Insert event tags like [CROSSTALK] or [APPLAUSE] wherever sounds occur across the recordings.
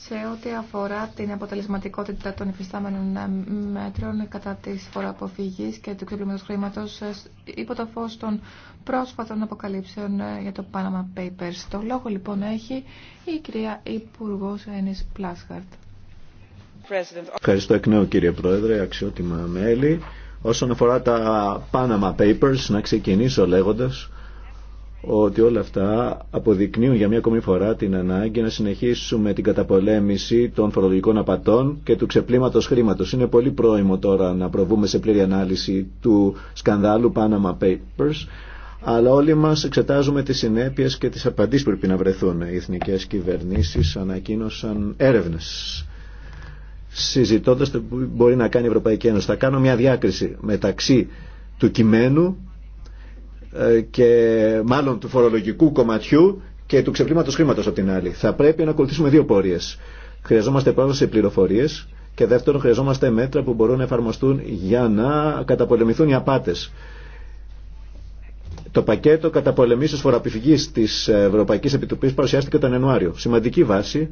σε ό,τι αφορά την αποτελεσματικότητα των υφιστάμενων ε, μέτρων κατά τη φοροαποφυγή και του ξεπλήματο χρήματο ε, υπό το φως των πρόσφατων αποκαλύψεων ε, για το Panama Papers. Το λόγο λοιπόν έχει η κυρία Υπουργό Ένι Πλάσχαρτ. Ευχαριστώ εκ νέου κύριε Πρόεδρε, αξιότιμα μέλη. Όσον αφορά τα Panama Papers, να ξεκινήσω λέγοντας ότι όλα αυτά αποδεικνύουν για μια ακόμη φορά την ανάγκη να συνεχίσουμε την καταπολέμηση των φορολογικών απατών και του ξεπλήματος χρήματος. Είναι πολύ πρόημο τώρα να προβούμε σε πλήρη ανάλυση του σκανδάλου Panama Papers, αλλά όλοι μας εξετάζουμε τις συνέπειες και τις απαντήσεις που πρέπει να βρεθούν. Οι εθνικές κυβερνήσεις ανακοίνωσαν έρευνες συζητώντας το που μπορεί να κάνει η Ευρωπαϊκή Ένωση. Θα κάνω μια διάκριση μεταξύ του κειμένου ε, και μάλλον του φορολογικού κομματιού και του ξεπλήματος χρήματος από την άλλη. Θα πρέπει να ακολουθήσουμε δύο πορείες. Χρειαζόμαστε πρώτα σε πληροφορίες και δεύτερον χρειαζόμαστε μέτρα που μπορούν να εφαρμοστούν για να καταπολεμηθούν οι απάτες. Το πακέτο καταπολεμήσεως φοροαπηφυγής της Ευρωπαϊκής Επιτροπής παρουσιάστηκε τον Ιανουάριο. Σημαντική βάση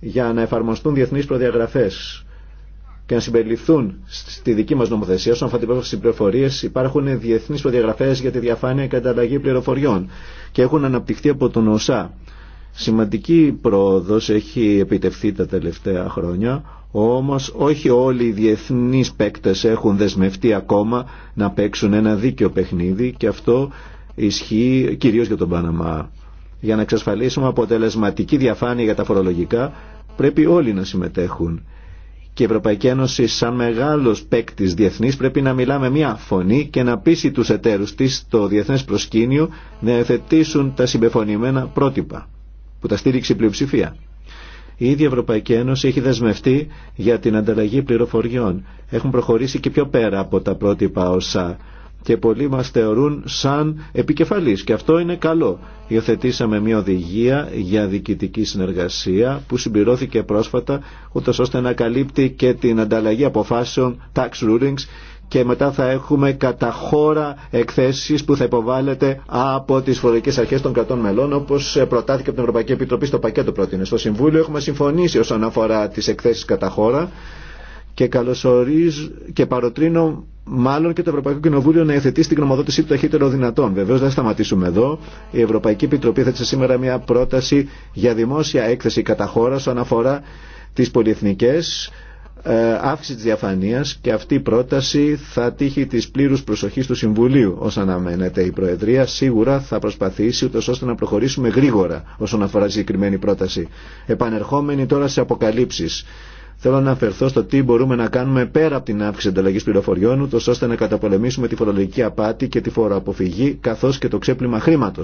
για να εφαρμοστούν διεθνείς προδιαγραφές και να συμπεριληφθούν στη δική μα νομοθεσία όσον αφορά την πρόσβαση πληροφορίε, υπάρχουν διεθνεί προδιαγραφέ για τη διαφάνεια και ανταλλαγή πληροφοριών και έχουν αναπτυχθεί από τον ΟΣΑ. Σημαντική πρόοδο έχει επιτευχθεί τα τελευταία χρόνια, όμω όχι όλοι οι διεθνεί παίκτε έχουν δεσμευτεί ακόμα να παίξουν ένα δίκαιο παιχνίδι και αυτό ισχύει κυρίω για τον Παναμά. Για να εξασφαλίσουμε αποτελεσματική διαφάνεια για τα φορολογικά, πρέπει όλοι να συμμετέχουν. Και η Ευρωπαϊκή Ένωση σαν μεγάλος παίκτη διεθνής πρέπει να μιλά με μια φωνή και να πείσει τους εταίρους της στο διεθνές προσκήνιο να εθετήσουν τα συμπεφωνημένα πρότυπα που τα στήριξε η πλειοψηφία. Η ίδια Ευρωπαϊκή Ένωση έχει δεσμευτεί για την ανταλλαγή πληροφοριών. Έχουν προχωρήσει και πιο πέρα από τα πρότυπα όσα και πολλοί μας θεωρούν σαν επικεφαλής και αυτό είναι καλό. Υιοθετήσαμε μια οδηγία για διοικητική συνεργασία που συμπληρώθηκε πρόσφατα ούτως ώστε να καλύπτει και την ανταλλαγή αποφάσεων tax rulings και μετά θα έχουμε κατά χώρα εκθέσεις που θα υποβάλλεται από τις φορολογικές αρχές των κρατών μελών όπως προτάθηκε από την Ευρωπαϊκή Επιτροπή στο πακέτο πρότεινε. Στο Συμβούλιο έχουμε συμφωνήσει όσον αφορά τις εκθέσεις κατά χώρα και, και παροτρύνω μάλλον και το Ευρωπαϊκό Κοινοβούλιο να εθετεί στην γνωμοδότησή του ταχύτερο δυνατόν. Βεβαίω δεν θα σταματήσουμε εδώ. Η Ευρωπαϊκή Επιτροπή θέτει σήμερα μια πρόταση για δημόσια έκθεση κατά χώρα όσον αφορά τι πολυεθνικέ, ε, αύξηση τη διαφανεία και αυτή η πρόταση θα τύχει τη πλήρου προσοχή του Συμβουλίου. Όσο αναμένεται η Προεδρία, σίγουρα θα προσπαθήσει ούτω ώστε να προχωρήσουμε γρήγορα όσον αφορά τη συγκεκριμένη πρόταση. Επανερχόμενοι τώρα σε αποκαλύψει. Θέλω να αναφερθώ στο τι μπορούμε να κάνουμε πέρα από την αύξηση ανταλλαγή πληροφοριών, ούτω ώστε να καταπολεμήσουμε τη φορολογική απάτη και τη φοροαποφυγή, καθώ και το ξέπλυμα χρήματο.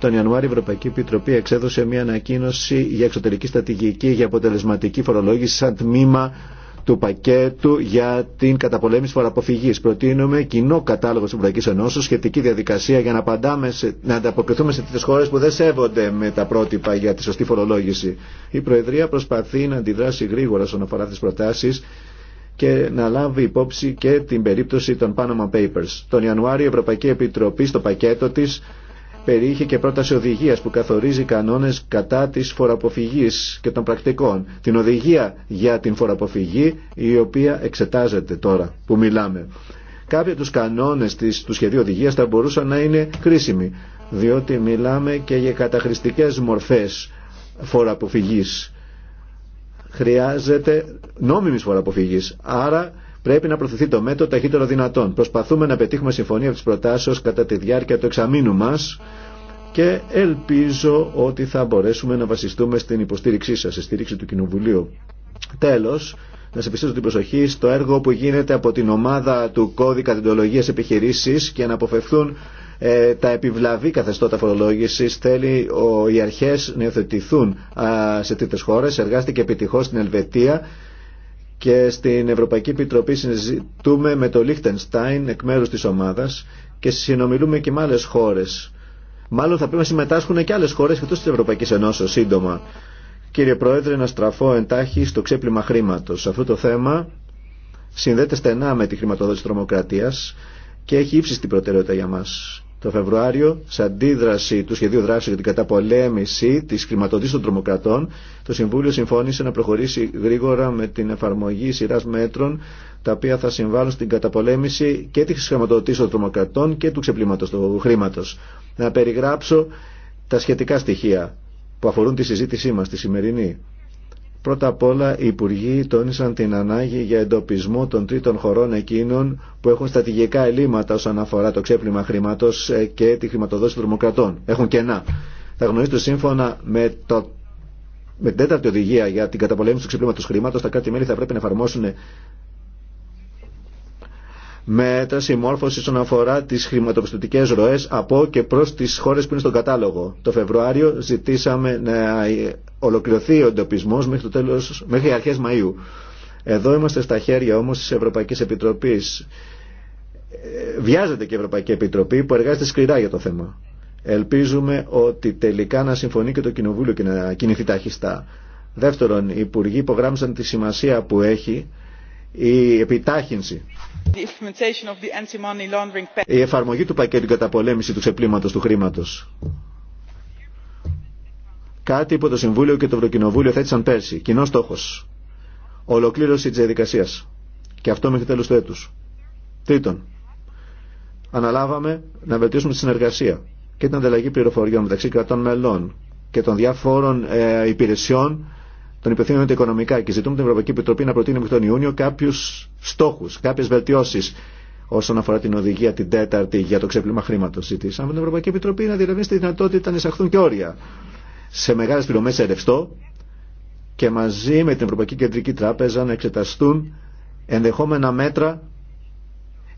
Τον Ιανουάριο η Ευρωπαϊκή Επιτροπή εξέδωσε μια ανακοίνωση για εξωτερική στρατηγική για αποτελεσματική φορολόγηση σαν τμήμα του πακέτου για την καταπολέμηση φοροαποφυγή. Προτείνουμε κοινό κατάλογο τη Ευρωπαϊκή Ενώσεω, σχετική διαδικασία για να, απαντάμε σε, να ανταποκριθούμε σε τέτοιε χώρε που δεν σέβονται με τα πρότυπα για τη σωστή φορολόγηση. Η Προεδρία προσπαθεί να αντιδράσει γρήγορα στον αφορά τι προτάσει και να λάβει υπόψη και την περίπτωση των Panama Papers. Τον Ιανουάριο η Ευρωπαϊκή Επιτροπή στο πακέτο της περιείχε και πρόταση οδηγίας που καθορίζει κανόνες κατά της φοροαποφυγή και των πρακτικών. Την οδηγία για την φοροαποφυγή η οποία εξετάζεται τώρα που μιλάμε. Κάποιοι από τους κανόνες του σχεδίου οδηγίας θα μπορούσαν να είναι κρίσιμοι διότι μιλάμε και για καταχρηστικές μορφές φοροαποφυγή. Χρειάζεται νόμιμη φοροαποφυγή. Άρα Πρέπει να προωθηθεί το μέτρο ταχύτερο δυνατόν. Προσπαθούμε να πετύχουμε συμφωνία από τη προτάσεις κατά τη διάρκεια του εξαμήνου μα και ελπίζω ότι θα μπορέσουμε να βασιστούμε στην υποστήριξή σα, στη στήριξη του Κοινοβουλίου. Τέλο, να σε επιστήσω την προσοχή στο έργο που γίνεται από την ομάδα του Κώδικα Διντολογία Επιχειρήσει και να αποφευθούν ε, τα επιβλαβή καθεστώτα φορολόγηση. Θέλει ο, οι αρχέ να υιοθετηθούν σε τρίτε χώρε. Εργάστηκε επιτυχώ στην Ελβετία και στην Ευρωπαϊκή Επιτροπή συζητούμε με το Λίχτενστάιν εκ μέρους της ομάδας και συνομιλούμε και με άλλες χώρες. Μάλλον θα πρέπει να συμμετάσχουν και άλλες χώρες εκτός της Ευρωπαϊκής Ενώσεως σύντομα. Κύριε Πρόεδρε, να στραφώ εντάχει στο ξέπλυμα χρήματος. Αυτό το θέμα συνδέεται στενά με τη χρηματοδότηση τρομοκρατίας και έχει ύψιστη προτεραιότητα για μας το Φεβρουάριο, σε αντίδραση του σχεδίου δράση για την καταπολέμηση τη χρηματοδότηση των τρομοκρατών, το Συμβούλιο συμφώνησε να προχωρήσει γρήγορα με την εφαρμογή σειρά μέτρων τα οποία θα συμβάλλουν στην καταπολέμηση και τη χρηματοδότηση των τρομοκρατών και του ξεπλήματο του χρήματο. Να περιγράψω τα σχετικά στοιχεία που αφορούν τη συζήτησή μα τη σημερινή. Πρώτα απ' όλα οι Υπουργοί τόνισαν την ανάγκη για εντοπισμό των τρίτων χωρών εκείνων που έχουν στατηγικά ελλείμματα όσον αφορά το ξέπλυμα χρήματο ε, και τη χρηματοδότηση των τρομοκρατών. Έχουν κενά. Θα γνωρίζετε σύμφωνα με το με την τέταρτη οδηγία για την καταπολέμηση του ξεπλήματο χρήματο, τα κράτη-μέλη θα πρέπει να εφαρμόσουν μέτρα συμμόρφωση όσον αφορά τι χρηματοπιστωτικέ ροέ από και προ τι χώρε που είναι στον κατάλογο. Το Φεβρουάριο ζητήσαμε να ολοκληρωθεί ο εντοπισμό μέχρι, το τέλος, μέχρι αρχέ Μαΐου. Εδώ είμαστε στα χέρια όμω τη Ευρωπαϊκή Επιτροπή. Ε, βιάζεται και η Ευρωπαϊκή Επιτροπή που εργάζεται σκληρά για το θέμα. Ελπίζουμε ότι τελικά να συμφωνεί και το Κοινοβούλιο και να κινηθεί ταχιστά. Δεύτερον, οι Υπουργοί υπογράμμισαν τη σημασία που έχει η επιτάχυνση. Η εφαρμογή του πακέτου πολέμηση του ξεπλήματος του χρήματος. Κάτι που το Συμβούλιο και το Ευρωκοινοβούλιο θέτησαν πέρσι. Κοινό στόχος. Ολοκλήρωση της διαδικασία. Και αυτό μέχρι τέλος του έτους. Τρίτον, αναλάβαμε να βελτιώσουμε τη συνεργασία και την ανταλλαγή πληροφοριών μεταξύ κρατών μελών και των διάφορων ε, υπηρεσιών των υπευθύνων οικονομικά και ζητούμε την Ευρωπαϊκή Επιτροπή να προτείνει μέχρι τον Ιούνιο κάποιου στόχου, κάποιε βελτιώσει όσον αφορά την οδηγία την τέταρτη για το ξέπλυμα χρήματο. Ζητήσαμε την Ευρωπαϊκή Επιτροπή να διερευνήσει τη δυνατότητα να εισαχθούν και όρια σε μεγάλε πληρωμέ σε ρευστό και μαζί με την Ευρωπαϊκή Κεντρική Τράπεζα να εξεταστούν ενδεχόμενα μέτρα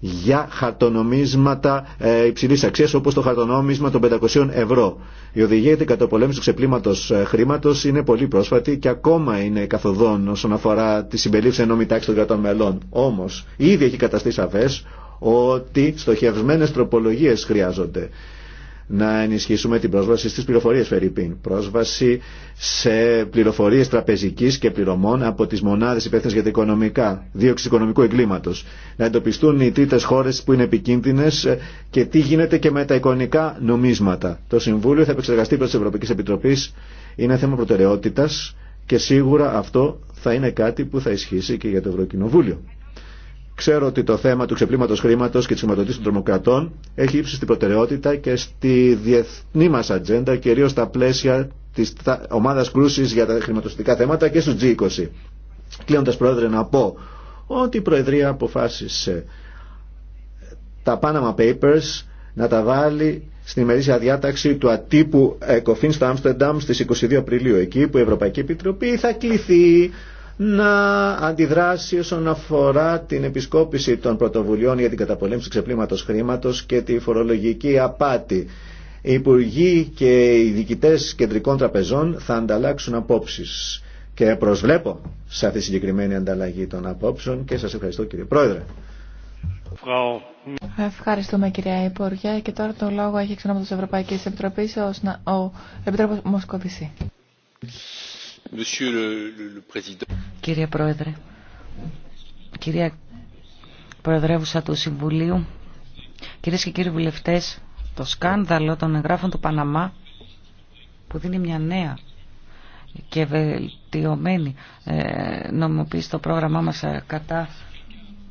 για χαρτονομίσματα ε, υψηλή αξία όπω το χαρτονόμισμα των 500 ευρώ. Η οδηγία για την καταπολέμηση του ξεπλήματο ε, χρήματο είναι πολύ πρόσφατη και ακόμα είναι καθοδόν όσον αφορά τη συμπερίληψη ενόμη τάξη των κρατών μελών. Όμω, ήδη έχει καταστεί σαφέ ότι στοχευμένε τροπολογίε χρειάζονται να ενισχύσουμε την πρόσβαση στις πληροφορίες Φερρυπίν. Πρόσβαση σε πληροφορίες τραπεζικής και πληρωμών από τις μονάδες υπεύθυνες για τα οικονομικά, δίωξη οικονομικού εγκλήματος. Να εντοπιστούν οι τρίτες χώρες που είναι επικίνδυνες ε, και τι γίνεται και με τα εικονικά νομίσματα. Το Συμβούλιο θα επεξεργαστεί προς της Ευρωπαϊκής Επιτροπής. Είναι θέμα προτεραιότητας και σίγουρα αυτό θα είναι κάτι που θα ισχύσει και για το Ευρωκοινοβούλιο. Ξέρω ότι το θέμα του ξεπλήματο χρήματο και τη χρηματοδοτή των τρομοκρατών έχει στην προτεραιότητα και στη διεθνή μα ατζέντα, κυρίω στα πλαίσια τη ομάδα κρούση για τα χρηματοστικά θέματα και στου G20. Κλείνοντα, Πρόεδρε, να πω ότι η Προεδρία αποφάσισε τα Panama Papers να τα βάλει στην ημερήσια διάταξη του ατύπου Εκοφίν στο Άμστερνταμ στις 22 Απριλίου, εκεί που η Ευρωπαϊκή Επιτροπή θα κληθεί να αντιδράσει όσον αφορά την επισκόπηση των πρωτοβουλειών για την καταπολέμηση ξεπλήματος χρήματος και τη φορολογική απάτη. Οι υπουργοί και οι διοικητές κεντρικών τραπεζών θα ανταλλάξουν απόψεις. Και προσβλέπω σε αυτή τη συγκεκριμένη ανταλλαγή των απόψεων και σας ευχαριστώ κύριε Πρόεδρε. Ευχαριστούμε κυρία Υπουργέ και τώρα το λόγο έχει της Ευρωπαϊκής Επιτροπής ο, ο Επιτρόπος Μοσκοβισή. Κύριε Πρόεδρε, κυρία Προεδρεύουσα του Συμβουλίου, κυρίες και κύριοι βουλευτές, το σκάνδαλο των εγγράφων του Παναμά που δίνει μια νέα και βελτιωμένη ε, νομοποίηση στο πρόγραμμά μας ε, κατά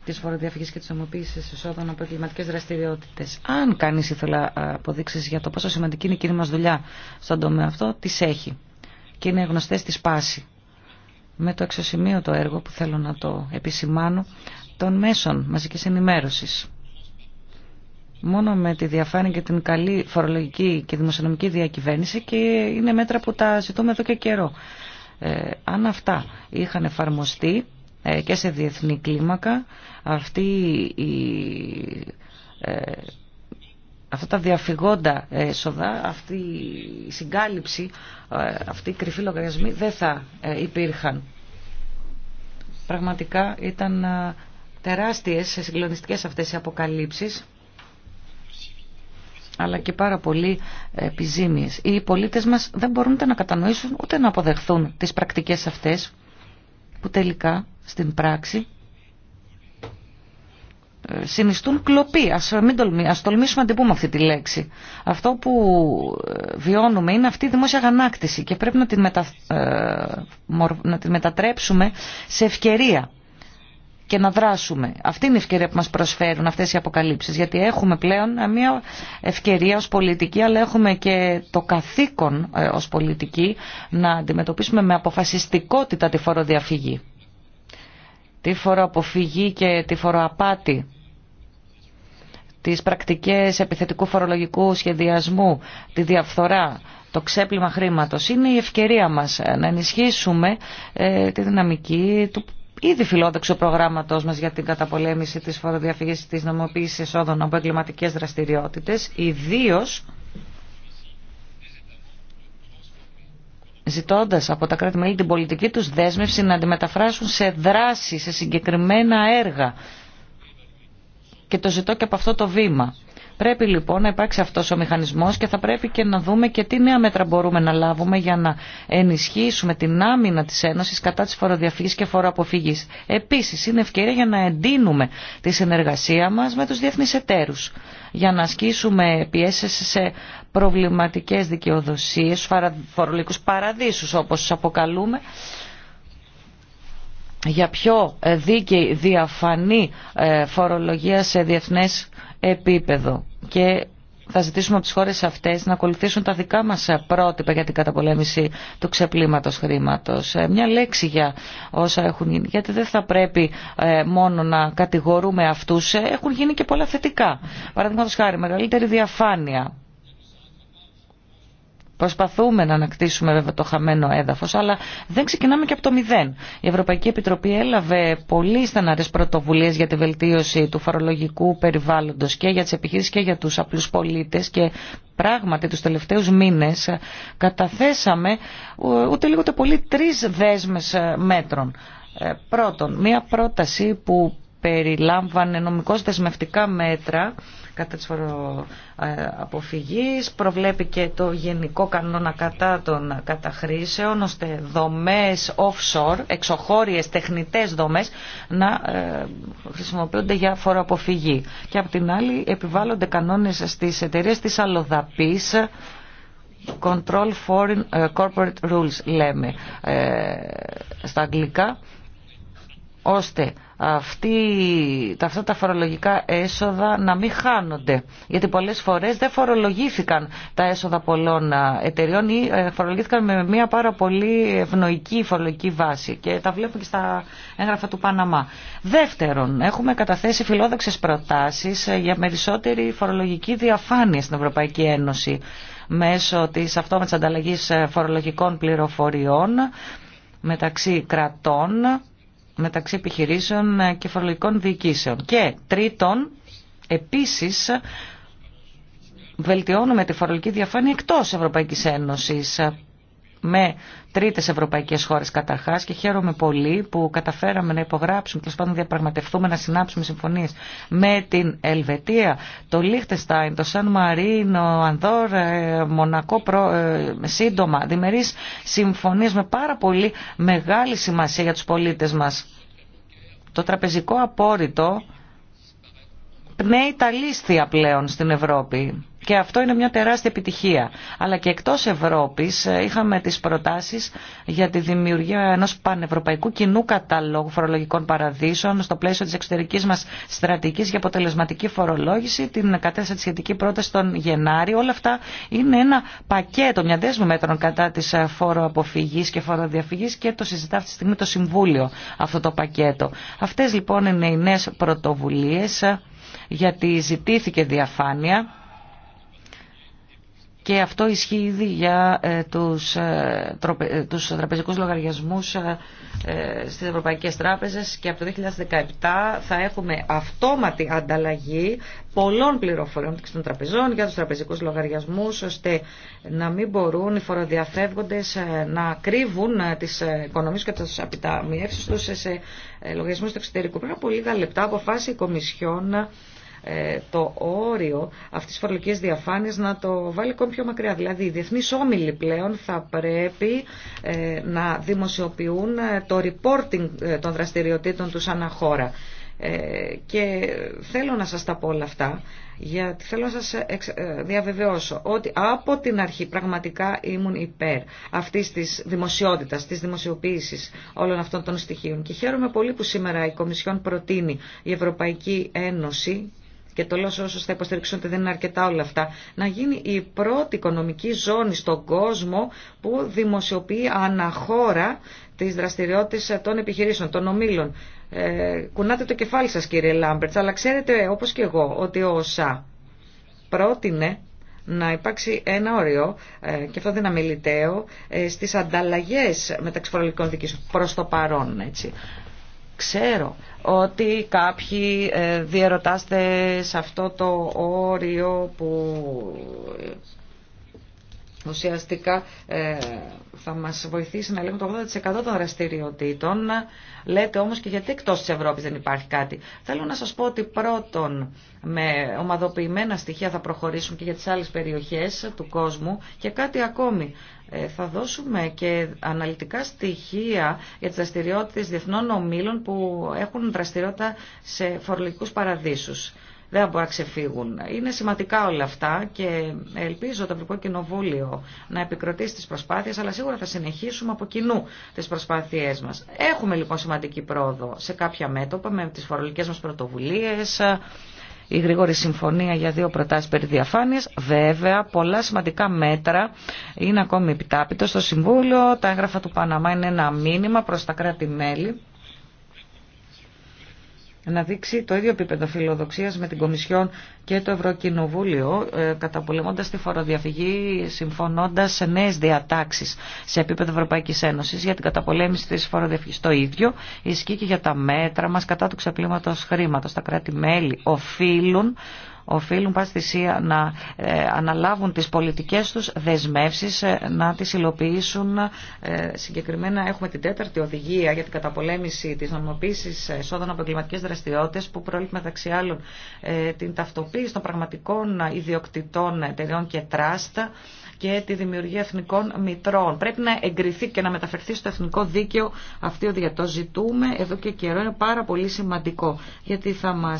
τη φοροδιαφυγή και τη νομοποίηση εισόδων από εγκληματικέ δραστηριότητε. Αν κανεί ήθελα αποδείξει για το πόσο σημαντική είναι η κοινή μα δουλειά στον τομέα αυτό, τι έχει και είναι γνωστέ στη σπάση. Με το εξωσημείο το έργο που θέλω να το επισημάνω των μέσων μαζικής ενημέρωσης. Μόνο με τη διαφάνεια και την καλή φορολογική και δημοσιονομική διακυβέρνηση και είναι μέτρα που τα ζητούμε εδώ και καιρό. Ε, αν αυτά είχαν εφαρμοστεί ε, και σε διεθνή κλίμακα, αυτή η ε, αυτά τα διαφυγόντα έσοδα, ε, αυτή η συγκάλυψη, ε, αυτή οι κρυφοί λογαριασμοί δεν θα ε, υπήρχαν. Πραγματικά ήταν τεράστιες συγκλονιστικές αυτές οι αποκαλύψεις αλλά και πάρα πολύ επιζήμιες. Οι πολίτες μας δεν μπορούν να κατανοήσουν ούτε να αποδεχθούν τις πρακτικές αυτές που τελικά στην πράξη συνιστούν κλοπή. Ας, μην τολμήσουμε, να την πούμε αυτή τη λέξη. Αυτό που ε, βιώνουμε είναι αυτή η δημόσια γανάκτηση και πρέπει ε, να την, μετατρέψουμε σε ευκαιρία και να δράσουμε. Αυτή είναι η ευκαιρία που μας προσφέρουν αυτές οι αποκαλύψεις, γιατί έχουμε πλέον μια ευκαιρία ως πολιτική, αλλά έχουμε και το καθήκον ε, ως πολιτική να αντιμετωπίσουμε με αποφασιστικότητα τη φοροδιαφυγή. Τη φοροαποφυγή και τη φοροαπάτη τις πρακτικές επιθετικού φορολογικού σχεδιασμού, τη διαφθορά, το ξέπλυμα χρήματος. Είναι η ευκαιρία μας ε, να ενισχύσουμε ε, τη δυναμική του ήδη φιλόδοξο προγράμματό μα για την καταπολέμηση τη φοροδιαφυγή τη νομοποίηση εσόδων από εγκληματικέ δραστηριότητε, ιδίω ζητώντα από τα κράτη-μέλη την πολιτική του δέσμευση να αντιμεταφράσουν σε δράση, σε συγκεκριμένα έργα και το ζητώ και από αυτό το βήμα. Πρέπει λοιπόν να υπάρξει αυτός ο μηχανισμός και θα πρέπει και να δούμε και τι νέα μέτρα μπορούμε να λάβουμε για να ενισχύσουμε την άμυνα της Ένωσης κατά της φοροδιαφυγής και φοροαποφυγής. Επίσης είναι ευκαιρία για να εντείνουμε τη συνεργασία μας με τους διεθνείς εταίρους για να ασκήσουμε πιέσεις σε προβληματικές δικαιοδοσίες, φορολογικούς παραδείσους όπως τους αποκαλούμε για πιο ε, δίκαιη διαφανή ε, φορολογία σε διεθνές επίπεδο. Και θα ζητήσουμε από τις χώρες αυτές να ακολουθήσουν τα δικά μας πρότυπα για την καταπολέμηση του ξεπλήματος χρήματος. Ε, μια λέξη για όσα έχουν γίνει, γιατί δεν θα πρέπει μόνο να κατηγορούμε αυτούς, έχουν γίνει και πολλά θετικά. Παραδείγματος χάρη, μεγαλύτερη διαφάνεια Προσπαθούμε να ανακτήσουμε βέβαια το χαμένο έδαφος, αλλά δεν ξεκινάμε και από το μηδέν. Η Ευρωπαϊκή Επιτροπή έλαβε πολύ στεναρές πρωτοβουλίες για τη βελτίωση του φορολογικού περιβάλλοντος και για τις επιχείρησεις και για τους απλούς πολίτες και πράγματι τους τελευταίους μήνες καταθέσαμε ούτε λίγο ούτε πολύ τρεις δέσμες ε, μέτρων. Ε, πρώτον, μία πρόταση που περιλάμβανε νομικώς δεσμευτικά μέτρα κατά της φοροαποφυγής. Προβλέπει και το γενικό κανόνα κατά των καταχρήσεων, ώστε δομές offshore, εξωχώριες τεχνητές δομές, να ε, χρησιμοποιούνται για φοροαποφυγή. Και από την άλλη επιβάλλονται κανόνες στις εταιρείες της Αλοδαπής, Control Foreign ε, Corporate Rules λέμε ε, στα αγγλικά, ώστε αυτή, αυτά τα φορολογικά έσοδα να μην χάνονται. Γιατί πολλές φορές δεν φορολογήθηκαν τα έσοδα πολλών ε, εταιριών ή ε, φορολογήθηκαν με μια πάρα πολύ ευνοϊκή φορολογική βάση. Και τα βλέπουμε και στα έγγραφα του Παναμά. Δεύτερον, έχουμε καταθέσει φιλόδοξες προτάσεις ε, για περισσότερη φορολογική διαφάνεια στην Ευρωπαϊκή Ένωση μέσω της αυτόματης ανταλλαγής φορολογικών πληροφοριών μεταξύ κρατών μεταξύ επιχειρήσεων ε, και φορολογικών διοικήσεων. Και τρίτον, επίσης, βελτιώνουμε τη φορολογική διαφάνεια εκτός Ευρωπαϊκής Ένωσης με τρίτε ευρωπαϊκές χώρες καταρχά και χαίρομαι πολύ που καταφέραμε να υπογράψουμε, τέλο πάντων διαπραγματευτούμε, να συνάψουμε συμφωνίε με την Ελβετία, το Λίχτεστάιν, το Σαν Μαρίνο, Ανδόρ, ε, Μονακό, ε, σύντομα, Δημερεί συμφωνίε με πάρα πολύ μεγάλη σημασία για τους πολίτες μας. Το τραπεζικό απόρριτο πνέει τα λίστια πλέον στην Ευρώπη και αυτό είναι μια τεράστια επιτυχία. Αλλά και εκτός Ευρώπης ε, είχαμε τις προτάσεις για τη δημιουργία ενός πανευρωπαϊκού κοινού καταλόγου φορολογικών παραδείσων στο πλαίσιο της εξωτερικής μας στρατηγικής για αποτελεσματική φορολόγηση, την κατέθεσα τη σχετική πρόταση τον Γενάρη. Όλα αυτά είναι ένα πακέτο, μια δέσμη μέτρων κατά της ε, φοροαποφυγής και φοροδιαφυγής και το συζητά αυτή τη στιγμή το Συμβούλιο αυτό το πακέτο. Αυτές λοιπόν είναι οι νέες πρωτοβουλίες ε, γιατί ζητήθηκε διαφάνεια και αυτό ισχύει ήδη για ε, τους, ε, ε, τους τραπεζικούς λογαριασμούς στις Ευρωπαϊκές Τράπεζες και από το 2017 θα έχουμε αυτόματη ανταλλαγή πολλών πληροφοριών των τραπεζών για τους τραπεζικούς λογαριασμούς ώστε να μην μπορούν οι φοροδιαφεύγοντες να κρύβουν τις οικονομίες και τις απειταμιεύσεις τους σε λογαριασμούς του εξωτερικού. Πριν από λίγα λεπτά αποφάσισε η Κομισιόν ε, το όριο αυτής της φορολογικής διαφάνειας να το βάλει ακόμη πιο μακριά. Δηλαδή οι διεθνείς όμιλοι πλέον θα πρέπει ε, να δημοσιοποιούν ε, το reporting των δραστηριοτήτων τους αναχώρα. και θέλω να σας τα πω όλα αυτά γιατί θέλω να σας διαβεβαιώσω ότι από την αρχή πραγματικά ήμουν υπέρ αυτής της δημοσιότητας, της δημοσιοποίησης όλων αυτών των στοιχείων και χαίρομαι πολύ που σήμερα η Κομισιόν προτείνει η Ευρωπαϊκή Ένωση και το λέω σε όσους θα υποστηρίξουν ότι δεν είναι αρκετά όλα αυτά, να γίνει η πρώτη οικονομική ζώνη στον κόσμο που δημοσιοποιεί αναχώρα τις δραστηριότητες των επιχειρήσεων, των ομίλων. Ε, κουνάτε το κεφάλι σας κύριε Λάμπερτς, αλλά ξέρετε όπως και εγώ ότι ο ΩΣΑ πρότεινε να υπάρξει ένα όριο, ε, και αυτό δεν αμεληταίο, ε, στις ανταλλαγές μεταξύ φορολογικών προς το παρόν. Έτσι. Ξέρω ότι κάποιοι ε, διαρωτάστε σε αυτό το όριο που ουσιαστικά ε, θα μας βοηθήσει να λέμε το 80% των δραστηριοτήτων. Λέτε όμως και γιατί εκτός της Ευρώπης δεν υπάρχει κάτι. Θέλω να σας πω ότι πρώτον με ομαδοποιημένα στοιχεία θα προχωρήσουν και για τις άλλες περιοχές του κόσμου και κάτι ακόμη. Ε, θα δώσουμε και αναλυτικά στοιχεία για τις δραστηριότητες διεθνών ομίλων που έχουν δραστηριότητα σε φορολογικούς παραδείσους δεν μπορούν να ξεφύγουν. Είναι σημαντικά όλα αυτά και ελπίζω το Ευρωπαϊκό Κοινοβούλιο να επικροτήσει τι προσπάθειε, αλλά σίγουρα θα συνεχίσουμε από κοινού τι προσπάθειε μα. Έχουμε λοιπόν σημαντική πρόοδο σε κάποια μέτωπα με τι φορολογικέ μα πρωτοβουλίε, η γρήγορη συμφωνία για δύο προτάσει περί διαφάνεια. Βέβαια, πολλά σημαντικά μέτρα είναι ακόμη επιτάπητο στο Συμβούλιο. Τα έγγραφα του Παναμά είναι ένα μήνυμα προ τα κράτη-μέλη να δείξει το ίδιο επίπεδο φιλοδοξίας με την Κομισιόν και το Ευρωκοινοβούλιο, ε, καταπολεμώντας τη φοροδιαφυγή, συμφωνώντας σε νέες διατάξεις σε επίπεδο Ευρωπαϊκής Ένωσης για την καταπολέμηση της φοροδιαφυγής. Το ίδιο ισχύει και για τα μέτρα μας κατά του ξεπλήματος χρήματος. Τα κράτη-μέλη οφείλουν οφείλουν πάση θυσία να ε, αναλάβουν τις πολιτικές τους δεσμεύσεις, ε, να τις υλοποιήσουν. Ε, συγκεκριμένα έχουμε την τέταρτη οδηγία για την καταπολέμηση της νομοποίησης εσόδων από εγκληματικές δραστηριότητες που πρόλειπε μεταξύ άλλων την ταυτοποίηση των πραγματικών ιδιοκτητών εταιρεών και τράστα και τη δημιουργία εθνικών μητρών. Πρέπει να εγκριθεί και να μεταφερθεί στο εθνικό δίκαιο αυτή οδηγία. Το ζητούμε εδώ και καιρό, είναι πάρα πολύ σημαντικό, γιατί θα μα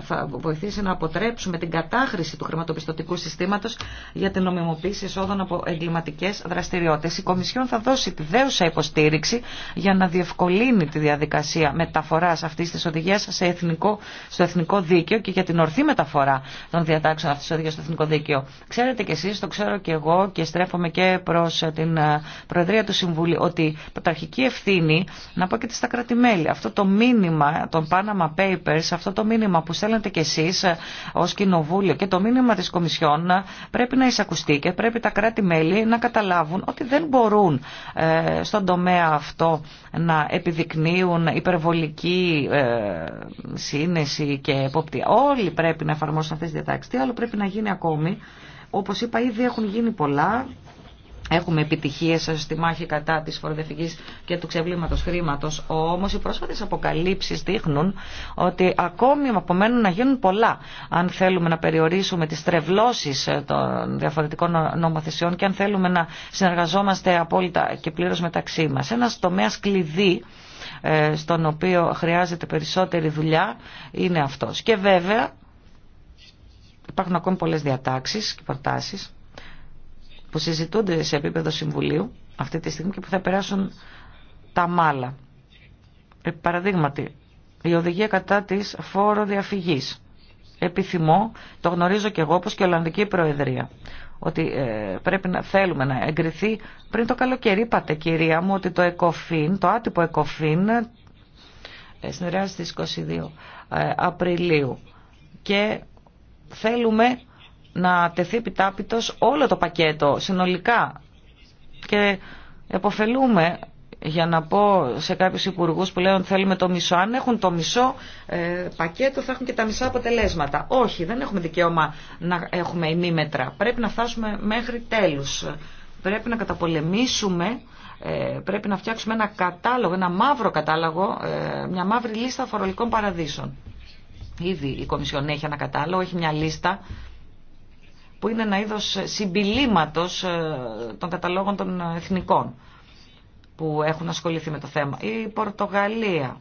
θα βοηθήσει να αποτρέψουμε την κατάχρηση του χρηματοπιστωτικού συστήματο για την νομιμοποίηση εσόδων από εγκληματικέ δραστηριότητε. Η Κομισιόν θα δώσει τη δέουσα υποστήριξη για να διευκολύνει τη διαδικασία μεταφορά αυτή τη οδηγιά σε εθνικό, στο εθνικό δίκαιο και για την ορθή μεταφορά των διατάξεων αυτής της οδηγίας στο εθνικό δίκαιο. Ξέρετε κι εσείς, το ξέρω κι εγώ, και στρέφομαι και προς την ε, Προεδρία του Συμβουλίου ότι πρωταρχική ευθύνη να πω και στα κρατημέλη. Αυτό το μήνυμα των Panama Papers, αυτό το μήνυμα που στέλνετε κι εσείς ε, ως Κοινοβούλιο και το μήνυμα της Κομισιόν ε, πρέπει να εισακουστεί και πρέπει τα κράτη-μέλη να καταλάβουν ότι δεν μπορούν στον τομέα αυτό να επιδεικνύουν υπερβολική σύνεση και εποπτεία. Όλοι πρέπει να εφαρμόσουν αυτές τις διατάξεις. Τι άλλο πρέπει να γίνει ακόμη όπως είπα ήδη έχουν γίνει πολλά. Έχουμε επιτυχίε στη μάχη κατά τη φοροδιαφυγή και του ξεβλήματο χρήματο. Όμω οι πρόσφατε αποκαλύψει δείχνουν ότι ακόμη απομένουν να γίνουν πολλά αν θέλουμε να περιορίσουμε τι τρευλώσει των διαφορετικών νομοθεσιών και αν θέλουμε να συνεργαζόμαστε απόλυτα και πλήρω μεταξύ μα. Ένα τομέα κλειδί ε, στον οποίο χρειάζεται περισσότερη δουλειά είναι αυτό. Και βέβαια Υπάρχουν ακόμη πολλές διατάξεις και προτάσεις που συζητούνται σε επίπεδο Συμβουλίου αυτή τη στιγμή και που θα περάσουν τα μάλα. Ε, παραδείγματι, η οδηγία κατά της φόρο διαφυγής. Επιθυμώ, το γνωρίζω και εγώ όπως και η Ολλανδική Προεδρία, ότι ε, πρέπει να θέλουμε να εγκριθεί. Πριν το καλοκαίρι είπατε κυρία μου ότι το ΕΚΟΦΗΝ, το άτυπο ΕΚΟΦΗΝ, ε, συνεργάζεται στις 22 ε, Απριλίου και θέλουμε να τεθεί επιτάπητος όλο το πακέτο συνολικά και εποφελούμε για να πω σε κάποιους υπουργού που λένε ότι θέλουμε το μισό. Αν έχουν το μισό ε, πακέτο θα έχουν και τα μισά αποτελέσματα. Όχι, δεν έχουμε δικαίωμα να έχουμε ημίμετρα. Πρέπει να φτάσουμε μέχρι τέλους. Πρέπει να καταπολεμήσουμε, ε, πρέπει να φτιάξουμε ένα κατάλογο, ένα μαύρο κατάλογο, ε, μια μαύρη λίστα φορολογικών παραδείσων. Ήδη η Κομισιόν έχει ένα κατάλογο, έχει μια λίστα που είναι ένα είδος συμπιλήματος ε, των καταλόγων των εθνικών που έχουν ασχοληθεί με το θέμα. Η Πορτογαλία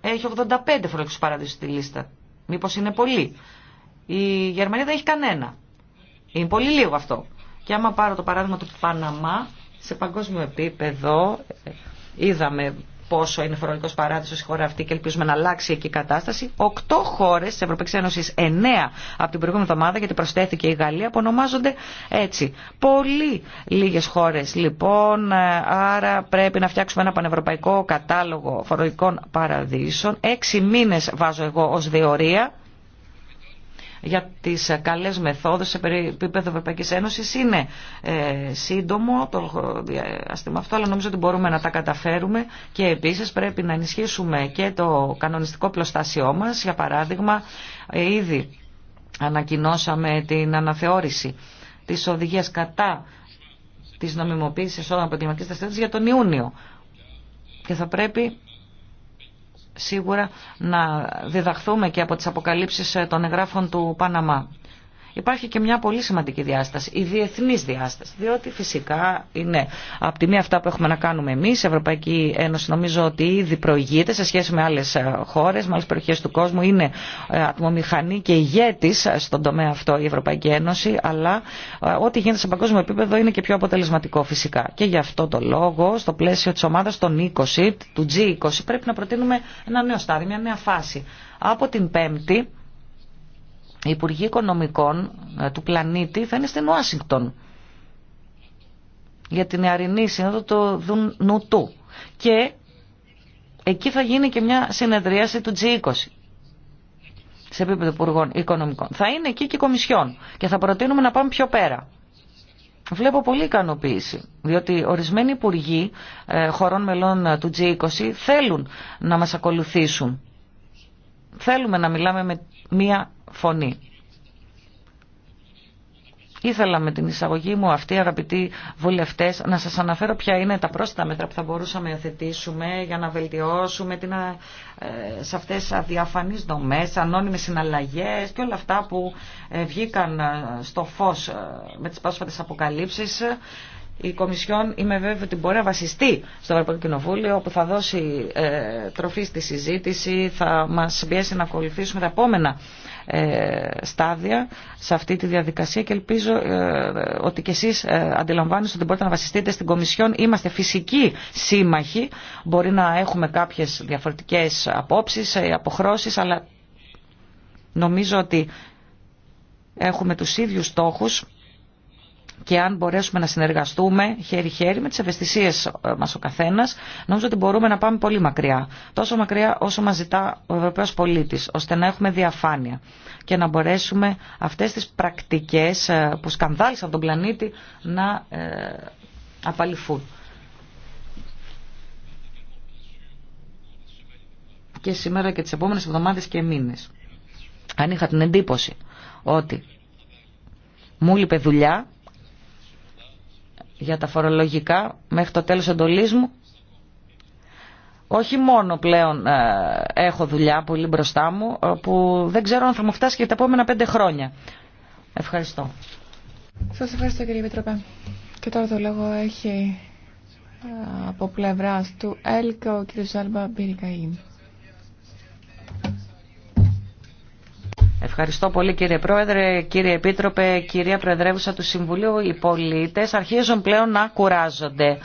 έχει 85 φορολογικούς παραδείσους στη λίστα. Μήπως είναι πολύ. Η Γερμανία δεν έχει κανένα. Είναι πολύ λίγο αυτό. Και άμα πάρω το παράδειγμα του Παναμά, σε παγκόσμιο επίπεδο ε, είδαμε πόσο είναι φορολογικό παράδεισο η χώρα αυτή και ελπίζουμε να αλλάξει εκεί η κατάσταση. Οκτώ χώρε τη Ευρωπαϊκή Ένωση, εννέα από την προηγούμενη εβδομάδα, γιατί προσθέθηκε η Γαλλία, που έτσι. Πολύ λίγε χώρε λοιπόν, άρα πρέπει να φτιάξουμε ένα πανευρωπαϊκό κατάλογο φορολογικών παραδείσων. Έξι μήνε βάζω εγώ ω διορία για τις καλές μεθόδους σε επίπεδο Ευρωπαϊκής Ένωσης. Είναι ε, σύντομο το αλλά νομίζω ότι μπορούμε να τα καταφέρουμε και επίσης πρέπει να ενισχύσουμε και το κανονιστικό πλωστάσιό μας. Για παράδειγμα, ήδη ανακοινώσαμε την αναθεώρηση της οδηγίας κατά της νομιμοποίησης όλων από δραστηριότητας για τον Ιούνιο. Και θα πρέπει σίγουρα να διδαχθούμε και από τις αποκαλύψεις ε, των εγγράφων του Παναμά υπάρχει και μια πολύ σημαντική διάσταση, η διεθνή διάσταση. Διότι φυσικά είναι από τη μία αυτά που έχουμε να κάνουμε εμεί, η Ευρωπαϊκή Ένωση νομίζω ότι ήδη προηγείται σε σχέση με άλλε χώρε, με άλλε περιοχέ του κόσμου. Είναι ε, ατμομηχανή και ηγέτη ε, στον τομέα αυτό η Ευρωπαϊκή Ένωση, αλλά ε, ό,τι γίνεται σε παγκόσμιο επίπεδο είναι και πιο αποτελεσματικό φυσικά. Και γι' αυτό το λόγο, στο πλαίσιο τη ομάδα των 20, του G20, πρέπει να προτείνουμε ένα νέο στάδιο, μια νέα φάση. Από την Πέμπτη, οι Υπουργοί Οικονομικών ε, του πλανήτη θα είναι στην Ουάσιγκτον για την Αρινή Σύνοδο του Νουτού. Και εκεί θα γίνει και μια συνεδρίαση του G20 σε επίπεδο Υπουργών Οικονομικών. Θα είναι εκεί και η Κομισιόν και θα προτείνουμε να πάμε πιο πέρα. Βλέπω πολύ ικανοποίηση, διότι ορισμένοι υπουργοί ε, χωρών μελών ε, του G20 θέλουν να μας ακολουθήσουν. Θέλουμε να μιλάμε με μία φωνή. Ήθελα με την εισαγωγή μου αυτή, αγαπητοί βουλευτές, να σας αναφέρω ποια είναι τα πρόσθετα μέτρα που θα μπορούσαμε να θετήσουμε για να βελτιώσουμε την, ε, σε αυτές τις αδιαφανείς δομές, ανώνυμες συναλλαγές και όλα αυτά που ε, βγήκαν ε, στο φως με τις πρόσφατε αποκαλύψεις η Κομισιόν είμαι βέβαιη ότι μπορεί να βασιστεί στο Ευρωπαϊκό Κοινοβούλιο που θα δώσει ε, τροφή στη συζήτηση, θα μας πιέσει να ακολουθήσουμε τα επόμενα ε, στάδια σε αυτή τη διαδικασία και ελπίζω ε, ότι και εσείς αντιλαμβάνεστε ότι μπορείτε να βασιστείτε στην Κομισιόν. Είμαστε φυσικοί σύμμαχοι, μπορεί να έχουμε κάποιες διαφορετικές απόψεις, αποχρώσεις, αλλά νομίζω ότι έχουμε τους ίδιους στόχους και αν μπορέσουμε να συνεργαστούμε χέρι-χέρι με τις ευαισθησίες ε, μας ο καθένας, νομίζω ότι μπορούμε να πάμε πολύ μακριά. Τόσο μακριά όσο μας ζητά ο Ευρωπαίος πολίτης, ώστε να έχουμε διαφάνεια και να μπορέσουμε αυτές τις πρακτικές ε, που σκανδάλισαν τον πλανήτη να ε, απαλληφούν. Και σήμερα και τις επόμενες εβδομάδες και μήνες. Αν είχα την εντύπωση ότι μου λείπε δουλειά, για τα φορολογικά μέχρι το τέλος εντολής μου. Όχι μόνο πλέον ε, έχω δουλειά πολύ μπροστά μου ε, που δεν ξέρω αν θα μου φτάσει και τα επόμενα πέντε χρόνια. Ευχαριστώ. Σας ευχαριστώ κύριε Πιτροπέ. Και τώρα το λόγο έχει ε, από πλευράς του ΕΛΚΟ ο κύριος Άλμπα Μπυρικαΐν. Ευχαριστώ πολύ κύριε Πρόεδρε, κύριε Επίτροπε, κυρία Προεδρεύουσα του Συμβουλίου. Οι πολίτες αρχίζουν πλέον να κουράζονται.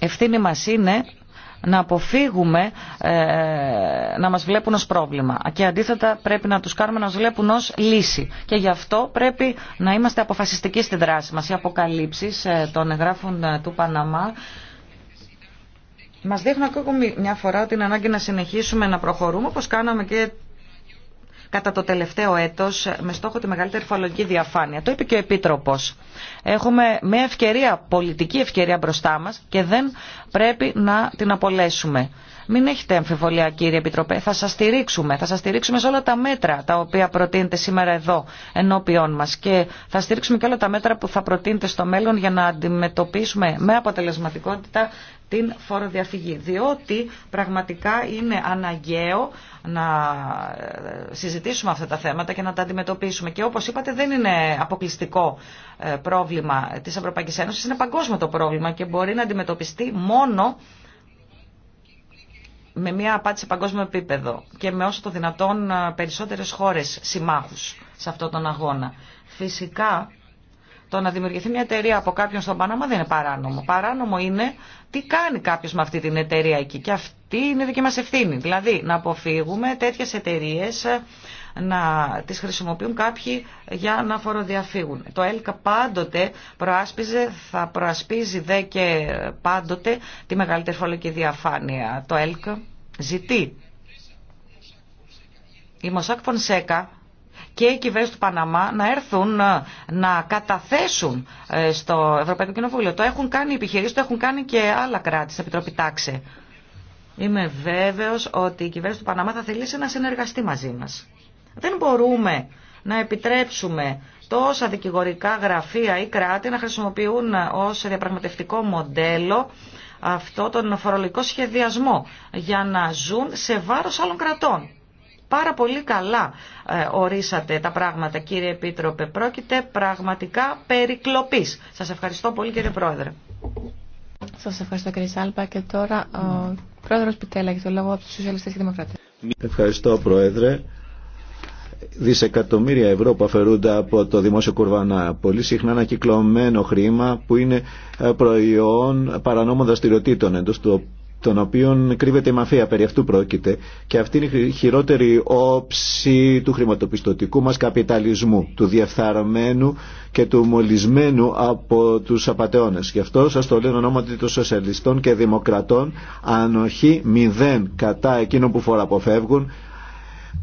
Ευθύνη μας είναι να αποφύγουμε ε, να μας βλέπουν ως πρόβλημα. Και αντίθετα πρέπει να τους κάνουμε να μας βλέπουν ως λύση. Και γι' αυτό πρέπει να είμαστε αποφασιστικοί στη δράση μας. Οι αποκαλύψεις ε, των εγγράφων ε, του Παναμά μας δείχνουν ακόμη μια φορά την ανάγκη να συνεχίσουμε να προχωρούμε όπως κάναμε και κατά το τελευταίο έτος με στόχο τη μεγαλύτερη φορολογική διαφάνεια. Το είπε και ο Επίτροπος. Έχουμε μια ευκαιρία, πολιτική ευκαιρία μπροστά μας και δεν πρέπει να την απολέσουμε. Μην έχετε αμφιβολία κύριε Επιτροπέ, θα σας στηρίξουμε. Θα σας στηρίξουμε σε όλα τα μέτρα τα οποία προτείνετε σήμερα εδώ ενώπιόν μας και θα στηρίξουμε και όλα τα μέτρα που θα προτείνετε στο μέλλον για να αντιμετωπίσουμε με αποτελεσματικότητα την φοροδιαφυγή. Διότι πραγματικά είναι αναγκαίο να ε, συζητήσουμε αυτά τα θέματα και να τα αντιμετωπίσουμε. Και όπως είπατε δεν είναι αποκλειστικό ε, πρόβλημα της Ευρωπαϊκής Ένωσης, είναι παγκόσμιο το πρόβλημα και μπορεί να αντιμετωπιστεί μόνο με μια απάτη σε παγκόσμιο επίπεδο και με όσο το δυνατόν ε, περισσότερες χώρες συμμάχους σε αυτόν τον αγώνα. Φυσικά το να δημιουργηθεί μια εταιρεία από κάποιον στον Παναμά δεν είναι παράνομο. Παράνομο είναι τι κάνει κάποιο με αυτή την εταιρεία εκεί. Και αυτή είναι δική μα ευθύνη. Δηλαδή να αποφύγουμε τέτοιε εταιρείε ε, να τις χρησιμοποιούν κάποιοι για να φοροδιαφύγουν. Το ΕΛΚΑ πάντοτε προάσπιζε, θα προασπίζει δε και πάντοτε τη μεγαλύτερη φορολογική διαφάνεια. Το ΕΛΚΑ ζητεί. Η και οι κυβέρνηση του Παναμά να έρθουν ε, να καταθέσουν ε, στο Ευρωπαϊκό Κοινοβούλιο. Το έχουν κάνει οι επιχειρήσει, το έχουν κάνει και άλλα κράτη στην Επιτροπή Τάξε. Είμαι βέβαιος ότι η κυβέρνηση του Παναμά θα θελήσει να συνεργαστεί μαζί μας. Δεν μπορούμε να επιτρέψουμε τόσα δικηγορικά γραφεία ή κράτη να χρησιμοποιούν ε, ως διαπραγματευτικό μοντέλο αυτό τον φορολογικό σχεδιασμό για να ζουν σε βάρος άλλων κρατών. Πάρα πολύ καλά ε, ορίσατε τα πράγματα κύριε Επίτροπε. Πρόκειται πραγματικά περικλοπής. Σας ευχαριστώ πολύ κύριε Πρόεδρε. Σας ευχαριστώ κύριε Σάλπα και τώρα ο Πρόεδρος Πιτέλα για το λόγο από τους Σοσιαλιστές και Δημοκράτες. Ευχαριστώ Πρόεδρε δισεκατομμύρια ευρώ που αφαιρούνται από το δημόσιο κουρβανά. Πολύ συχνά κυκλωμένο χρήμα που είναι ε, προϊόν παρανόμων δραστηριοτήτων εντός του των οποίων κρύβεται η μαφία, περί αυτού πρόκειται. Και αυτή είναι η χειρότερη όψη του χρηματοπιστωτικού μας καπιταλισμού, του διεφθαρμένου και του μολυσμένου από τους απαταιώνες. Γι' αυτό σας το λένε ονόματι των σοσιαλιστών και δημοκρατών, ανοχή μηδέν κατά εκείνων που φοραποφεύγουν,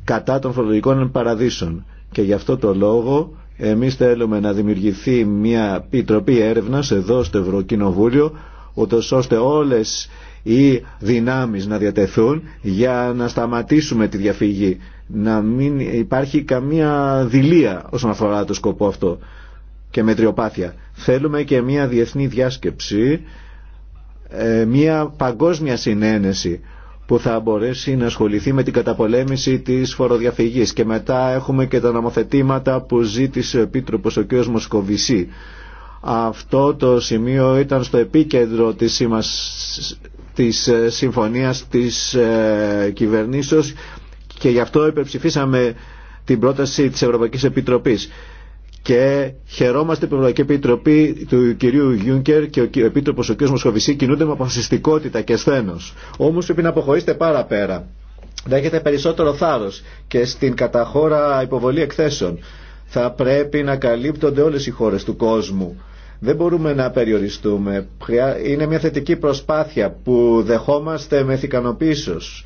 κατά των φορολογικών παραδείσων. Και γι' αυτό το λόγο εμείς θέλουμε να δημιουργηθεί μια επιτροπή έρευνας εδώ στο Ευρωκοινοβούλιο, ούτως ώστε όλες ή δυνάμεις να διατεθούν για να σταματήσουμε τη διαφυγή. Να μην υπάρχει καμία δηλία όσον αφορά το σκοπό αυτό και μετριοπάθεια. Θέλουμε και μια διεθνή διάσκεψη, ε, μια παγκόσμια συνένεση που θα μπορέσει να ασχοληθεί με την καταπολέμηση της φοροδιαφυγής. Και μετά έχουμε και τα νομοθετήματα που ζήτησε ο Επίτροπος ο κ. Μοσκοβισή. Αυτό το σημείο ήταν στο επίκεντρο της της ε, συμφωνίας της ε, κυβερνήσεως και γι' αυτό υπερψηφίσαμε την πρόταση της Ευρωπαϊκής Επιτροπής. Και χαιρόμαστε που η Ευρωπαϊκή Επιτροπή του κυρίου Γιούνκερ και ο Επίτροπος ο κ. Μοσχοβησή κινούνται με αποφασιστικότητα και σθένος. Όμως πρέπει να αποχωρήσετε πάρα πέρα. Να έχετε περισσότερο θάρρος και στην καταχώρα υποβολή εκθέσεων. Θα πρέπει να καλύπτονται όλες οι χώρες του κόσμου δεν μπορούμε να περιοριστούμε. Είναι μια θετική προσπάθεια που δεχόμαστε με θικανοποίησος.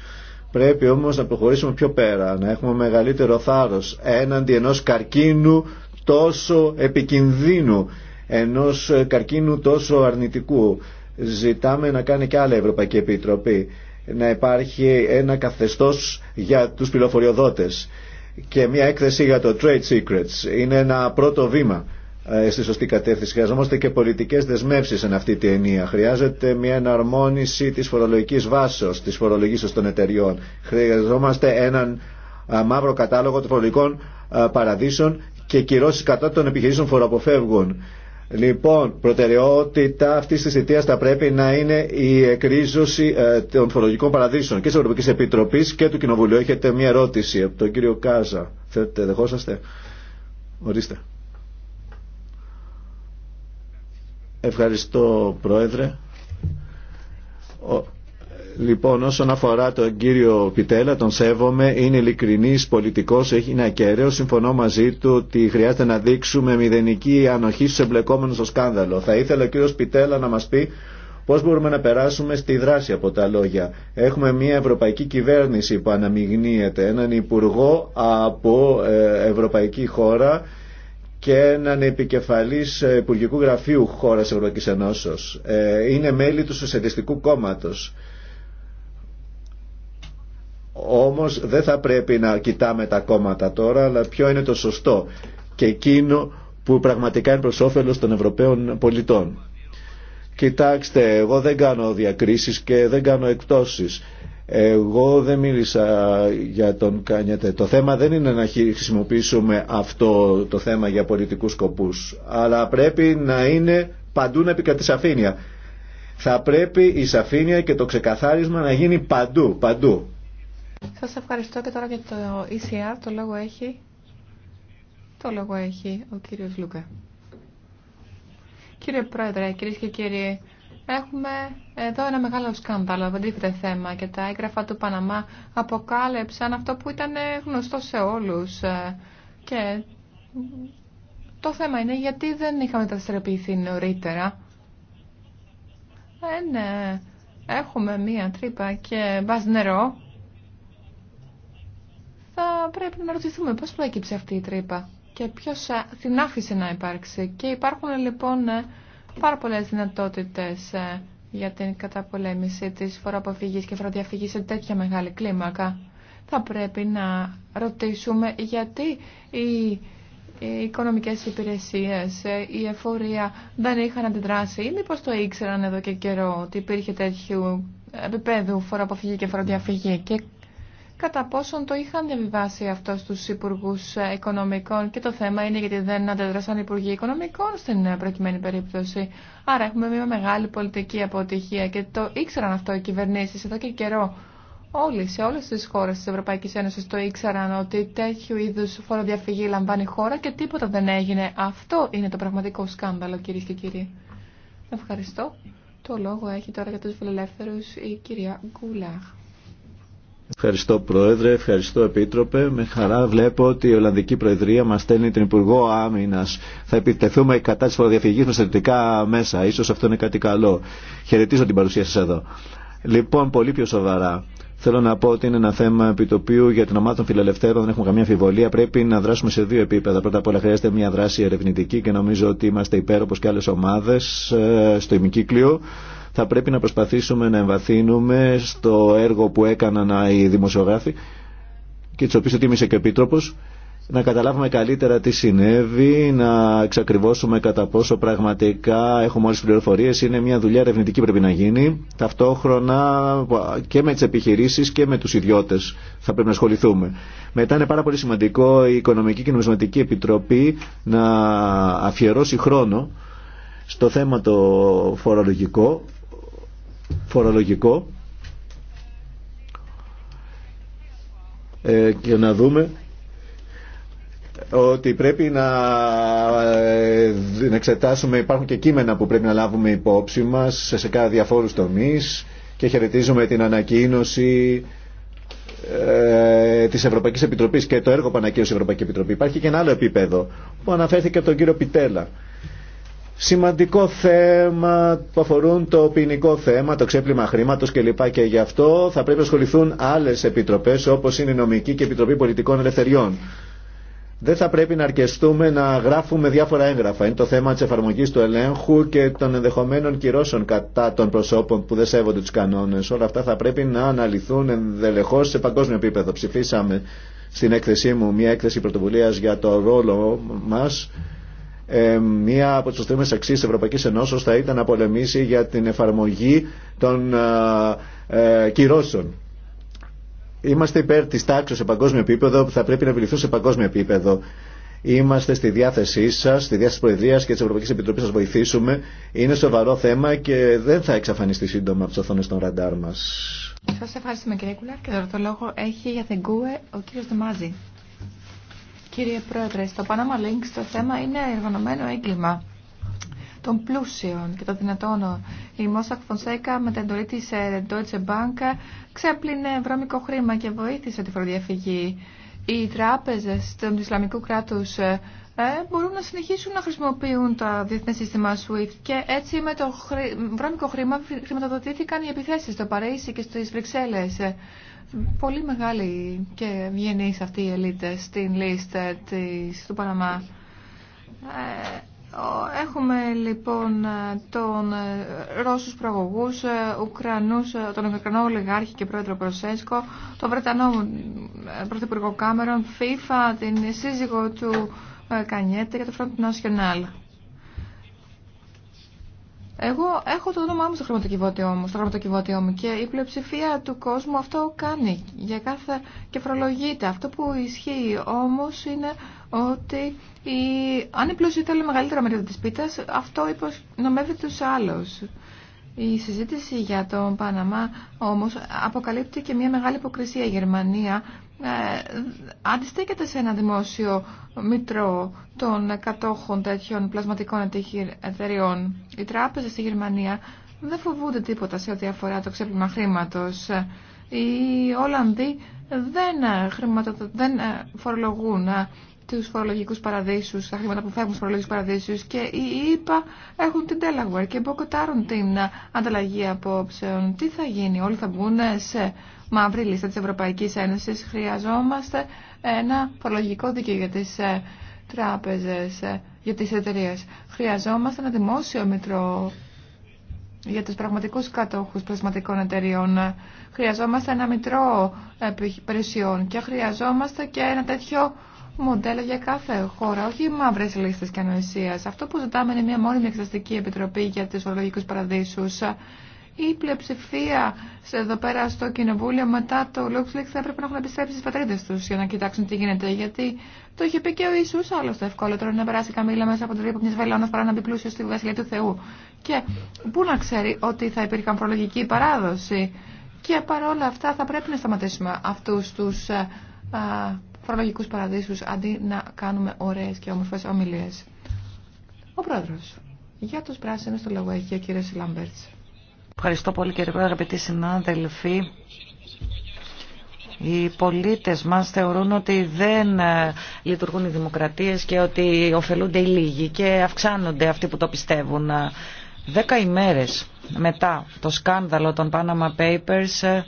Πρέπει όμως να προχωρήσουμε πιο πέρα, να έχουμε μεγαλύτερο θάρρος έναντι ενός καρκίνου τόσο επικινδύνου, ενός ε, καρκίνου τόσο αρνητικού. Ζητάμε να κάνει και άλλη Ευρωπαϊκή Επιτροπή, να υπάρχει ένα καθεστώς για τους πληροφοριοδότες και μια έκθεση για το Trade Secrets. Είναι ένα πρώτο βήμα ε, στη σωστή κατεύθυνση. Χρειαζόμαστε και πολιτικές δεσμεύσεις σε αυτή τη ενία. Χρειάζεται μια εναρμόνιση της φορολογικής βάσεως, της φορολογήσεως των εταιριών. Χρειαζόμαστε έναν ε, μαύρο κατάλογο των φορολογικών ε, παραδείσων και κυρώσεις κατά των επιχειρήσεων φοροαποφεύγων. Λοιπόν, προτεραιότητα αυτή τη θητεία θα πρέπει να είναι η εκρίζωση των φορολογικών παραδείσων και τη Ευρωπαϊκή Επιτροπή και του Κοινοβουλίου. Έχετε μια ερώτηση από τον κύριο Κάζα. Θέλετε, δεχόσαστε. Ορίστε. Ευχαριστώ Πρόεδρε. Λοιπόν, όσον αφορά τον κύριο Πιτέλα, τον σέβομαι, είναι ειλικρινής πολιτικός, έχει ένα κέραιο. Συμφωνώ μαζί του ότι χρειάζεται να δείξουμε μηδενική ανοχή στους εμπλεκόμενους στο σκάνδαλο. Θα ήθελα ο κύριος Πιτέλα να μας πει πώς μπορούμε να περάσουμε στη δράση από τα λόγια. Έχουμε μια ευρωπαϊκή κυβέρνηση που αναμειγνύεται, έναν υπουργό από ε, ευρωπαϊκή χώρα και έναν επικεφαλής Υπουργικού Γραφείου χώρας Ευρωπαϊκής Ενώσεως. Ε, είναι μέλη του Σοσιαλιστικού Κόμματος. Όμως δεν θα πρέπει να κοιτάμε τα κόμματα τώρα, αλλά ποιο είναι το σωστό και εκείνο που πραγματικά είναι προς όφελος των Ευρωπαίων πολιτών. Κοιτάξτε, εγώ δεν κάνω διακρίσεις και δεν κάνω εκπτώσεις. Εγώ δεν μίλησα για τον Κάνιατε. Το θέμα δεν είναι να χρησιμοποιήσουμε αυτό το θέμα για πολιτικούς σκοπούς, αλλά πρέπει να είναι παντού να επικρατεί σαφήνεια. Θα πρέπει η σαφήνεια και το ξεκαθάρισμα να γίνει παντού, παντού. Σας ευχαριστώ και τώρα για το ECR. Το λόγο έχει, το λόγο έχει ο κύριος Λούκα. Κύριε Πρόεδρε, κυρίε και κύριοι, Έχουμε εδώ ένα μεγάλο σκάνδαλο, αντίθετο θέμα και τα έγγραφα του Παναμά αποκάλυψαν αυτό που ήταν γνωστό σε όλους ε, και το θέμα είναι γιατί δεν είχαμε δραστηριοποιηθεί νωρίτερα. Ε, ναι. Έχουμε μία τρύπα και μπας νερό. Θα πρέπει να ρωτηθούμε πώς προέκυψε αυτή η τρύπα και ποιος ε, την άφησε να υπάρξει. Και υπάρχουν λοιπόν ε, πάρα πολλές δυνατότητες ε, για την καταπολέμηση της φοροαποφυγής και φοροδιαφυγής σε τέτοια μεγάλη κλίμακα. Θα πρέπει να ρωτήσουμε γιατί οι οικονομικές υπηρεσίες, ε, η εφορία δεν είχαν αντιδράσει ή μήπως το ήξεραν εδώ και καιρό ότι υπήρχε τέτοιου επίπεδου φοροαποφυγή και φοροδιαφυγή και κατά πόσον το είχαν διαβιβάσει αυτό στους Υπουργούς Οικονομικών και το θέμα είναι γιατί δεν αντέδρασαν οι Υπουργοί Οικονομικών στην προκειμένη περίπτωση. Άρα έχουμε μια μεγάλη πολιτική αποτυχία και το ήξεραν αυτό οι κυβερνήσεις εδώ και καιρό. Όλοι, σε όλες τις χώρες της Ευρωπαϊκής Ένωσης το ήξεραν ότι τέτοιου είδους φοροδιαφυγή λαμβάνει χώρα και τίποτα δεν έγινε. Αυτό είναι το πραγματικό σκάνδαλο κυρίε και κύριοι. Ευχαριστώ. Το λόγο έχει τώρα για τους φιλελεύθερους η κυρία Γκουλάχ. Ευχαριστώ Πρόεδρε, ευχαριστώ Επίτροπε. Με χαρά βλέπω ότι η Ολλανδική Προεδρία μας στέλνει την Υπουργό Άμυνας. Θα επιτεθούμε κατά της φοροδιαφυγής με στρατιωτικά μέσα. Ίσως αυτό είναι κάτι καλό. Χαιρετίζω την παρουσία σας εδώ. Λοιπόν, πολύ πιο σοβαρά. Θέλω να πω ότι είναι ένα θέμα επί το οποίο για την ομάδα των φιλελευθέρων δεν έχουμε καμία αμφιβολία. Πρέπει να δράσουμε σε δύο επίπεδα. Πρώτα απ' όλα χρειάζεται μια δράση ερευνητική και νομίζω ότι είμαστε υπέρ και άλλε ομάδε ε, στο ημικύκλιο θα πρέπει να προσπαθήσουμε να εμβαθύνουμε στο έργο που έκαναν οι δημοσιογράφοι και του οποίου ετοίμησε και ο επίτροπο, να καταλάβουμε καλύτερα τι συνέβη, να εξακριβώσουμε κατά πόσο πραγματικά έχουμε όλε τι πληροφορίες. Είναι μια δουλειά ερευνητική πρέπει να γίνει. Ταυτόχρονα και με τι επιχειρήσει και με του ιδιώτες θα πρέπει να ασχοληθούμε. Μετά είναι πάρα πολύ σημαντικό η Οικονομική και Νομισματική Επιτροπή να αφιερώσει χρόνο στο θέμα το φορολογικό φορολογικό ε, και να δούμε ότι πρέπει να, ε, να εξετάσουμε, υπάρχουν και κείμενα που πρέπει να λάβουμε υπόψη μας σε κάθε διαφόρους τομείς και χαιρετίζουμε την ανακοίνωση ε, της Ευρωπαϊκής Επιτροπής και το έργο που ανακοίνωσε η Ευρωπαϊκή Επιτροπή. Υπάρχει και ένα άλλο επίπεδο που αναφέρθηκε από τον κύριο Πιτέλα σημαντικό θέμα που αφορούν το ποινικό θέμα, το ξέπλυμα χρήματο κλπ. Και γι' αυτό θα πρέπει να ασχοληθούν άλλε επιτροπέ όπω είναι η Νομική και η Επιτροπή Πολιτικών Ελευθεριών. Δεν θα πρέπει να αρκεστούμε να γράφουμε διάφορα έγγραφα. Είναι το θέμα τη εφαρμογή του ελέγχου και των ενδεχομένων κυρώσεων κατά των προσώπων που δεν σέβονται του κανόνε. Όλα αυτά θα πρέπει να αναλυθούν ενδελεχώ σε παγκόσμιο επίπεδο. Ψηφίσαμε στην έκθεσή μου μια έκθεση πρωτοβουλία για το ρόλο μας ε, μία από τις θέμες αξίες της Ευρωπαϊκής Ενώσεως θα ήταν να πολεμήσει για την εφαρμογή των ε, ε, κυρώσεων. Είμαστε υπέρ της τάξης σε παγκόσμιο επίπεδο που θα πρέπει να βληθούν σε παγκόσμιο επίπεδο. Είμαστε στη διάθεσή σα, στη διάθεση τη Προεδρία και τη Ευρωπαϊκή Επιτροπή να σα βοηθήσουμε. Είναι σοβαρό θέμα και δεν θα εξαφανιστεί σύντομα από τι οθόνε των ραντάρ μα. Σα ευχαριστούμε κύριε και τώρα το λόγο έχει για την ο κύριο Δεμάζη. Κύριε Πρόεδρε, στο Panama Links το θέμα είναι εργονομένο έγκλημα των πλούσιων και των δυνατών. Η Mossack Fonseca με την εντολή τη ε, Deutsche Bank ξέπλυνε βρώμικο χρήμα και βοήθησε τη φοροδιαφυγή. Οι τράπεζε του Ισλαμικού κράτου ε, μπορούν να συνεχίσουν να χρησιμοποιούν το διεθνέ σύστημα SWIFT και έτσι με το χρή... βρώμικο χρήμα χρηματοδοτήθηκαν οι επιθέσει στο Παρίσι και στις Βρυξέλλες. Πολύ μεγάλη και ευγενή αυτή η ελίτ στην λίστα της, του Παναμά. Ε, έχουμε λοιπόν τον ε, Ρώσους προαγωγούς, ε, Ουκρανούς, τον Ουκρανό Ολιγάρχη και Πρόεδρο Προσέσκο, τον Βρετανό Πρωθυπουργό Κάμερον, FIFA, την σύζυγο του Κανιέτε και το Front National. Εγώ έχω το όνομά μου στο χρηματοκιβώτιό μου, στο χρηματοκιβώτιό μου και η πλειοψηφία του κόσμου αυτό κάνει. Για κάθε κεφρολογείται. Αυτό που ισχύει όμως είναι ότι η... αν η πλούσια θέλει μεγαλύτερα μερίδα της πίτας, αυτό υπονομεύει τους άλλους. Η συζήτηση για τον Παναμά όμως αποκαλύπτει και μια μεγάλη υποκρισία. Η Γερμανία ε, αντιστέκεται σε ένα δημόσιο μητρό των κατόχων τέτοιων πλασματικών εταιριών. Οι τράπεζες στη Γερμανία δεν φοβούνται τίποτα σε ό,τι αφορά το ξέπλυμα χρήματος. Οι Ολλανδοί δεν, δεν ε, φορολογούν ε, του φορολογικού παραδείσους, τα χρήματα που φεύγουν στου φορολογικού παραδείσους και οι ΙΠΑ έχουν την Delaware και μποκοτάρουν την ανταλλαγή απόψεων. Τι θα γίνει, όλοι θα μπουν σε μαύρη λίστα τη Ευρωπαϊκή Ένωση. Χρειαζόμαστε ένα φορολογικό δίκαιο για τι ε, τράπεζες, ε, για τι εταιρείε. Χρειαζόμαστε ένα δημόσιο μητρό για τους πραγματικούς κατόχους πλασματικών εταιρείων. Χρειαζόμαστε ένα μητρό περιουσιών και χρειαζόμαστε και ένα τέτοιο μοντέλο για κάθε χώρα, όχι μαύρε λίστε και ανοησία. Αυτό που ζητάμε είναι μια μόνιμη εξεταστική επιτροπή για του ορολογικού παραδείσου Η πλειοψηφία εδώ πέρα στο κοινοβούλιο μετά το LuxLeaks θα έπρεπε να έχουν επιστρέψει στι πατρίδε του για να κοιτάξουν τι γίνεται. Γιατί το είχε πει και ο Ισού, άλλωστε ευκολότερο να περάσει καμίλα μέσα από το τρίπο μια βελόνα παρά να μπει πλούσιο στη βασιλεία του Θεού. Και πού να ξέρει ότι θα υπήρχε αμφρολογική παράδοση. Και παρόλα αυτά θα πρέπει να σταματήσουμε αυτού του. Ε, φορολογικού παραδείσους αντί να κάνουμε ωραίε και ομορφε ομιλίες. Ο Πρόεδρος, για τους πράσινους το λόγο έχει ο κύριος Λαμπέρτς. Ευχαριστώ πολύ κύριε Πρόεδρε, αγαπητοί συνάδελφοι. Οι πολίτες μας θεωρούν ότι δεν ε, λειτουργούν οι δημοκρατίες και ότι ωφελούνται οι λίγοι και αυξάνονται αυτοί που το πιστεύουν. Δέκα ημέρες μετά το σκάνδαλο των Panama Papers ε,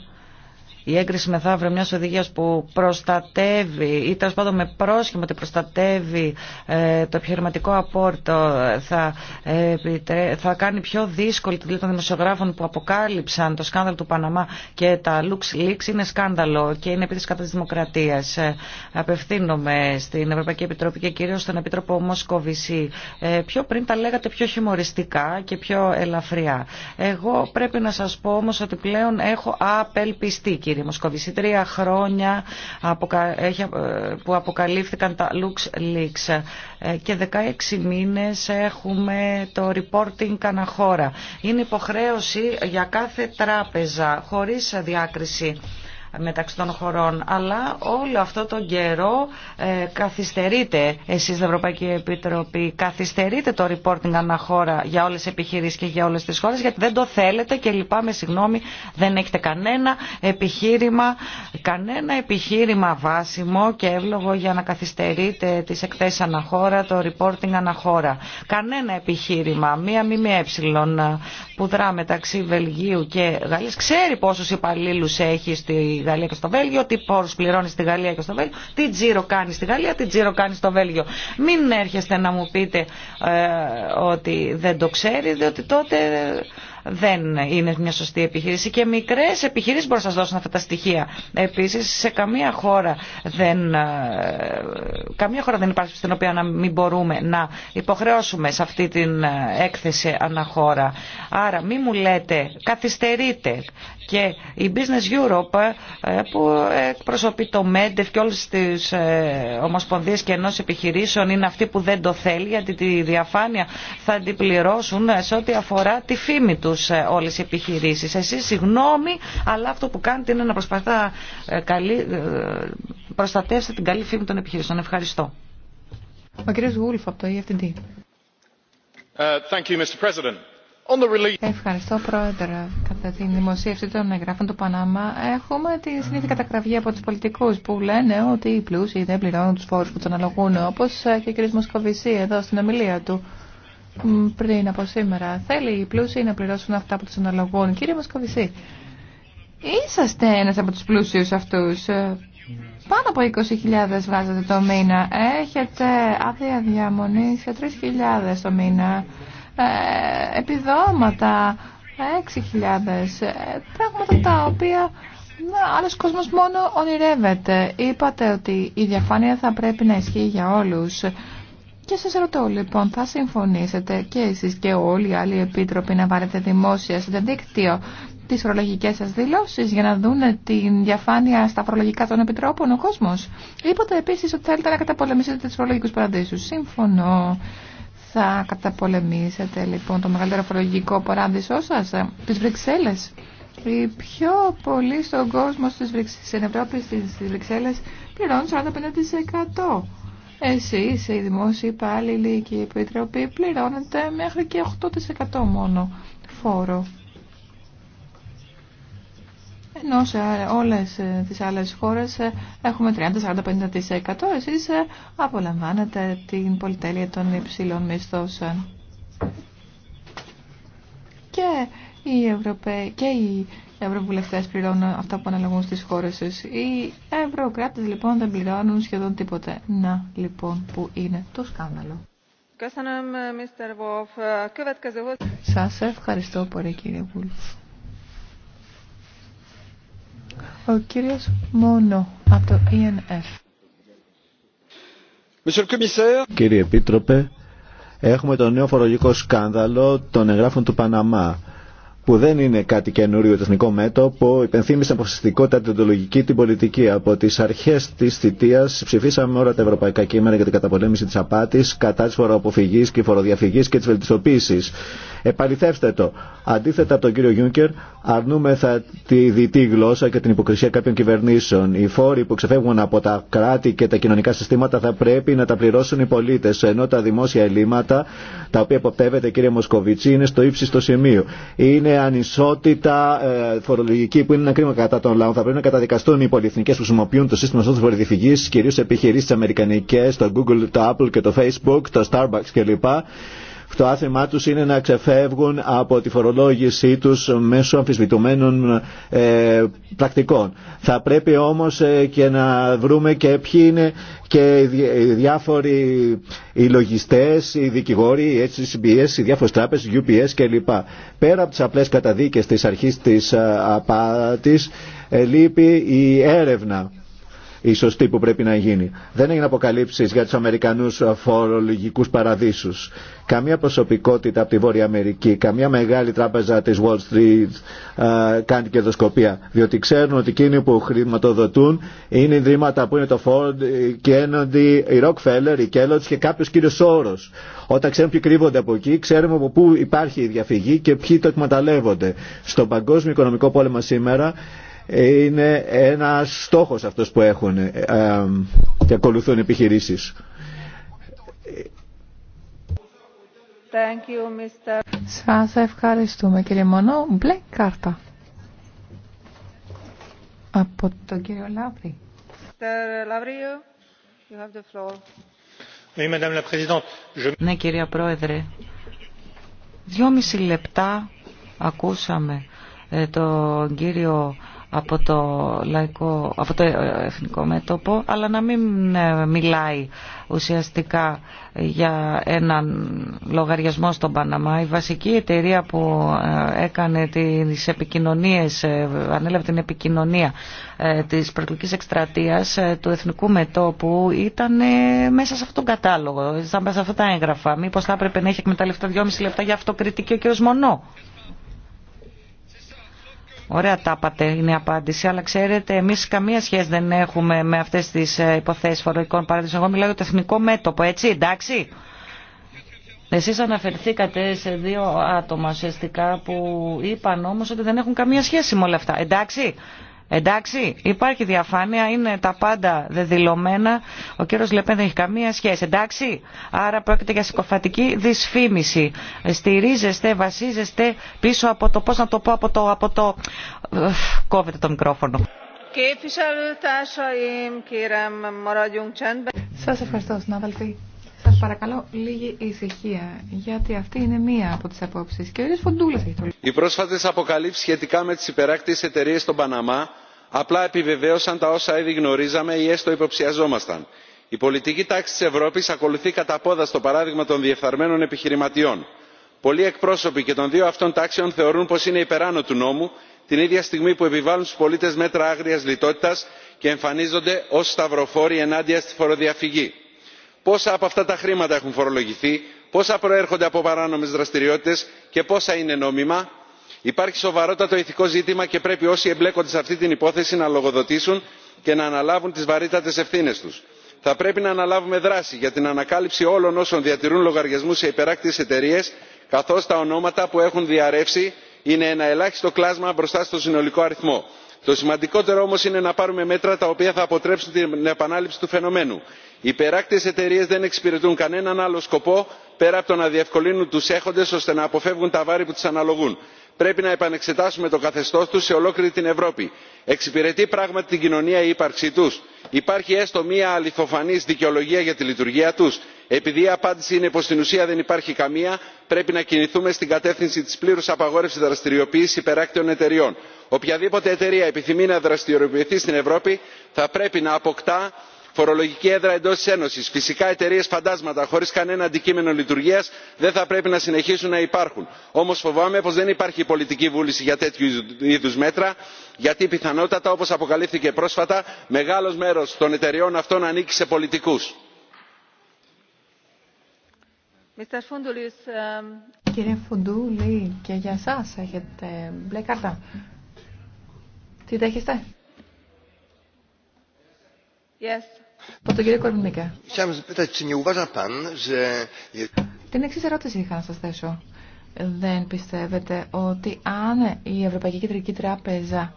η έγκριση μεθαύριο μια οδηγία που προστατεύει ή τέλο πάντων με πρόσχημα ότι προστατεύει ε, το επιχειρηματικό απόρριτο ε, θα, ε, θα κάνει πιο δύσκολη τη δουλειά των δημοσιογράφων που αποκάλυψαν το σκάνδαλο του Παναμά και τα Lux Leaks είναι σκάνδαλο και είναι επίθεση κατά τη δημοκρατία. απευθύνομαι στην Ευρωπαϊκή Επιτροπή και κυρίω στον Επίτροπο Μοσκοβισή. πιο πριν τα λέγατε πιο χιουμοριστικά και πιο ελαφριά. Εγώ πρέπει να σα πω όμω ότι πλέον έχω απελπιστεί κύριε Μοσκοβίση. Τρία χρόνια ε, που αποκαλύφθηκαν τα Lux Leaks ε, και 16 μήνες έχουμε το reporting καναχώρα. Είναι υποχρέωση για κάθε τράπεζα χωρίς διάκριση μεταξύ των χωρών. Αλλά όλο αυτό τον καιρό ε, καθυστερείτε εσείς, Ευρωπαϊκή Επιτροπή, καθυστερείτε το reporting αναχώρα για όλες τις επιχειρήσεις και για όλες τις χώρες, γιατί δεν το θέλετε και λυπάμαι, συγγνώμη, δεν έχετε κανένα επιχείρημα, κανένα επιχείρημα βάσιμο και εύλογο για να καθυστερείτε τις εκθέσεις αναχώρα, το reporting αναχώρα. Κανένα επιχείρημα, μία ΜΜΕ που δρά μεταξύ Βελγίου και Γαλλίας, ξέρει πόσους υπαλλήλους έχει στη Γαλλία και στο Βέλγιο, τι πόρου πληρώνει στη Γαλλία και στο Βέλγιο, τι τζίρο κάνει στη Γαλλία, τι τζίρο κάνει στο Βέλγιο. Μην έρχεστε να μου πείτε ε, ότι δεν το ξέρει, διότι τότε δεν είναι μια σωστή επιχείρηση και μικρέ επιχειρήσει μπορούν να σα δώσουν αυτά τα στοιχεία. Επίση, σε καμία χώρα, δεν, ε, καμία χώρα δεν υπάρχει στην οποία να μην μπορούμε να υποχρεώσουμε σε αυτή την ε, έκθεση αναχώρα. Άρα, μην μου λέτε καθυστερείτε, και η Business Europe ε, που εκπροσωπεί το ΜΕΝΤΕΦ και όλες τις ε, ομοσπονδίες και ενός επιχειρήσεων είναι αυτή που δεν το θέλει γιατί τη διαφάνεια θα την πληρώσουν ε, σε ό,τι αφορά τη φήμη τους όλες οι επιχειρήσεις. Εσείς συγγνώμη, αλλά αυτό που κάνετε είναι να προσπαθά να προστατεύσετε την καλή φήμη των επιχειρήσεων. Ευχαριστώ. Ο Γούλφ από το EFTD. Uh, thank you, Ευχαριστώ Πρόεδρε. Κατά τη δημοσίευση των εγγράφων του Πανάμα έχουμε τη συνήθεια κατακραυγή από του πολιτικού που λένε ότι οι πλούσιοι δεν πληρώνουν του φόρους που του αναλογούν Όπω και ο κ. Μοσκοβισή εδώ στην ομιλία του πριν από σήμερα. Θέλει οι πλούσιοι να πληρώσουν αυτά που του αναλογούν. Κύριε Μοσκοβισή, είσαστε ένα από του πλούσιου αυτού. Πάνω από 20.000 βγάζετε το μήνα. Έχετε άδεια διαμονή σε 3.000 το μήνα. Ε, επιδόματα, 6.000, ε, πράγματα τα οποία άλλος κόσμος μόνο ονειρεύεται. Είπατε ότι η διαφάνεια θα πρέπει να ισχύει για όλους. Και σας ρωτώ λοιπόν, θα συμφωνήσετε και εσείς και όλοι οι άλλοι επίτροποι να βάλετε δημόσια στο διαδίκτυο τις φορολογικές σας δηλώσεις για να δούνε την διαφάνεια στα φορολογικά των επιτρόπων ο κόσμος. Είπατε επίσης ότι θέλετε να καταπολεμήσετε τις φορολογικούς παραδείσους. Συμφωνώ. Θα καταπολεμήσετε λοιπόν το μεγαλύτερο φορολογικό παράδεισό σας, ε, τις Βρυξέλλε. Οι πιο πολλοί στον κόσμο στις στην Ευρώπη, στις Βρυξέλλε πληρώνουν 45%. Εσείς, οι δημόσιοι υπάλληλοι και οι επιτροποί, πληρώνετε μέχρι και 8% μόνο φόρο ενώ σε όλες ε, τις άλλες χώρες ε, έχουμε 30-40-50% εσείς ε, απολαμβάνετε την πολυτέλεια των υψηλών μισθώσεων. Και οι, Ευρωπαί... και οι Ευρωβουλευτές πληρώνουν αυτά που αναλογούν στις χώρες σας. Οι Ευρωκράτες λοιπόν δεν πληρώνουν σχεδόν τίποτε. Να λοιπόν που είναι το σκάνδαλο. Σας ευχαριστώ πολύ κύριε Βούλφ. Ο κύριος Μόνο από το ENF. Κύριε Επίτροπε, έχουμε το νέο φορολογικό σκάνδαλο των εγγράφων του Παναμά που δεν είναι κάτι καινούριο το εθνικό μέτωπο, υπενθύμησε αποφασιστικότητα την οντολογική την πολιτική. Από τι αρχέ τη θητεία ψηφίσαμε όλα τα ευρωπαϊκά κείμενα για την καταπολέμηση τη απάτη, κατά τη φοροαποφυγή και φοροδιαφυγή και τη βελτιστοποίηση. Επαληθεύστε το. Αντίθετα από τον κύριο Γιούνκερ, αρνούμεθα τη διτή γλώσσα και την υποκρισία κάποιων κυβερνήσεων. Οι φόροι που ξεφεύγουν από τα κράτη και τα κοινωνικά συστήματα θα πρέπει να τα πληρώσουν οι πολίτε, ενώ τα δημόσια ελλείμματα, τα οποία υποπτεύεται κύριε Μοσκοβιτσί, είναι στο ύψιστο σημείο. Είναι είναι ανισότητα ε, φορολογική που είναι ένα κρίμα κατά των λαών. Θα πρέπει να καταδικαστούν οι πολυεθνικέ που χρησιμοποιούν το σύστημα τη κυρίως κυρίω επιχειρήσει αμερικανικέ, το Google, το Apple και το Facebook, το Starbucks κλπ. Το αθέμα τους είναι να ξεφεύγουν από τη φορολόγησή τους μέσω αμφισβητουμένων ε, πρακτικών. Θα πρέπει όμως ε, και να βρούμε και ποιοι είναι και οι διάφοροι οι λογιστές, οι δικηγόροι, οι HCBS, οι διάφορες τράπεζες, UPS κλπ. Πέρα από τις απλές καταδίκες της αρχής της ε, απάτης, λείπει η έρευνα η σωστή που πρέπει να γίνει. Δεν έγιναν αποκαλύψει για του Αμερικανού φορολογικού παραδείσου. Καμία προσωπικότητα από τη Βόρεια Αμερική, καμία μεγάλη τράπεζα τη Wall Street α, κάνει κερδοσκοπία. Διότι ξέρουν ότι εκείνοι που χρηματοδοτούν είναι ιδρύματα που είναι το Ford, και Kennedy, η Rockefeller, η Kellogg και κάποιο κύριο όρο. Όταν ξέρουν ποιοι κρύβονται από εκεί, ξέρουμε από πού υπάρχει η διαφυγή και ποιοι το εκμεταλλεύονται. Στον παγκόσμιο οικονομικό πόλεμο σήμερα είναι ένα στόχος αυτός που έχουν ε, και ακολουθούν επιχειρήσεις. Σα Σας ευχαριστούμε κύριε Μονό. Μπλε κάρτα. Από τον κύριο Λαύρη. Ναι κυρία Πρόεδρε, δυόμιση λεπτά ακούσαμε ε, τον κύριο από το, λαϊκό, από το ε, εθνικό μέτωπο, αλλά να μην ε, μιλάει ουσιαστικά για έναν λογαριασμό στον Παναμά. Η βασική εταιρεία που ε, έκανε τις επικοινωνίες, ανέλαβε την επικοινωνία της προεκλογικής εκστρατείας του εθνικού μετώπου ήταν μέσα σε αυτόν τον κατάλογο, μέσα σε αυτά τα έγγραφα. Μήπως θα έπρεπε να έχει εκμεταλλευτεί 2,5 λεπτά για αυτοκριτική ο κ. Μονό. Ωραία τα είναι η απάντηση. Αλλά ξέρετε, εμεί καμία σχέση δεν έχουμε με αυτέ τι ε, υποθέσει φορολογικών παράδεισων. Εγώ μιλάω για το εθνικό μέτωπο, έτσι, εντάξει. Εσείς αναφερθήκατε σε δύο άτομα ουσιαστικά που είπαν όμως ότι δεν έχουν καμία σχέση με όλα αυτά. Εντάξει, Εντάξει, υπάρχει διαφάνεια, είναι τα πάντα δεδηλωμένα. Ο κύριο Λεπέν δεν έχει καμία σχέση. Εντάξει, άρα πρόκειται για συκοφατική δυσφήμιση. Στηρίζεστε, βασίζεστε πίσω από το, πώ να το πω, από το. Από το... Κόβετε το μικρόφωνο. Σα ευχαριστώ, συνάδελφοι. Σα παρακαλώ λίγη ησυχία, γιατί αυτή είναι μία από τι απόψει. Και ο έχει το Οι πρόσφατε αποκαλύψει σχετικά με τι υπεράκτιε εταιρείε στον Παναμά απλά επιβεβαίωσαν τα όσα ήδη γνωρίζαμε ή έστω υποψιαζόμασταν. η πολιτική τάξη της ευρώπης ακολουθεί κατά πόδα στο παράδειγμα των διεφθαρμένων επιχειρηματιών. πολλοί εκπρόσωποι και των δύο αυτών τάξεων θεωρούν πως είναι υπεράνω του νόμου την ίδια στιγμή που επιβάλλουν στους πολίτες μέτρα άγριας λιτότητας και εμφανίζονται ως σταυροφόροι ενάντια στη φοροδιαφυγή. πόσα από αυτά τα χρήματα έχουν φορολογηθεί πόσα προέρχονται από παράνομε δραστηριότητε και πόσα είναι νόμιμα; υπάρχει σοβαρότατο ηθικό ζήτημα και πρέπει όσοι εμπλέκονται σε αυτή την υπόθεση να λογοδοτήσουν και να αναλάβουν τι βαρύτατε ευθύνε του. θα πρέπει να αναλάβουμε δράση για την ανακάλυψη όλων όσων διατηρούν λογαριασμού σε υπεράκτιε εταιρείε καθώ τα ονόματα που έχουν διαρρεύσει είναι ένα ελάχιστο κλάσμα μπροστά στο συνολικό αριθμό. το σημαντικότερο όμω είναι να πάρουμε μέτρα τα οποία θα αποτρέψουν την επανάληψη του φαινομένου. οι υπεράκτιες εταιρείε δεν εξυπηρετούν κανέναν άλλο σκοπό πέρα από το να διευκολύνουν του έχοντες ώστε να αποφεύγουν τα βάρη που του αναλογούν πρέπει να επανεξετάσουμε το καθεστώς τους σε ολόκληρη την ευρώπη. εξυπηρετεί πράγματι την κοινωνία η ύπαρξή τους; υπάρχει έστω μια αληθοφανής δικαιολογία για τη λειτουργία τους; επειδή η απάντηση είναι πως στην ουσία δεν υπάρχει καμία πρέπει να κινηθούμε στην κατεύθυνση της πλήρους απαγόρευσης δραστηριοποίησης υπεράκτιων εταιριών. οποιαδήποτε εταιρεία επιθυμεί να δραστηριοποιηθεί στην ευρώπη θα πρέπει να αποκτά φορολογική έδρα εντό τη ένωση φυσικά εταιρείε φαντάσματα χωρί κανένα αντικείμενο λειτουργία δεν θα πρέπει να συνεχίσουν να υπάρχουν. όμω φοβάμαι πω δεν υπάρχει πολιτική βούληση για τέτοιου είδου μέτρα γιατί πιθανότατα όπω αποκαλύφθηκε πρόσφατα μεγάλο μέρο των εταιρεών αυτών ανήκει σε πολιτικού. Την εξή ερώτηση είχα να σα θέσω. Δεν πιστεύετε ότι αν η Ευρωπαϊκή Κεντρική Τράπεζα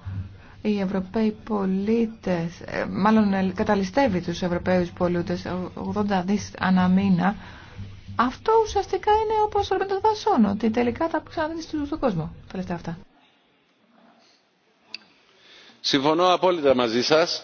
οι Ευρωπαίοι πολίτε ε, μάλλον ε, καταλυστεύει του Ευρωπαίου πολίτε 80 δις αναμήνα, αυτό ουσιαστικά είναι όπω ο το δασόν, ότι τελικά θα ξαναδίνει στον κόσμο. Τα αυτά. Συμφωνώ απόλυτα μαζί σας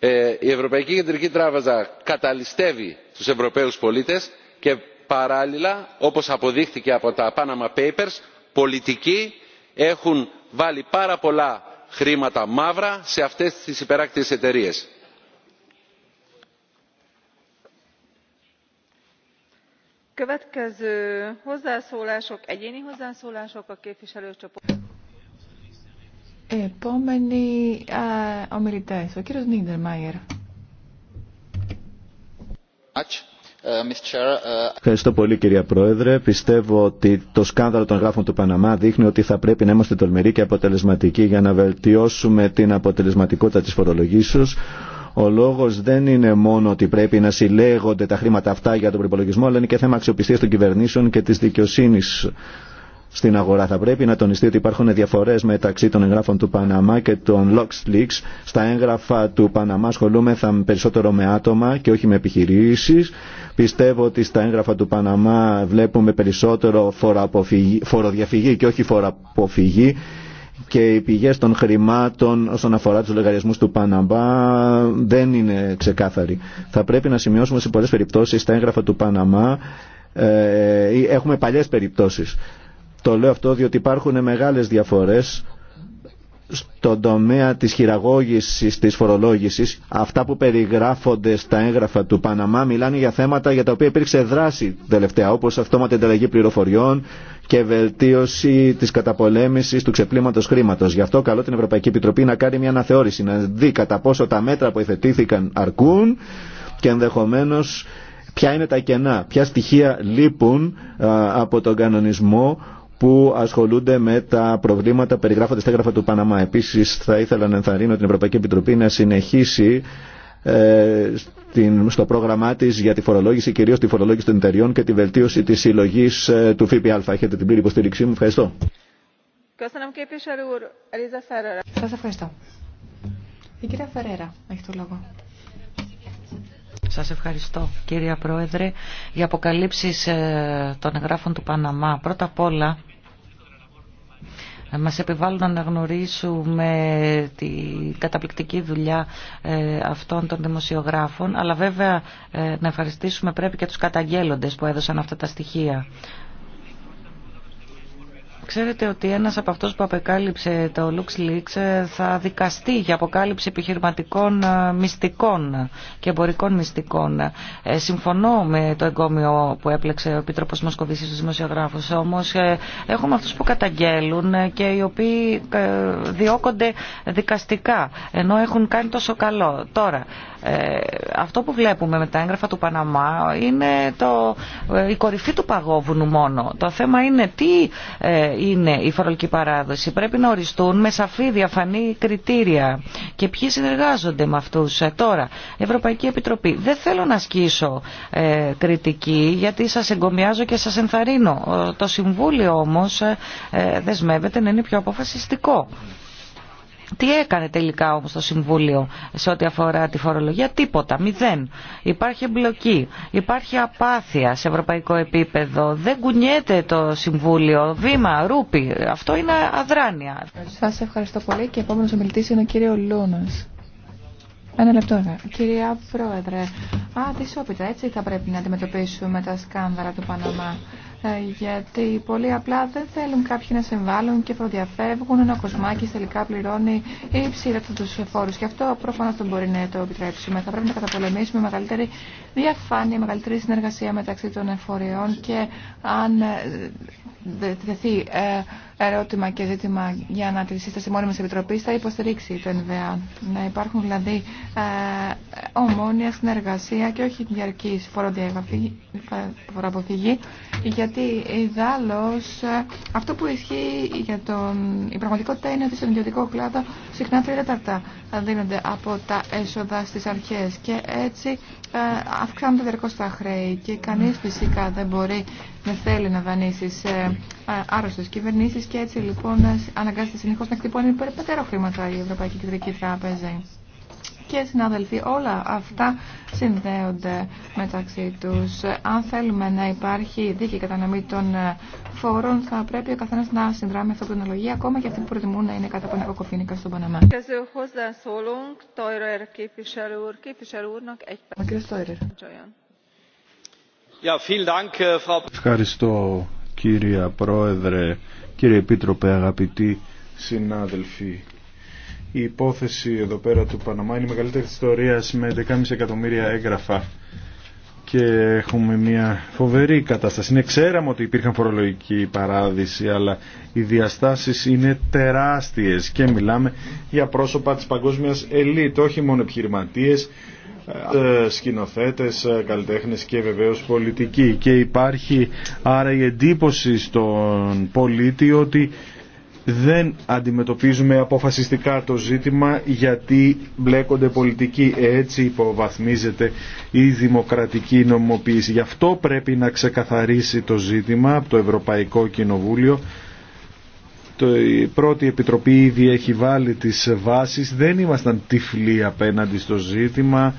ε, η ευρωπαϊκή κεντρική τράπεζα καταλυστεύει τους ευρωπαίους πολίτες και παράλληλα όπως αποδείχθηκε από τα panama papers πολιτικοί έχουν βάλει πάρα πολλά χρήματα μαύρα σε αυτές τις υπεράκτιες εταιρείες. Επόμενοι α, ομιλητές, ο κύριος Νίντερμαϊερ. Μάιερ. Ε, Ευχαριστώ πολύ κυρία Πρόεδρε. Πιστεύω ότι το σκάνδαλο των γράφων του Παναμά δείχνει ότι θα πρέπει να είμαστε τολμηροί και αποτελεσματικοί για να βελτιώσουμε την αποτελεσματικότητα της φορολογήσεως. Ο λόγος δεν είναι μόνο ότι πρέπει να συλλέγονται τα χρήματα αυτά για τον προπολογισμό, αλλά είναι και θέμα αξιοπιστίας των κυβερνήσεων και τη δικαιοσύνη στην αγορά. Θα πρέπει να τονιστεί ότι υπάρχουν διαφορές μεταξύ των εγγράφων του Παναμά και των LuxLeaks. Στα έγγραφα του Παναμά ασχολούμεθα περισσότερο με άτομα και όχι με επιχειρήσεις. Πιστεύω ότι στα έγγραφα του Παναμά βλέπουμε περισσότερο φοροδιαφυγή και όχι φοροαποφυγή και οι πηγές των χρημάτων όσον αφορά του λογαριασμού του Παναμά δεν είναι ξεκάθαροι. Θα πρέπει να σημειώσουμε σε πολλέ περιπτώσεις τα έγγραφα του Παναμά ε, έχουμε παλιές περιπτώσεις το λέω αυτό διότι υπάρχουν μεγάλες διαφορές στον τομέα της χειραγώγησης, της φορολόγησης. Αυτά που περιγράφονται στα έγγραφα του Παναμά μιλάνε για θέματα για τα οποία υπήρξε δράση τελευταία, όπως αυτόματη ανταλλαγή πληροφοριών και βελτίωση της καταπολέμησης του ξεπλήματος χρήματος. Γι' αυτό καλό την Ευρωπαϊκή Επιτροπή να κάνει μια αναθεώρηση, να δει κατά πόσο τα μέτρα που εθετήθηκαν αρκούν και ενδεχομένω ποια είναι τα κενά, ποια στοιχεία λείπουν από τον κανονισμό που ασχολούνται με τα προβλήματα περιγράφοντα τα έγγραφα του Παναμά. Επίση, θα ήθελα να ενθαρρύνω την Ευρωπαϊκή Επιτροπή να συνεχίσει ε, στο πρόγραμμά τη για τη φορολόγηση, κυρίω τη φορολόγηση των εταιριών και τη βελτίωση τη συλλογή ε, του ΦΠΑ. Έχετε την πλήρη υποστήριξή μου. Ευχαριστώ. Σας ευχαριστώ. Η κυρία έχει το λόγο. Σας ευχαριστώ κύριε Πρόεδρε για αποκαλύψεις ε, των εγγράφων του Παναμά. Πρώτα απ' όλα ε, μας επιβάλλουν να γνωρίσουμε την καταπληκτική δουλειά ε, αυτών των δημοσιογράφων αλλά βέβαια να ευχαριστήσουμε πρέπει και τους καταγγέλλοντες που έδωσαν αυτά τα στοιχεία. Ξέρετε ότι ένας από αυτούς που απεκάλυψε το LuxLeaks ε, θα δικαστεί για αποκάλυψη επιχειρηματικών ε, μυστικών και εμπορικών μυστικών. Ε, συμφωνώ με το εγκόμιο που έπλεξε ο Επίτροπος Μοσκοβίσης στους δημοσιογράφους, όμως έχουμε αυτούς που καταγγέλουν και οι οποίοι διώκονται δικαστικά, ενώ έχουν κάνει τόσο καλό. Τώρα, ε, αυτό που βλέπουμε με τα έγγραφα του Παναμά είναι το, ε, η κορυφή του παγόβουνου μόνο. Το θέμα είναι τι ε, είναι η φορολογική παράδοση. Πρέπει να οριστούν με σαφή διαφανή κριτήρια και ποιοι συνεργάζονται με αυτούς. τώρα, Ευρωπαϊκή Επιτροπή. Δεν θέλω να ασκήσω κριτική γιατί σας εγκομιάζω και σας ενθαρρύνω. το Συμβούλιο όμως δεσμεύεται να είναι πιο αποφασιστικό. Τι έκανε τελικά όμως το Συμβούλιο σε ό,τι αφορά τη φορολογία, τίποτα, μηδέν. Υπάρχει εμπλοκή, υπάρχει απάθεια σε ευρωπαϊκό επίπεδο, δεν κουνιέται το Συμβούλιο, βήμα, ρούπι, αυτό είναι αδράνεια. Σας ευχαριστώ πολύ και επόμενος ομιλητής είναι ο κύριο Λούνας. Ένα λεπτό, ναι. Κυρία Πρόεδρε, αντισόπιτα έτσι θα πρέπει να αντιμετωπίσουμε τα σκάνδαλα του Παναμά. Ε, γιατί πολύ απλά δεν θέλουν κάποιοι να συμβάλλουν και προδιαφεύγουν ένα κοσμάκι τελικά πληρώνει του τους φόρους και αυτό προφανώς δεν μπορεί να το επιτρέψουμε. Θα πρέπει να καταπολεμήσουμε μεγαλύτερη διαφάνεια, μεγαλύτερη συνεργασία μεταξύ των εφοριών και αν ε, δεθεί ε, ερώτημα και ζήτημα για να τη σύσταση μόνιμη επιτροπή, θα υποστηρίξει το ΕΝΒΑ. Να υπάρχουν δηλαδή ε, ομόνια συνεργασία και όχι διαρκή φοροαποφυγή γιατί ιδάλω ε, αυτό που ισχύει για τον... η πραγματικότητα είναι ότι στον ιδιωτικό κλάδο συχνά τρία τέταρτα δίνονται από τα έσοδα στι αρχέ. και έτσι ε, αυξάνονται διαρκώ τα χρέη και κανείς φυσικά δεν μπορεί να θέλει να δανείσει σε ε, άρρωστε κυβερνήσει και έτσι λοιπόν ε, αναγκάζεται συνεχώ να χτυπώνει περαιτέρω χρήματα η Ευρωπαϊκή Κεντρική Τράπεζα και συνάδελφοι, όλα αυτά συνδέονται μεταξύ τους. Αν θέλουμε να υπάρχει δίκαιη κατανομή των ε, φόρων, θα πρέπει ο καθένας να συνδράμει αυτή την αναλογία, ακόμα και αυτοί που προτιμούν να είναι κατά από στον Παναμά. Äh, Ευχαριστώ κύριε Πρόεδρε, κύριε Επίτροπε, αγαπητοί συνάδελφοι η υπόθεση εδώ πέρα του Παναμά είναι η μεγαλύτερη της ιστορίας με 11,5 εκατομμύρια έγγραφα και έχουμε μια φοβερή κατάσταση. Είναι ξέραμε ότι υπήρχαν φορολογική παράδειση αλλά οι διαστάσεις είναι τεράστιες και μιλάμε για πρόσωπα της παγκόσμιας ελίτ, όχι μόνο επιχειρηματίες, ε, σκηνοθέτες, ε, καλλιτέχνες και βεβαίως πολιτικοί και υπάρχει άρα η εντύπωση στον πολίτη ότι δεν αντιμετωπίζουμε αποφασιστικά το ζήτημα γιατί μπλέκονται πολιτικοί. Έτσι υποβαθμίζεται η δημοκρατική νομοποίηση. Γι' αυτό πρέπει να ξεκαθαρίσει το ζήτημα από το Ευρωπαϊκό Κοινοβούλιο. Το, η πρώτη επιτροπή ήδη έχει βάλει τις βάσεις. Δεν ήμασταν τυφλοί απέναντι στο ζήτημα.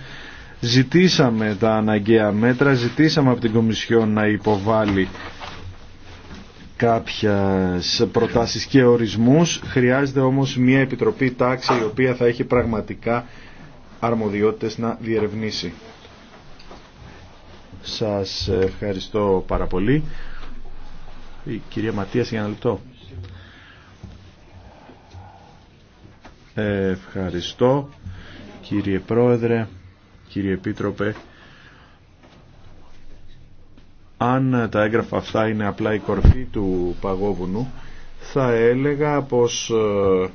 Ζητήσαμε τα αναγκαία μέτρα, ζητήσαμε από την Κομισιόν να υποβάλει κάποιες προτάσεις και ορισμούς. Χρειάζεται όμως μια επιτροπή τάξη η οποία θα έχει πραγματικά αρμοδιότητες να διερευνήσει. Σας ευχαριστώ πάρα πολύ. Η κυρία Ματίας για ένα λεπτό. Ευχαριστώ κύριε Πρόεδρε, κύριε Επίτροπε αν τα έγγραφα αυτά είναι απλά η κορφή του παγόβουνου θα έλεγα πως ε,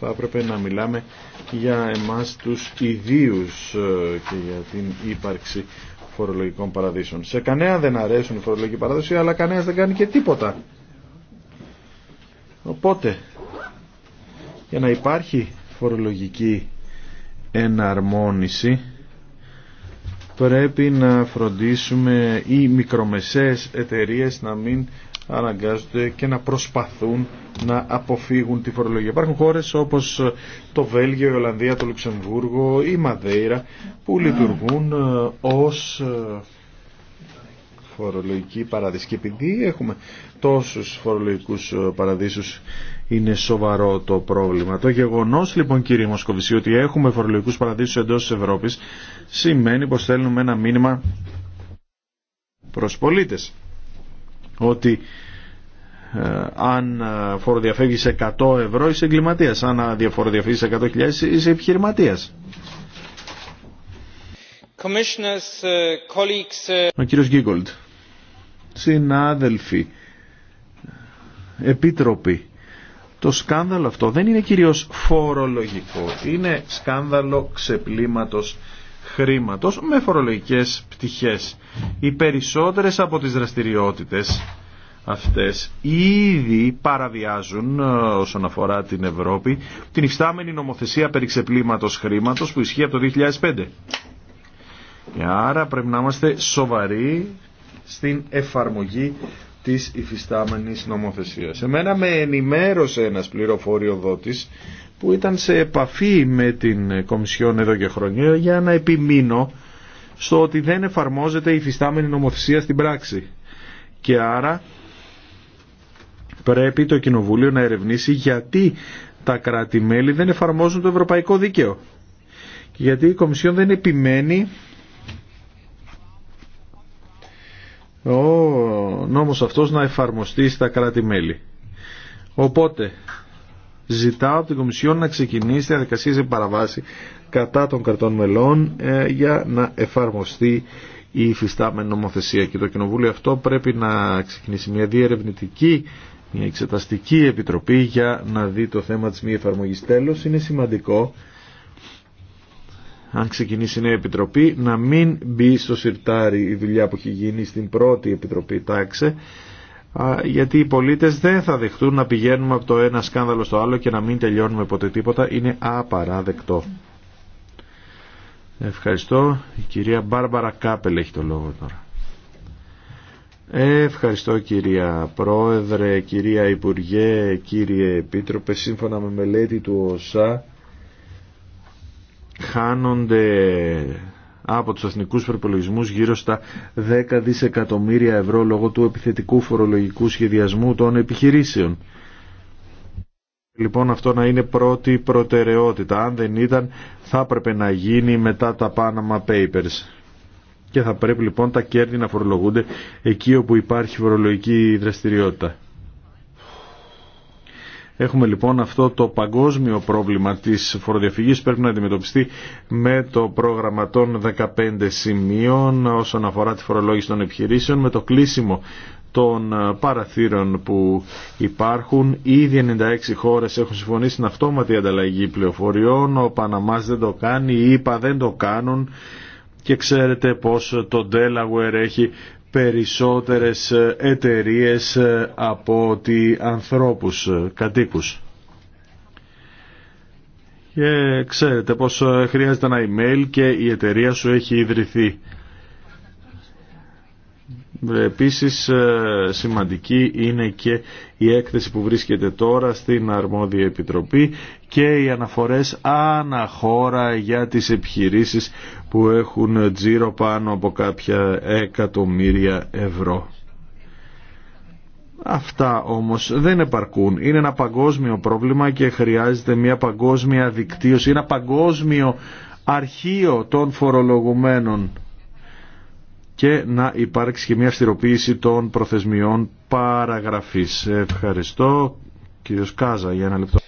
θα έπρεπε να μιλάμε για εμάς τους ιδίους ε, και για την ύπαρξη φορολογικών παραδείσων. Σε κανένα δεν αρέσουν οι φορολογικοί παραδείσοι, αλλά κανένας δεν κάνει και τίποτα. Οπότε, για να υπάρχει φορολογική εναρμόνιση, πρέπει να φροντίσουμε οι μικρομεσαίες εταιρείες να μην αναγκάζονται και να προσπαθούν να αποφύγουν τη φορολογία. Υπάρχουν χώρες όπως το Βέλγιο, η Ολλανδία, το Λουξεμβούργο, η Μαδέιρα που λειτουργούν ε, ως ε, φορολογική παραδείσοι. Και επειδή έχουμε τόσους φορολογικούς ε, παραδείσου είναι σοβαρό το πρόβλημα. Το γεγονό, λοιπόν κύριε Μοσκοβισή ότι έχουμε φορολογικού παραδείσου εντό τη Ευρώπη σημαίνει πως θέλουμε ένα μήνυμα προ πολίτε. ότι ε, αν ε, φοροδιαφεύγει 100 ευρώ είσαι εγκληματία, αν διαφοροδιαφεύγεις 100.000 είσαι επιχειρηματία. Ε, ο κύριο Γκίγκολτ συνάδελφοι επίτροποι το σκάνδαλο αυτό δεν είναι κυρίως φορολογικό, είναι σκάνδαλο ξεπλήματος χρήματος με φορολογικές πτυχές. Οι περισσότερες από τις δραστηριότητες αυτές ήδη παραβιάζουν ε, όσον αφορά την Ευρώπη την υφιστάμενη νομοθεσία περί ξεπλήματος χρήματος που ισχύει από το 2005. Άρα πρέπει να είμαστε σοβαροί στην εφαρμογή της υφιστάμενης νομοθεσίας. Εμένα με ενημέρωσε ένας πληροφοριοδότης που ήταν σε επαφή με την Κομισιόν εδώ και χρόνια για να επιμείνω στο ότι δεν εφαρμόζεται η υφιστάμενη νομοθεσία στην πράξη. Και άρα πρέπει το Κοινοβούλιο να ερευνήσει γιατί τα κράτη-μέλη δεν εφαρμόζουν το ευρωπαϊκό δίκαιο. Γιατί η Κομισιόν δεν επιμένει ο νόμος αυτός να εφαρμοστεί στα κράτη-μέλη. Οπότε, ζητάω από την Κομισιόν να ξεκινήσει σε παραβάση κατά των κρατών μελών ε, για να εφαρμοστεί η υφιστάμενη νομοθεσία. Και το Κοινοβούλιο αυτό πρέπει να ξεκινήσει μια διερευνητική, μια εξεταστική επιτροπή για να δει το θέμα της μη εφαρμογής. Τέλος, είναι σημαντικό αν ξεκινήσει η νέα επιτροπή, να μην μπει στο σιρτάρι η δουλειά που έχει γίνει στην πρώτη επιτροπή τάξε, γιατί οι πολίτες δεν θα δεχτούν να πηγαίνουμε από το ένα σκάνδαλο στο άλλο και να μην τελειώνουμε ποτέ τίποτα. Είναι απαράδεκτο. Ευχαριστώ. Η κυρία Μπάρμπαρα Κάπελ έχει το λόγο τώρα. Ευχαριστώ κυρία Πρόεδρε, κυρία Υπουργέ, κύριε Επίτροπε. Σύμφωνα με μελέτη του ΟΣΑ, χάνονται από τους εθνικούς προπολογισμούς γύρω στα 10 δισεκατομμύρια ευρώ λόγω του επιθετικού φορολογικού σχεδιασμού των επιχειρήσεων. Λοιπόν αυτό να είναι πρώτη προτεραιότητα. Αν δεν ήταν θα έπρεπε να γίνει μετά τα Panama Papers. Και θα πρέπει λοιπόν τα κέρδη να φορολογούνται εκεί όπου υπάρχει φορολογική δραστηριότητα. Έχουμε λοιπόν αυτό το παγκόσμιο πρόβλημα της φοροδιαφυγής που πρέπει να αντιμετωπιστεί με το πρόγραμμα των 15 σημείων όσον αφορά τη φορολόγηση των επιχειρήσεων με το κλείσιμο των ε, παραθύρων που υπάρχουν. Ήδη 96 χώρες έχουν συμφωνήσει στην αυτόματη ανταλλαγή πληροφοριών. Ο Παναμάς δεν το κάνει, οι ΙΠΑ δεν το κάνουν και ξέρετε πως το Delaware έχει περισσότερες εταιρίες από ότι ανθρώπους, κατοίκους. Και ξέρετε πως χρειάζεται ένα email και η εταιρεία σου έχει ιδρυθεί. Επίσης ε, σημαντική είναι και η έκθεση που βρίσκεται τώρα στην Αρμόδια Επιτροπή και οι αναφορές αναχώρα για τις επιχειρήσεις που έχουν τζίρο πάνω από κάποια εκατομμύρια ευρώ. Αυτά όμως δεν επαρκούν. Είναι ένα παγκόσμιο πρόβλημα και χρειάζεται μια παγκόσμια δικτύωση, ένα παγκόσμιο αρχείο των φορολογουμένων και να υπάρξει και μια αυστηροποίηση των προθεσμιών παραγραφής. Ευχαριστώ. κύριο Κάζα για ένα λεπτό.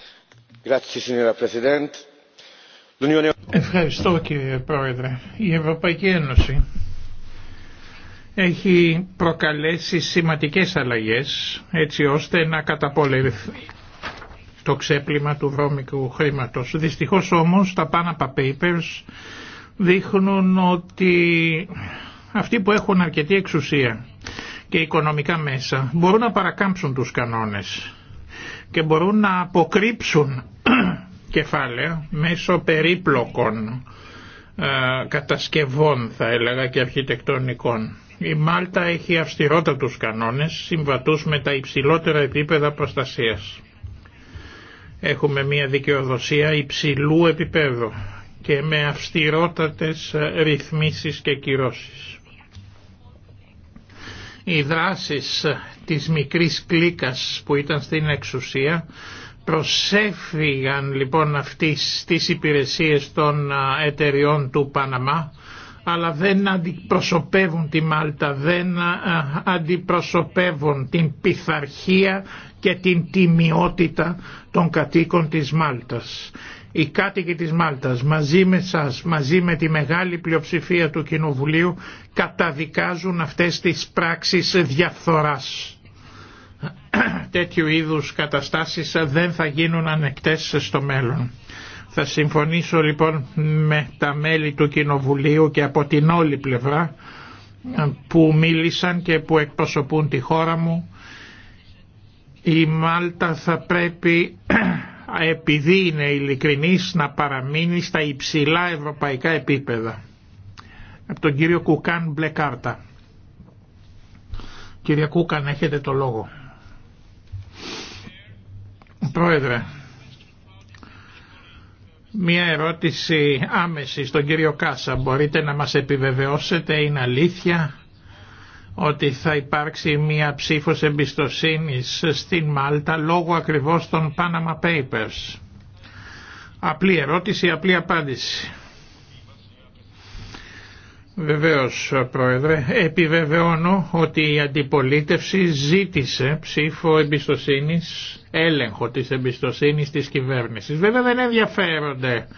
Ευχαριστώ κύριε Πρόεδρε. Η Ευρωπαϊκή Ένωση έχει προκαλέσει σημαντικές αλλαγές έτσι ώστε να καταπολεμηθεί το ξέπλυμα του βρώμικου χρήματος. Δυστυχώς όμως τα Panama Papers δείχνουν ότι αυτοί που έχουν αρκετή εξουσία και οικονομικά μέσα μπορούν να παρακάμψουν τους κανόνες και μπορούν να αποκρύψουν [CLEARS THROAT] κεφάλαια μέσω περίπλοκων ε, κατασκευών θα έλεγα και αρχιτεκτονικών. Η Μάλτα έχει αυστηρότατους κανόνες συμβατούς με τα υψηλότερα επίπεδα προστασίας. Έχουμε μια δικαιοδοσία υψηλού επίπεδου και με αυστηρότατες ε, ρυθμίσεις και κυρώσεις. Οι δράσεις της μικρής κλίκας που ήταν στην εξουσία προσέφυγαν λοιπόν αυτοί στις υπηρεσίες των εταιριών του Παναμά αλλά δεν αντιπροσωπεύουν τη Μάλτα, δεν αντιπροσωπεύουν την πειθαρχία και την τιμιότητα των κατοίκων της Μάλτας οι κάτοικοι της Μάλτας μαζί με σας, μαζί με τη μεγάλη πλειοψηφία του Κοινοβουλίου καταδικάζουν αυτές τις πράξεις διαφθοράς. [CLEARS THROAT] Τέτοιου είδους καταστάσεις δεν θα γίνουν ανεκτές στο μέλλον. Θα συμφωνήσω λοιπόν με τα μέλη του Κοινοβουλίου και από την όλη πλευρά που μίλησαν και που εκπροσωπούν τη χώρα μου. Η Μάλτα θα πρέπει επειδή είναι ειλικρινής να παραμείνει στα υψηλά ευρωπαϊκά επίπεδα. Από τον κύριο Κουκάν μπλε κάρτα. Κύριε Κούκαν έχετε το λόγο. Πρόεδρε, μία ερώτηση άμεση στον κύριο Κάσα. Μπορείτε να μας επιβεβαιώσετε, είναι αλήθεια ότι θα υπάρξει μία ψήφος εμπιστοσύνης στην Μάλτα λόγω ακριβώς των Panama Papers. Απλή ερώτηση, απλή απάντηση. Βεβαίως, Πρόεδρε, επιβεβαιώνω ότι η αντιπολίτευση ζήτησε ψήφο εμπιστοσύνης, έλεγχο της εμπιστοσύνης της κυβέρνησης. Βέβαια δεν ενδιαφέρονται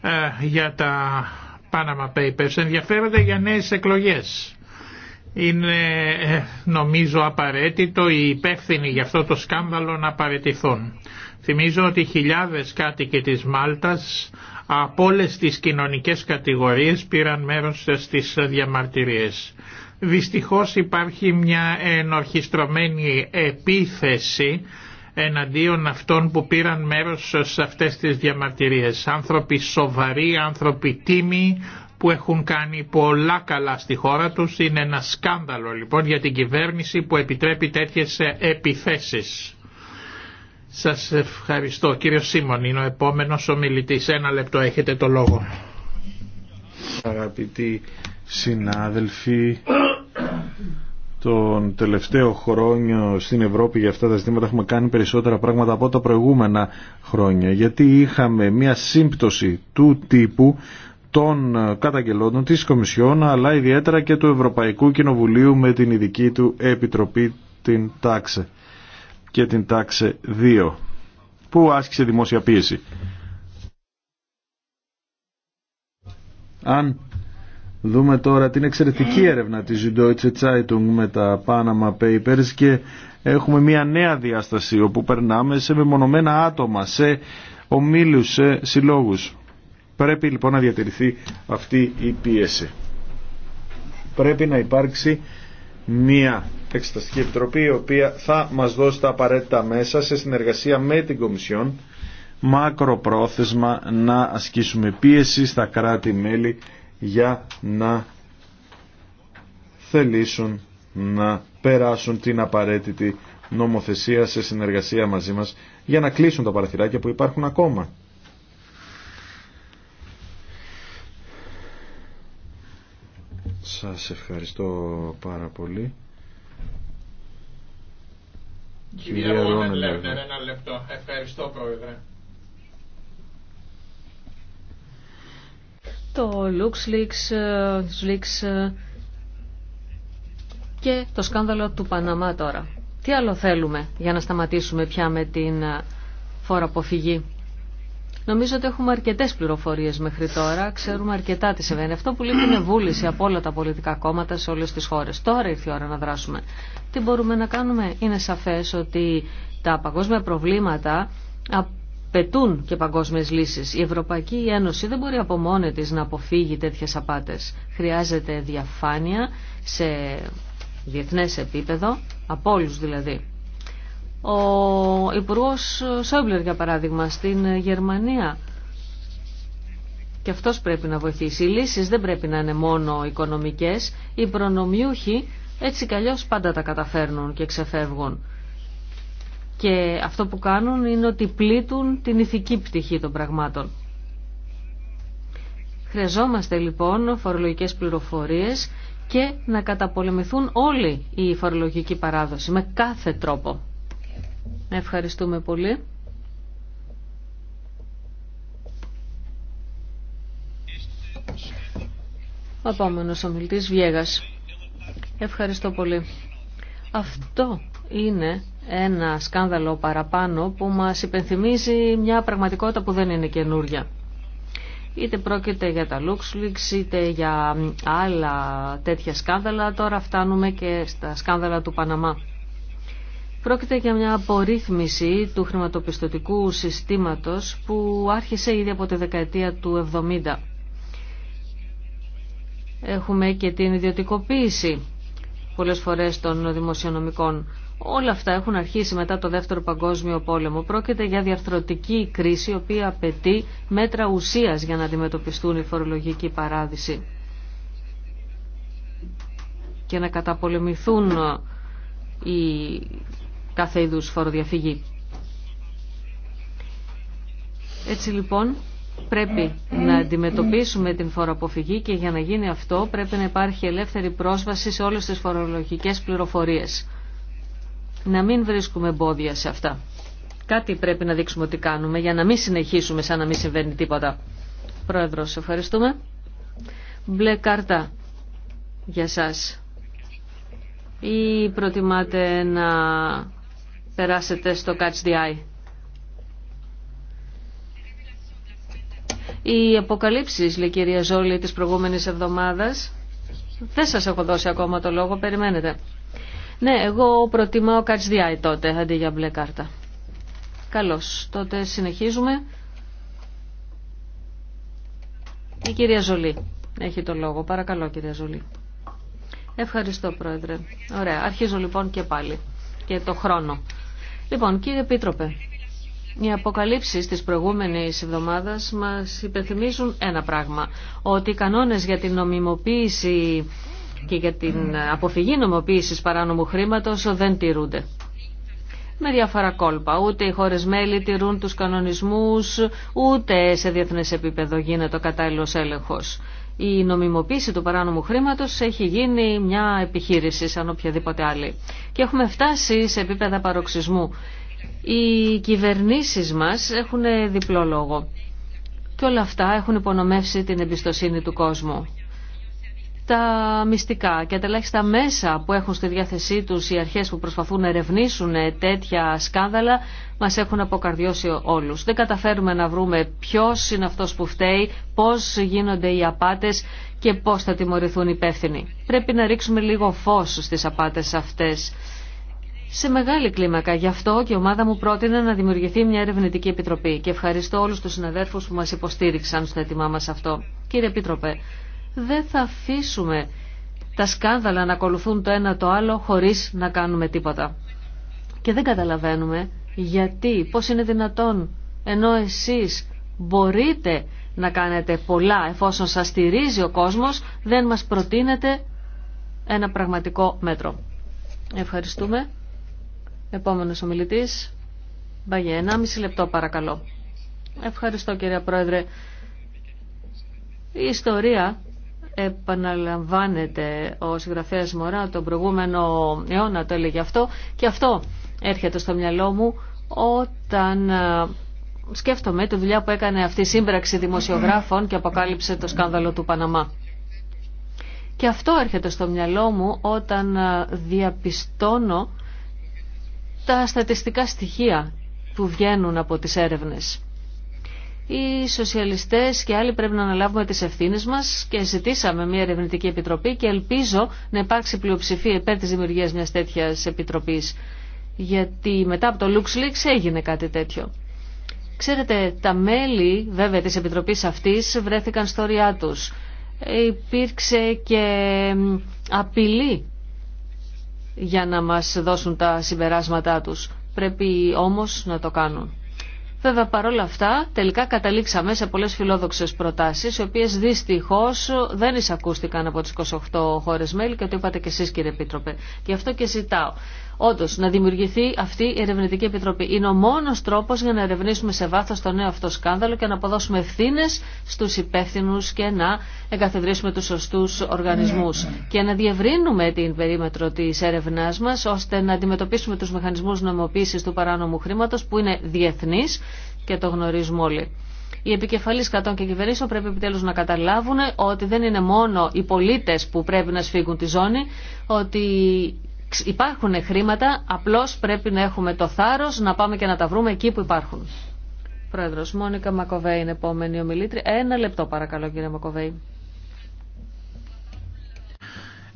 ε, για τα Panama Papers, ενδιαφέρονται για νέες εκλογές είναι ε, νομίζω απαραίτητο οι υπεύθυνοι για αυτό το σκάνδαλο να παραιτηθούν. Θυμίζω ότι χιλιάδες κάτοικοι της Μάλτας από όλε τις κοινωνικές κατηγορίες πήραν μέρος στις διαμαρτυρίες. Δυστυχώς υπάρχει μια ενορχιστρωμένη επίθεση εναντίον αυτών που πήραν μέρος σε αυτές τις διαμαρτυρίες. Άνθρωποι σοβαροί, άνθρωποι τίμοι, που έχουν κάνει πολλά καλά στη χώρα τους. Είναι ένα σκάνδαλο λοιπόν για την κυβέρνηση που επιτρέπει τέτοιες ε, επιθέσεις. Σας ευχαριστώ. Κύριο Σίμων είναι ο επόμενος ομιλητής. Ένα λεπτό έχετε το λόγο. Αγαπητοί συνάδελφοι, τον τελευταίο χρόνιο στην Ευρώπη για αυτά τα ζητήματα έχουμε κάνει περισσότερα πράγματα από τα προηγούμενα χρόνια γιατί είχαμε μια σύμπτωση του τύπου των ε, καταγγελόντων της Κομισιόν αλλά ιδιαίτερα και του Ευρωπαϊκού Κοινοβουλίου με την ειδική του επιτροπή την τάξε και την τάξε 2 που άσκησε δημόσια πίεση. Αν δούμε τώρα την εξαιρετική έρευνα της Deutsche Zeitung με τα Panama Papers και έχουμε μια νέα διάσταση όπου περνάμε σε μεμονωμένα άτομα, σε ομίλους, σε συλλόγους. Πρέπει λοιπόν να διατηρηθεί αυτή η πίεση. Πρέπει να υπάρξει μία εξεταστική επιτροπή η οποία θα μας δώσει τα απαραίτητα μέσα σε συνεργασία με την Κομισιόν μακροπρόθεσμα να ασκήσουμε πίεση στα κράτη-μέλη για να θελήσουν να περάσουν την απαραίτητη νομοθεσία σε συνεργασία μαζί μας για να κλείσουν τα παραθυράκια που υπάρχουν ακόμα. Σας ευχαριστώ πάρα πολύ. Κυρία Ρόνελερ, ναι, ένα ναι. λεπτό. Ευχαριστώ, Πρόεδρε. Το LuxLeaks, ε, LuxLeaks ε, και το σκάνδαλο του Παναμά τώρα. Τι άλλο θέλουμε για να σταματήσουμε πια με την ε, φόρα αποφυγή. Νομίζω ότι έχουμε αρκετέ πληροφορίε μέχρι τώρα, ξέρουμε αρκετά τι συμβαίνει. Αυτό που λείπει είναι βούληση από όλα τα πολιτικά κόμματα σε όλε τι χώρε. Τώρα ήρθε η ώρα να δράσουμε. Τι μπορούμε να κάνουμε, είναι σαφέ ότι τα παγκόσμια προβλήματα απαιτούν και παγκόσμιε λύσει. Η Ευρωπαϊκή Ένωση δεν μπορεί από μόνη τη να αποφύγει τέτοιε απάτε. Χρειάζεται διαφάνεια σε διεθνέ επίπεδο, από όλου δηλαδή. Ο υπουργό Σόμπλερ, για παράδειγμα, στην Γερμανία. Και αυτός πρέπει να βοηθήσει. Οι λύσεις δεν πρέπει να είναι μόνο οικονομικές. Οι προνομιούχοι έτσι κι πάντα τα καταφέρνουν και ξεφεύγουν. Και αυτό που κάνουν είναι ότι πλήττουν την ηθική πτυχή των πραγμάτων. Χρειαζόμαστε λοιπόν φορολογικές πληροφορίες και να καταπολεμηθούν όλοι οι φορολογικοί παράδοση με κάθε τρόπο. Ευχαριστούμε πολύ. Ο επόμενος ομιλητής Βιέγας. Ευχαριστώ πολύ. Αυτό είναι ένα σκάνδαλο παραπάνω που μας υπενθυμίζει μια πραγματικότητα που δεν είναι καινούρια. Είτε πρόκειται για τα LuxLeaks είτε για άλλα τέτοια σκάνδαλα, τώρα φτάνουμε και στα σκάνδαλα του Παναμά. Πρόκειται για μια απορρίθμιση του χρηματοπιστωτικού συστήματος που άρχισε ήδη από τη δεκαετία του 70. Έχουμε και την ιδιωτικοποίηση πολλές φορές των δημοσιονομικών. Όλα αυτά έχουν αρχίσει μετά το Δεύτερο Παγκόσμιο Πόλεμο. Πρόκειται για διαρθρωτική κρίση, η οποία απαιτεί μέτρα ουσίας για να αντιμετωπιστούν η φορολογική παράδεισοι και να καταπολεμηθούν οι κάθε είδου φοροδιαφυγή. Έτσι λοιπόν πρέπει να αντιμετωπίσουμε την φοροαποφυγή και για να γίνει αυτό πρέπει να υπάρχει ελεύθερη πρόσβαση σε όλες τις φορολογικές πληροφορίες. Να μην βρίσκουμε εμπόδια σε αυτά. Κάτι πρέπει να δείξουμε ότι κάνουμε για να μην συνεχίσουμε σαν να μην συμβαίνει τίποτα. σε ευχαριστούμε. Μπλε κάρτα για σας. Ή προτιμάτε να περάσετε στο Catch the Eye. Οι αποκαλύψεις, λέει η κυρία Ζόλη, της προηγούμενης εβδομάδας, δεν σας έχω δώσει ακόμα το λόγο, περιμένετε. Ναι, εγώ προτιμάω Catch the Eye τότε, αντί για μπλε κάρτα. Καλώς, τότε συνεχίζουμε. Η κυρία Ζολή έχει το λόγο. Παρακαλώ, κυρία Ζολή. Ευχαριστώ, Πρόεδρε. Ωραία, αρχίζω λοιπόν και πάλι και το χρόνο. Λοιπόν, κύριε Πίτροπε, οι αποκαλύψεις της προηγούμενης εβδομάδας μας υπενθυμίζουν ένα πράγμα, ότι οι κανόνες για την νομιμοποίηση και για την αποφυγή νομοποίησης παράνομου χρήματος δεν τηρούνται. Με διάφορα κόλπα. Ούτε οι χώρες μέλη τηρούν τους κανονισμούς, ούτε σε διεθνές επίπεδο γίνεται ο κατάλληλος έλεγχος η νομιμοποίηση του παράνομου χρήματος έχει γίνει μια επιχείρηση σαν οποιαδήποτε άλλη. Και έχουμε φτάσει σε επίπεδα παροξισμού. Οι κυβερνήσεις μας έχουν διπλό λόγο. Και όλα αυτά έχουν υπονομεύσει την εμπιστοσύνη του κόσμου τα μυστικά και τα μέσα που έχουν στη διάθεσή τους οι αρχές που προσπαθούν να ερευνήσουν τέτοια σκάνδαλα μας έχουν αποκαρδιώσει όλους. Δεν καταφέρουμε να βρούμε ποιος είναι αυτός που φταίει, πώς γίνονται οι απάτες και πώς θα τιμωρηθούν οι υπεύθυνοι. Πρέπει να ρίξουμε λίγο φως στις απάτες αυτές. Σε μεγάλη κλίμακα. Γι' αυτό και η ομάδα μου πρότεινε να δημιουργηθεί μια ερευνητική επιτροπή. Και ευχαριστώ όλους τους συναδέρφους που μας υποστήριξαν στο έτοιμά μα αυτό. Κύριε Επίτροπε, δεν θα αφήσουμε τα σκάνδαλα να ακολουθούν το ένα το άλλο χωρίς να κάνουμε τίποτα. Και δεν καταλαβαίνουμε γιατί, πώς είναι δυνατόν, ενώ εσείς μπορείτε να κάνετε πολλά εφόσον σας στηρίζει ο κόσμος, δεν μας προτείνετε ένα πραγματικό μέτρο. Ευχαριστούμε. Επόμενος ομιλητής. Μπαγέ, μισή λεπτό παρακαλώ. Ευχαριστώ κύριε Πρόεδρε. Η ιστορία επαναλαμβάνεται ο συγγραφέας Μωρά τον προηγούμενο αιώνα το έλεγε αυτό και αυτό έρχεται στο μυαλό μου όταν ε, σκέφτομαι τη δουλειά που έκανε αυτή η σύμπραξη δημοσιογράφων και αποκάλυψε το σκάνδαλο του Παναμά. Και αυτό έρχεται στο μυαλό μου όταν ε, διαπιστώνω τα στατιστικά στοιχεία που βγαίνουν από τις έρευνες οι σοσιαλιστές και άλλοι πρέπει να αναλάβουμε τις ευθύνες μας και ζητήσαμε μια ερευνητική επιτροπή και ελπίζω να υπάρξει πλειοψηφία υπέρ της δημιουργίας μιας τέτοιας επιτροπής. Γιατί μετά από το LuxLeaks έγινε κάτι τέτοιο. Ξέρετε, τα μέλη βέβαια της επιτροπής αυτής βρέθηκαν στο ωριά τους. Υπήρξε και απειλή για να μας δώσουν τα συμπεράσματά τους. Πρέπει όμως να το κάνουν. Βέβαια παρόλα αυτά τελικά καταλήξαμε σε πολλές φιλόδοξες προτάσεις οι οποίες δυστυχώς δεν εισακούστηκαν από τις 28 χώρες μέλη και το είπατε και εσείς κύριε Επίτροπε. Γι' αυτό και ζητάω Όντω, να δημιουργηθεί αυτή η Ερευνητική Επιτροπή. Είναι ο μόνο τρόπο για να ερευνήσουμε σε βάθο το νέο αυτό σκάνδαλο και να αποδώσουμε ευθύνε στου υπεύθυνου και να εγκαθιδρύσουμε του σωστού οργανισμού. Και να διευρύνουμε την περίμετρο τη έρευνά μα ώστε να αντιμετωπίσουμε του μηχανισμού νομοποίηση του παράνομου χρήματο που είναι διεθνεί και το γνωρίζουμε όλοι. Οι επικεφαλεί κρατών και κυβερνήσεων πρέπει επιτέλου να καταλάβουν ότι δεν είναι μόνο οι πολίτε που πρέπει να σφίγγουν τη ζώνη, ότι Υπάρχουν χρήματα, απλώς πρέπει να έχουμε το θάρρος να πάμε και να τα βρούμε εκεί που υπάρχουν. Πρόεδρος Μόνικα Μακοβέη είναι επόμενη ομιλήτρια. Ένα λεπτό παρακαλώ κύριε Μακοβέη.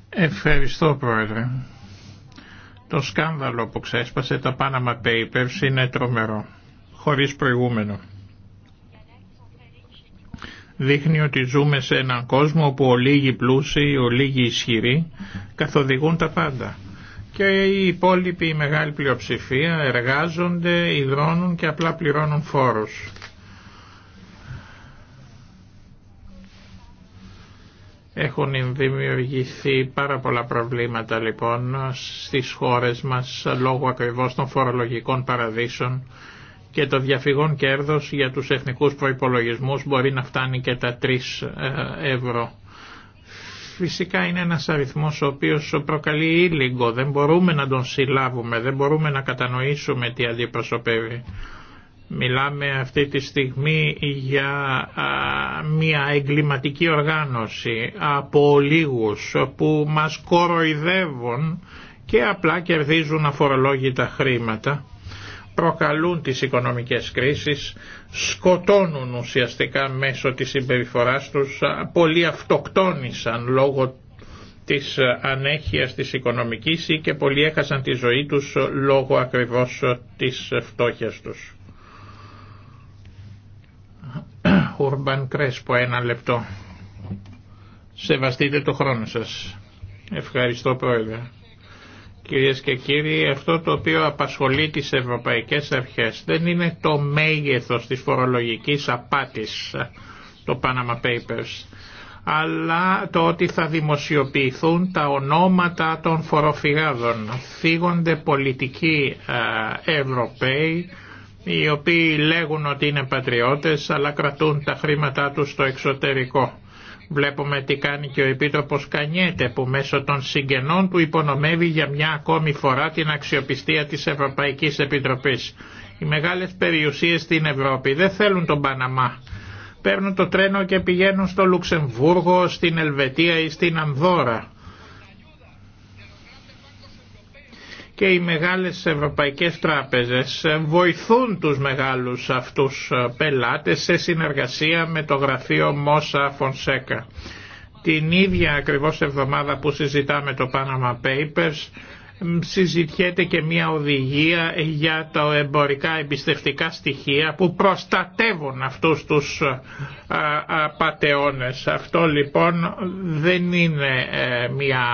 Ευχαριστώ πρόεδρε. Το σκάνδαλο που ξέσπασε τα Panama Papers είναι τρομερό, χωρίς προηγούμενο. Δείχνει ότι ζούμε σε έναν κόσμο όπου ολίγοι πλούσιοι, ολίγοι ισχυροί καθοδηγούν τα πάντα και οι υπόλοιποι, η μεγάλη πλειοψηφία, εργάζονται, υδρώνουν και απλά πληρώνουν φόρους. Έχουν δημιουργηθεί πάρα πολλά προβλήματα λοιπόν στις χώρες μας λόγω ακριβώς των φορολογικών παραδείσων και το διαφυγόν κέρδος για τους εθνικούς προϋπολογισμούς μπορεί να φτάνει και τα 3 ε, ευρώ φυσικά είναι ένας αριθμός ο οποίος προκαλεί ήλιγκο, δεν μπορούμε να τον συλλάβουμε, δεν μπορούμε να κατανοήσουμε τι αντιπροσωπεύει. Μιλάμε αυτή τη στιγμή για μια εγκληματική οργάνωση από λίγους που μας κοροϊδεύουν και απλά κερδίζουν αφορολόγητα χρήματα προκαλούν τις οικονομικές κρίσεις, σκοτώνουν ουσιαστικά μέσω της συμπεριφορά τους, πολύ αυτοκτόνησαν λόγω της ανέχειας της οικονομικής ή και πολλοί έχασαν τη ζωή τους λόγω ακριβώς της φτώχειας τους. Urban κρέσπο, ένα λεπτό. Σεβαστείτε το χρόνο σας. Ευχαριστώ πρόεδρε. Κυρίες και κύριοι, αυτό το οποίο απασχολεί τις ευρωπαϊκές αρχές δεν είναι το μέγεθος της φορολογικής απάτης, το Panama Papers, αλλά το ότι θα δημοσιοποιηθούν τα ονόματα των φοροφυγάδων. Φύγονται πολιτικοί Ευρωπαίοι, οι οποίοι λέγουν ότι είναι πατριώτες αλλά κρατούν τα χρήματά τους στο εξωτερικό. Βλέπουμε τι κάνει και ο Επίτροπος Κανιέτε που μέσω των συγγενών του υπονομεύει για μια ακόμη φορά την αξιοπιστία της Ευρωπαϊκής Επιτροπής. Οι μεγάλες περιουσίες στην Ευρώπη δεν θέλουν τον Παναμά. Παίρνουν το τρένο και πηγαίνουν στο Λουξεμβούργο, στην Ελβετία ή στην Ανδόρα. και οι μεγάλες ευρωπαϊκές τράπεζες βοηθούν τους μεγάλους αυτούς ε, πελάτες σε συνεργασία με το γραφείο Μόσα Fonseca. Την ίδια ακριβώς εβδομάδα που συζητάμε το Panama Papers συζητιέται και μια οδηγία για τα εμπορικά εμπιστευτικά στοιχεία που προστατεύουν αυτούς τους ε, ε, πατεώνες. Αυτό λοιπόν δεν είναι ε, μια,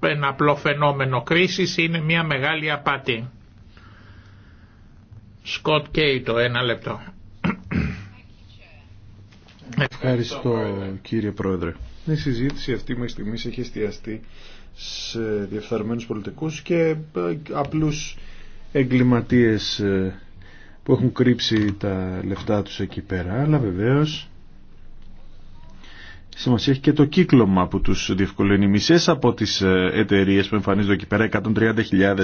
ένα απλό φαινόμενο κρίσης, είναι μια μεγάλη απάτη. Σκοτ Κέιτο, ένα λεπτό. Ευχαριστώ κύριε Πρόεδρε. Η συζήτηση αυτή μέχρι στιγμής έχει εστιαστεί σε διεφθαρμένους πολιτικούς και ε, απλούς εγκληματίες ε, που έχουν κρύψει τα λεφτά τους εκεί πέρα αλλά βεβαίως σημασία έχει και το κύκλωμα που τους διευκολύνει μισές από τις ε, εταιρείες που εμφανίζονται εκεί πέρα 130.000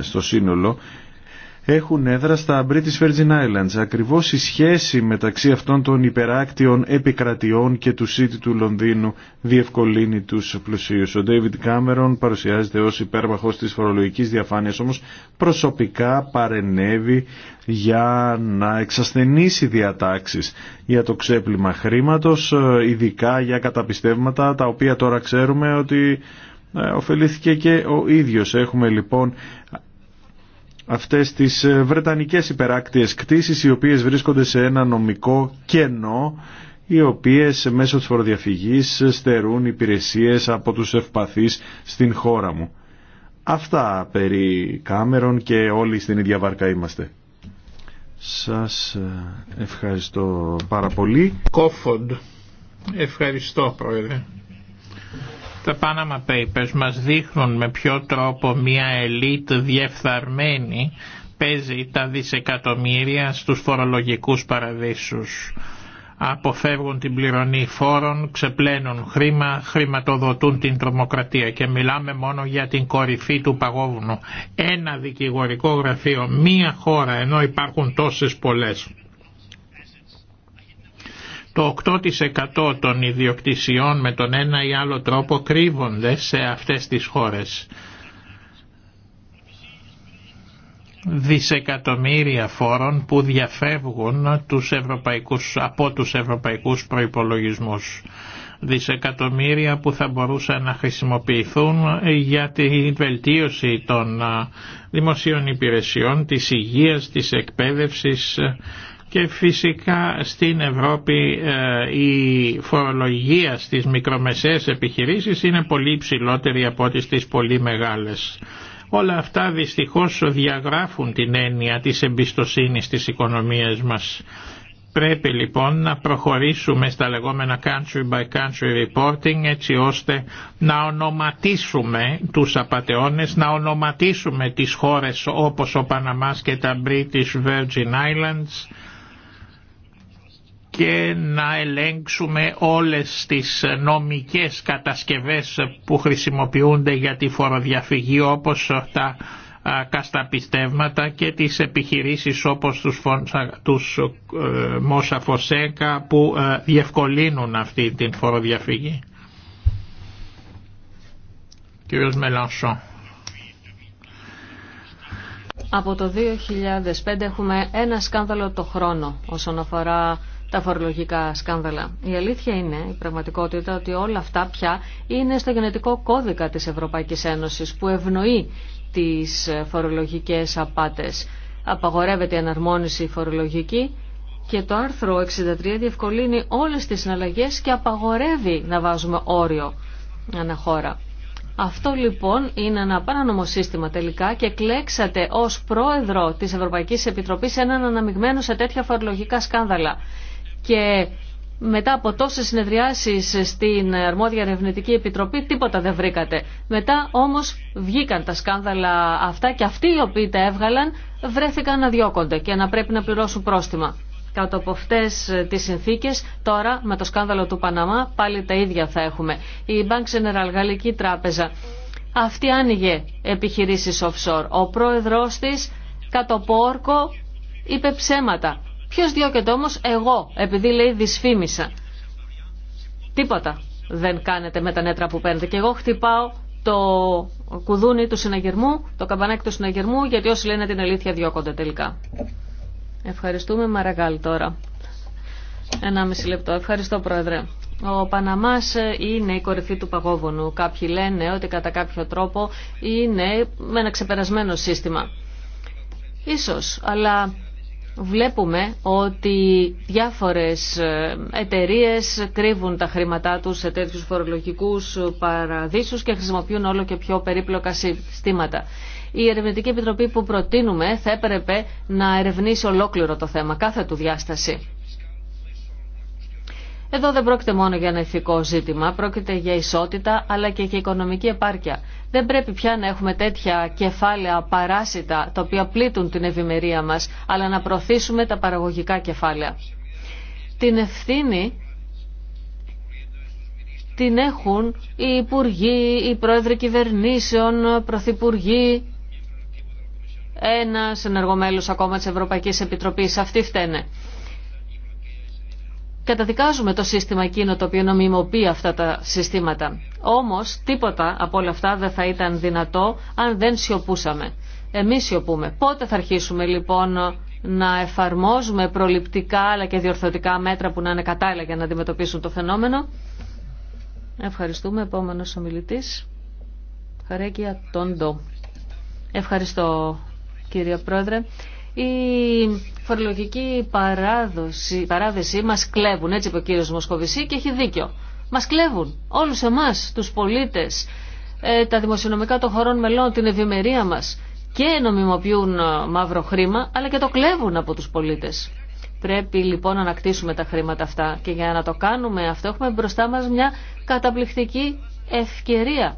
στο σύνολο έχουν έδρα στα British Virgin Islands. Ακριβώς η σχέση μεταξύ αυτών των υπεράκτιων επικρατιών και του City του Λονδίνου διευκολύνει τους πλουσίους. Ο David Cameron παρουσιάζεται ως υπέρμαχος της φορολογικής διαφάνειας, όμως προσωπικά παρενέβη για να εξασθενήσει διατάξεις για το ξέπλυμα χρήματος, ειδικά για καταπιστεύματα, τα οποία τώρα ξέρουμε ότι ε, ωφελήθηκε και ο ίδιος. Έχουμε λοιπόν αυτές τις ε, βρετανικές υπεράκτιες κτίσεις οι οποίες βρίσκονται σε ένα νομικό κενό οι οποίες μέσω της φοροδιαφυγής στερούν υπηρεσίες από τους ευπαθείς στην χώρα μου. Αυτά περί Κάμερον και όλοι στην ίδια βάρκα είμαστε. Σας ε, ευχαριστώ πάρα πολύ. Κόφοντ. Ευχαριστώ πρόεδρε. Τα Panama Papers μας δείχνουν με ποιο τρόπο μια ελίτ διεφθαρμένη παίζει τα δισεκατομμύρια στους φορολογικούς παραδείσους. Αποφεύγουν την πληρωνή φόρων, ξεπλένουν χρήμα, χρηματοδοτούν την τρομοκρατία και μιλάμε μόνο για την κορυφή του παγόβουνου. Ένα δικηγορικό γραφείο, μία χώρα, ενώ υπάρχουν τόσες πολλές. Το 8% των ιδιοκτησιών με τον ένα ή άλλο τρόπο κρύβονται σε αυτές τις χώρες. Δισεκατομμύρια φόρων που διαφεύγουν τους ευρωπαϊκούς, από τους ευρωπαϊκούς προϋπολογισμούς. Δισεκατομμύρια που θα μπορούσαν να χρησιμοποιηθούν για τη βελτίωση των δημοσίων υπηρεσιών, της υγείας, της εκπαίδευσης, και φυσικά στην Ευρώπη ε, η φορολογία στις μικρομεσαίες επιχειρήσεις είναι πολύ ψηλότερη από ό,τι στις πολύ μεγάλες. Όλα αυτά δυστυχώς διαγράφουν την έννοια της εμπιστοσύνης στις οικονομίες μας. Πρέπει λοιπόν να προχωρήσουμε στα λεγόμενα country by country reporting έτσι ώστε να ονοματίσουμε τους απαταιώνες, να ονοματίσουμε τις χώρες όπως ο Παναμάς και τα British Virgin Islands, και να ελέγξουμε όλες τις νομικές κατασκευές που χρησιμοποιούνται για τη φοροδιαφυγή όπως τα κασταπιστεύματα και τις επιχειρήσεις όπως τους, τους ε, Μόσα Φωσέκα που ε, διευκολύνουν αυτή την φοροδιαφυγή. Κύριος Μελανσόν. Από το 2005 έχουμε ένα σκάνδαλο το χρόνο όσον αφορά τα φορολογικά σκάνδαλα. Η αλήθεια είναι, η πραγματικότητα, ότι όλα αυτά πια είναι στο γενετικό κώδικα της Ευρωπαϊκής Ένωσης που ευνοεί τις φορολογικές απάτες. Απαγορεύεται η αναρμόνιση φορολογική και το άρθρο 63 διευκολύνει όλες τις συναλλαγές και απαγορεύει να βάζουμε όριο αναχώρα. Αυτό λοιπόν είναι ένα παράνομο τελικά και κλέξατε ως πρόεδρο της Ευρωπαϊκής Επιτροπής έναν αναμειγμένο σε τέτοια φορολογικά σκάνδαλα και μετά από τόσες συνεδριάσεις στην Αρμόδια Ερευνητική Επιτροπή τίποτα δεν βρήκατε. Μετά όμως βγήκαν τα σκάνδαλα αυτά και αυτοί οι οποίοι τα έβγαλαν βρέθηκαν να διώκονται και να πρέπει να πληρώσουν πρόστιμα. Κάτω από αυτέ τι συνθήκε, τώρα με το σκάνδαλο του Παναμά, πάλι τα ίδια θα έχουμε. Η Bank General, Γαλλική Τράπεζα, αυτή άνοιγε επιχειρήσει offshore. Ο πρόεδρό τη, κάτω από είπε ψέματα Ποιο διώκεται όμω εγώ, επειδή λέει δυσφήμισα. Τίποτα δεν κάνετε με τα νέτρα που παίρνετε. Και εγώ χτυπάω το κουδούνι του συναγερμού, το καμπανάκι του συναγερμού, γιατί όσοι λένε την αλήθεια διώκονται τελικά. Ευχαριστούμε Μαραγκάλ τώρα. Ένα μισή λεπτό. Ευχαριστώ Πρόεδρε. Ο Παναμάς είναι η κορυφή του παγόβουνου. Κάποιοι λένε ότι κατά κάποιο τρόπο είναι με ένα ξεπερασμένο σύστημα. Ίσως, αλλά βλέπουμε ότι διάφορες ε, εταιρείες κρύβουν τα χρήματά τους σε τέτοιους φορολογικούς παραδείσους και χρησιμοποιούν όλο και πιο περίπλοκα συστήματα. Η Ερευνητική Επιτροπή που προτείνουμε θα έπρεπε να ερευνήσει ολόκληρο το θέμα, κάθε του διάσταση. Εδώ δεν πρόκειται μόνο για ένα ηθικό ζήτημα, πρόκειται για ισότητα αλλά και για οικονομική επάρκεια. Δεν πρέπει πια να έχουμε τέτοια κεφάλαια παράσιτα τα οποία πλήττουν την ευημερία μας, αλλά να προωθήσουμε τα παραγωγικά κεφάλαια. Την ευθύνη την έχουν οι υπουργοί, οι πρόεδροι κυβερνήσεων, πρωθυπουργοί, ένας ενεργομέλος ακόμα της Ευρωπαϊκής Επιτροπής. Αυτοί φταίνε. Καταδικάζουμε το σύστημα εκείνο το οποίο νομιμοποιεί αυτά τα συστήματα. Όμως τίποτα από όλα αυτά δεν θα ήταν δυνατό αν δεν σιωπούσαμε. Εμείς σιωπούμε. Πότε θα αρχίσουμε λοιπόν να εφαρμόζουμε προληπτικά αλλά και διορθωτικά μέτρα που να είναι κατάλληλα για να αντιμετωπίσουν το φαινόμενο. Ευχαριστούμε. Επόμενος ομιλητής. Χαρέκια Τόντο. Ευχαριστώ κύριε Πρόεδρε η φορολογική παράδοση, παράδεση μας κλέβουν, έτσι είπε ο κύριος Μοσκοβισή και έχει δίκιο. Μας κλέβουν όλους εμάς, τους πολίτες, ε, τα δημοσιονομικά των χωρών μελών, την ευημερία μας και νομιμοποιούν ε, μαύρο χρήμα, αλλά και το κλέβουν από τους πολίτες. Πρέπει λοιπόν να ανακτήσουμε τα χρήματα αυτά και για να το κάνουμε αυτό έχουμε μπροστά μας μια καταπληκτική ευκαιρία.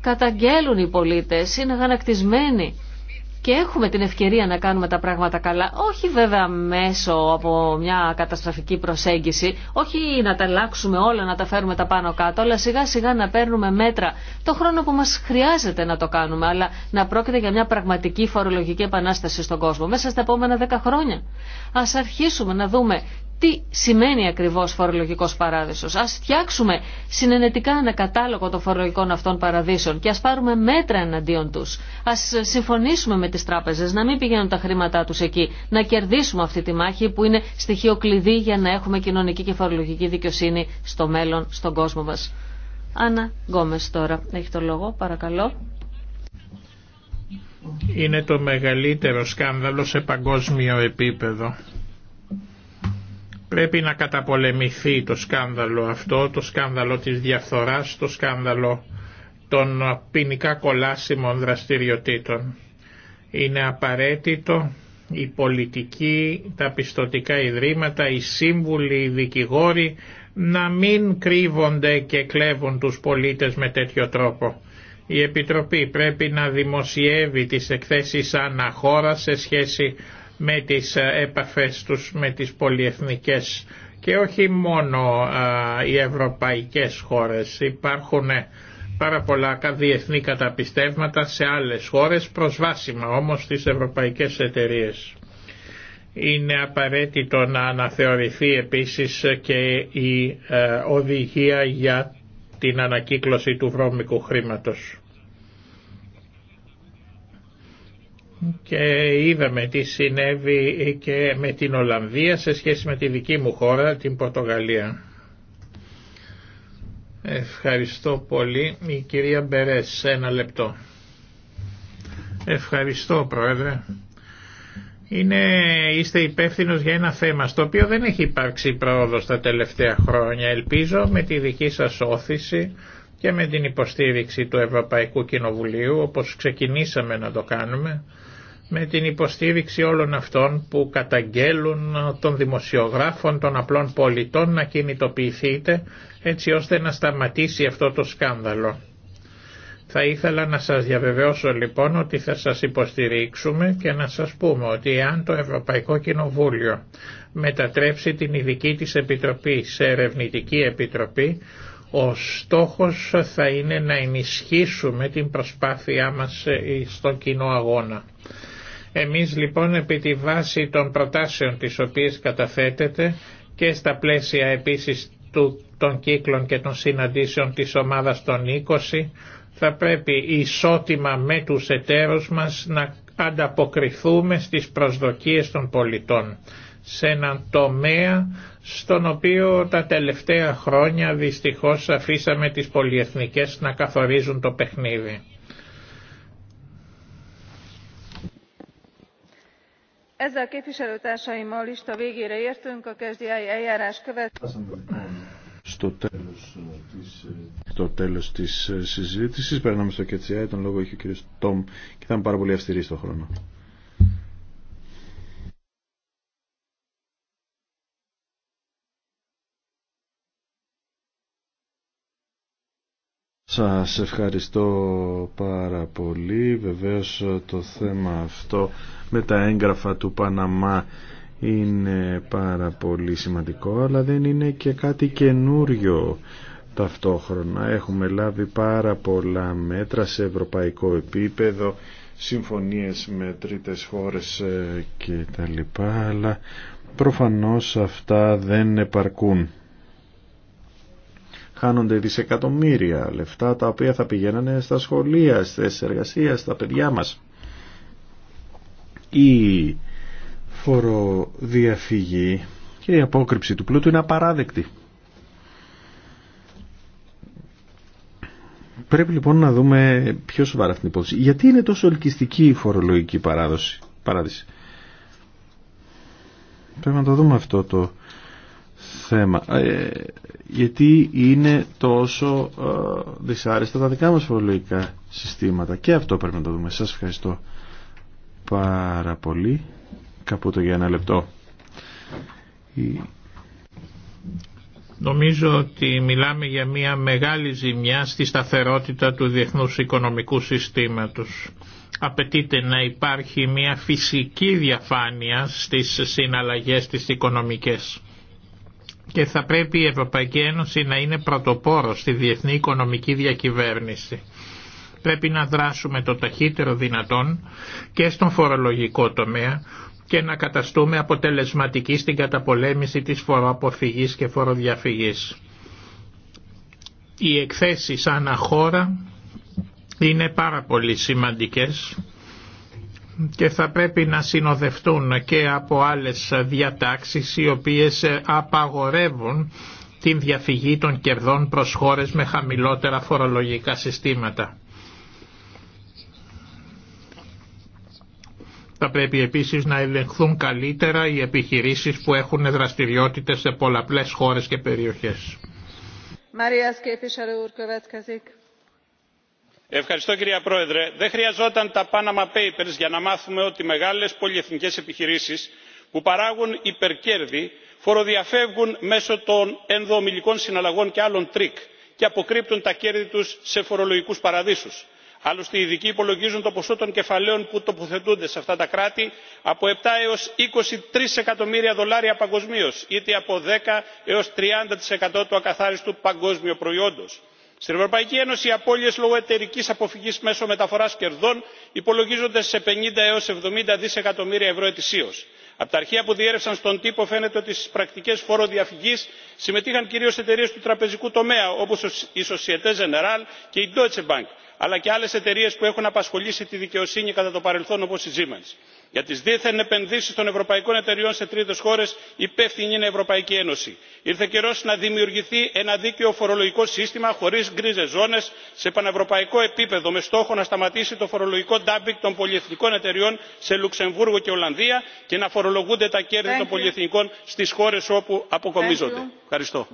Καταγγέλουν οι πολίτες, είναι ανακτισμένοι και έχουμε την ευκαιρία να κάνουμε τα πράγματα καλά, όχι βέβαια μέσω από μια καταστροφική προσέγγιση, όχι να τα αλλάξουμε όλα, να τα φέρουμε τα πάνω κάτω, αλλά σιγά σιγά να παίρνουμε μέτρα το χρόνο που μας χρειάζεται να το κάνουμε, αλλά να πρόκειται για μια πραγματική φορολογική επανάσταση στον κόσμο μέσα στα επόμενα δέκα χρόνια. Ας αρχίσουμε να δούμε τι σημαίνει ακριβώς φορολογικός παράδεισος. Ας φτιάξουμε συνενετικά ένα κατάλογο των φορολογικών αυτών παραδείσων και ας πάρουμε μέτρα εναντίον τους. Ας συμφωνήσουμε με τις τράπεζες να μην πηγαίνουν τα χρήματά τους εκεί, να κερδίσουμε αυτή τη μάχη που είναι στοιχείο κλειδί για να έχουμε κοινωνική και φορολογική δικαιοσύνη στο μέλλον, στον κόσμο μας. Άννα Γκόμες τώρα έχει το λόγο, παρακαλώ. Είναι το μεγαλύτερο σκάνδαλο σε παγκόσμιο επίπεδο Πρέπει να καταπολεμηθεί το σκάνδαλο αυτό, το σκάνδαλο της διαφθοράς, το σκάνδαλο των ποινικά κολάσιμων δραστηριοτήτων. Είναι απαραίτητο η πολιτική, τα πιστοτικά ιδρύματα, οι σύμβουλοι, οι δικηγόροι να μην κρύβονται και κλέβουν τους πολίτες με τέτοιο τρόπο. Η Επιτροπή πρέπει να δημοσιεύει τις εκθέσεις αναχώρα σε σχέση με τις έπαφες ε, τους με τις πολυεθνικές και όχι μόνο οι ευρωπαϊκές χώρες. Υπάρχουν ε, πάρα πολλά διεθνή καταπιστεύματα σε άλλες χώρες προσβάσιμα όμως στις ευρωπαϊκές εταιρείες. Είναι απαραίτητο να αναθεωρηθεί επίσης και η ε, οδηγία για την ανακύκλωση του βρώμικου χρήματος. και είδαμε τι συνέβη και με την Ολλανδία σε σχέση με τη δική μου χώρα, την Πορτογαλία. Ευχαριστώ πολύ. Η κυρία Μπερές, ένα λεπτό. Ευχαριστώ Πρόεδρε. Είναι, είστε υπεύθυνο για ένα θέμα στο οποίο δεν έχει υπάρξει πρόοδος τα τελευταία χρόνια. Ελπίζω με τη δική σας όθηση και με την υποστήριξη του Ευρωπαϊκού Κοινοβουλίου όπως ξεκινήσαμε να το κάνουμε με την υποστήριξη όλων αυτών που καταγγέλουν των δημοσιογράφων, των απλών πολιτών να κινητοποιηθείτε έτσι ώστε να σταματήσει αυτό το σκάνδαλο. Θα ήθελα να σας διαβεβαιώσω λοιπόν ότι θα σας υποστηρίξουμε και να σας πούμε ότι αν το Ευρωπαϊκό Κοινοβούλιο μετατρέψει την ειδική της Επιτροπή σε ερευνητική επιτροπή ο στόχος θα είναι να ενισχύσουμε την προσπάθειά μας ε, στον κοινό αγώνα. Εμείς λοιπόν επί τη βάση των προτάσεων τις οποίες καταθέτεται και στα πλαίσια επίσης του, των κύκλων και των συναντήσεων της ομάδας των 20 θα πρέπει ισότιμα με τους εταίρους μας να ανταποκριθούμε στις προσδοκίες των πολιτών σε έναν τομέα στον οποίο τα τελευταία χρόνια δυστυχώς αφήσαμε τις πολυεθνικές να καθορίζουν το παιχνίδι. Ezzel képviselőtársaimmal a végére értünk Στο τέλος, της, ε, συζήτησης περνάμε στο ΚΕΤΣΙΑ τον λόγο έχει ο κ. Τόμ και ήταν πάρα πολύ αυστηρή στο χρόνο. Σας ευχαριστώ πάρα πολύ. Βεβαίως το θέμα αυτό με τα έγγραφα του Παναμά είναι πάρα πολύ σημαντικό, αλλά δεν είναι και κάτι καινούριο ταυτόχρονα. Έχουμε λάβει πάρα πολλά μέτρα σε ευρωπαϊκό επίπεδο, συμφωνίες με τρίτες χώρες ε, κτλ. αλλά προφανώς αυτά δεν επαρκούν χάνονται δισεκατομμύρια λεφτά τα οποία θα πηγαίνανε στα σχολεία, στις εργασίες, στα παιδιά μας. Η φοροδιαφυγή και η απόκρυψη του πλούτου είναι απαράδεκτη. Πρέπει λοιπόν να δούμε πιο σοβαρά αυτήν την υπόθεση. Γιατί είναι τόσο ελκυστική η φορολογική παράδοση, παράδειση. Πρέπει να το δούμε αυτό το θέμα. Ε, γιατί είναι τόσο ε, δυσάρεστα τα δικά μας φορολογικά συστήματα. Και αυτό πρέπει να το δούμε. Σας ευχαριστώ πάρα πολύ. Καπούτο για ένα λεπτό. Νομίζω ότι μιλάμε για μια μεγάλη ζημιά στη σταθερότητα του διεθνούς οικονομικού συστήματος. Απαιτείται να υπάρχει μια φυσική διαφάνεια στις συναλλαγές της οικονομικές και θα πρέπει η Ευρωπαϊκή Ένωση να είναι πρωτοπόρο στη διεθνή οικονομική διακυβέρνηση. Πρέπει να δράσουμε το ταχύτερο δυνατόν και στον φορολογικό τομέα και να καταστούμε αποτελεσματικοί στην καταπολέμηση της φοροαποφυγής και φοροδιαφυγής. Οι εκθέσεις ανά χώρα είναι πάρα πολύ σημαντικές και θα πρέπει να συνοδευτούν και από άλλες διατάξεις οι οποίες απαγορεύουν την διαφυγή των κερδών προς χώρες με χαμηλότερα φορολογικά συστήματα. Θα πρέπει επίσης να ελεγχθούν καλύτερα οι επιχειρήσεις που έχουν δραστηριότητες σε πολλαπλές χώρες και περιοχές. Μαρία Ευχαριστώ κυρία Πρόεδρε. Δεν χρειαζόταν τα Panama Papers για να μάθουμε ότι μεγάλες πολυεθνικές επιχειρήσεις που παράγουν υπερκέρδη φοροδιαφεύγουν μέσω των ενδοομιλικών συναλλαγών και άλλων τρίκ και αποκρύπτουν τα κέρδη τους σε φορολογικούς παραδείσους. Άλλωστε οι ειδικοί υπολογίζουν το ποσό των κεφαλαίων που τοποθετούνται σε αυτά τα κράτη από 7 έως 23 εκατομμύρια δολάρια παγκοσμίως, είτε από 10 έως 30% του ακαθάριστου παγκόσμιου προϊόντος στην ευρωπαϊκή ένωση οι απώλειες λόγω εταιρικής αποφυγής μέσω μεταφοράς κερδών υπολογίζονται σε 50 έως 70 δισεκατομμύρια ευρώ ετησίως. από τα αρχεία που διέρευσαν στον τύπο φαίνεται ότι στις πρακτικές φοροδιαφυγής συμμετείχαν κυρίως εταιρείες του τραπεζικού τομέα όπως η societe generale και η deutsche bank αλλά και άλλες εταιρείες που έχουν απασχολήσει τη δικαιοσύνη κατά το παρελθόν όπως η siemens για τις δίθεν επενδύσεις των ευρωπαϊκών εταιριών σε τρίτες χώρες υπεύθυνη είναι η ευρωπαϊκή ένωση. ήρθε καιρός να δημιουργηθεί ένα δίκαιο φορολογικό σύστημα χωρίς γκρίζες ζώνες σε πανευρωπαϊκό επίπεδο με στόχο να σταματήσει το φορολογικό ντάμπινγκ των πολυεθνικών εταιριών σε λουξεμβούργο και ολλανδία και να φορολογούνται τα κέρδη των πολυεθνικών στις χώρες όπου αποκομίζονται. ευχαριστώ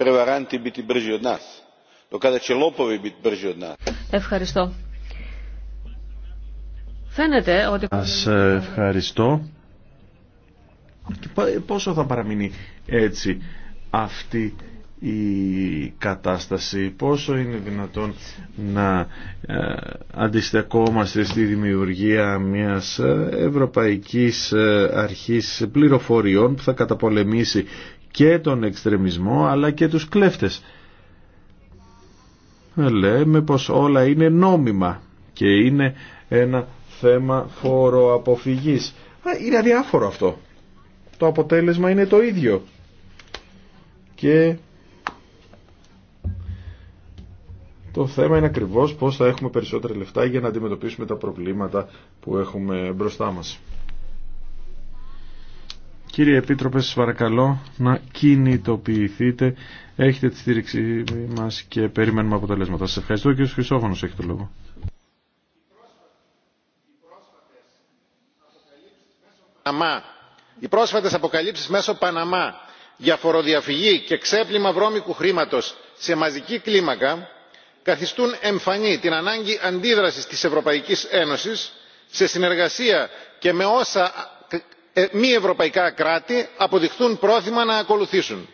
prevaranti biti brži od nas? do kada će Ευχαριστώ. ότι... ευχαριστώ. πόσο θα παραμείνει έτσι αυτή η κατάσταση, πόσο είναι δυνατόν να ε, αντιστεκόμαστε στη δημιουργία μιας ε, ευρωπαϊκής ε, αρχής πληροφοριών που θα καταπολεμήσει και τον εξτρεμισμό αλλά και τους κλέφτες. Ε, λέμε πως όλα είναι νόμιμα και είναι ένα θέμα φοροαποφυγής. Ε, είναι αδιάφορο αυτό. Το αποτέλεσμα είναι το ίδιο. Και το θέμα είναι ακριβώς πώς θα έχουμε περισσότερα λεφτά για να αντιμετωπίσουμε τα προβλήματα που έχουμε μπροστά μας. Κύριε Επίτροπε, σας παρακαλώ να κινητοποιηθείτε. Έχετε τη στήριξη μας και περιμένουμε αποτελέσματα. Σας ευχαριστώ. ο Χρυσόφωνος έχει το λόγο. Οι πρόσφατες αποκαλύψεις μέσω Παναμά για φοροδιαφυγή και ξέπλυμα βρώμικου χρήματος σε μαζική κλίμακα καθιστούν εμφανή την ανάγκη αντίδρασης της Ευρωπαϊκής Ένωσης σε συνεργασία και με όσα ε, μη ευρωπαϊκά κράτη αποδειχθούν πρόθυμα να ακολουθήσουν.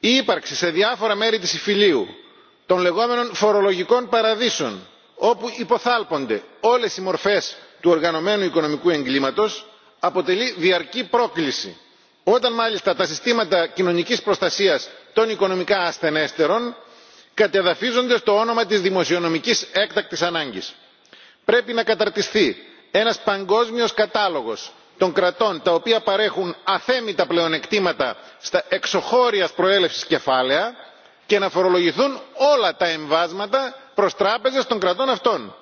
η ύπαρξη σε διάφορα μέρη της ιφιλίου των λεγόμενων φορολογικών παραδείσων όπου υποθάλπονται όλες οι μορφές του οργανωμένου οικονομικού εγκλήματος αποτελεί διαρκή πρόκληση όταν μάλιστα τα συστήματα κοινωνικής προστασίας των οικονομικά ασθενέστερων κατεδαφίζονται στο όνομα της δημοσιονομικής έκτακτης ανάγκης. πρέπει να καταρτιστεί ένας παγκόσμιος κατάλογος των κρατών τα οποία παρέχουν αθέμητα πλεονεκτήματα στα εξωχώρια προέλευση κεφάλαια και να φορολογηθούν όλα τα εμβάσματα προ τράπεζε των κρατών αυτών.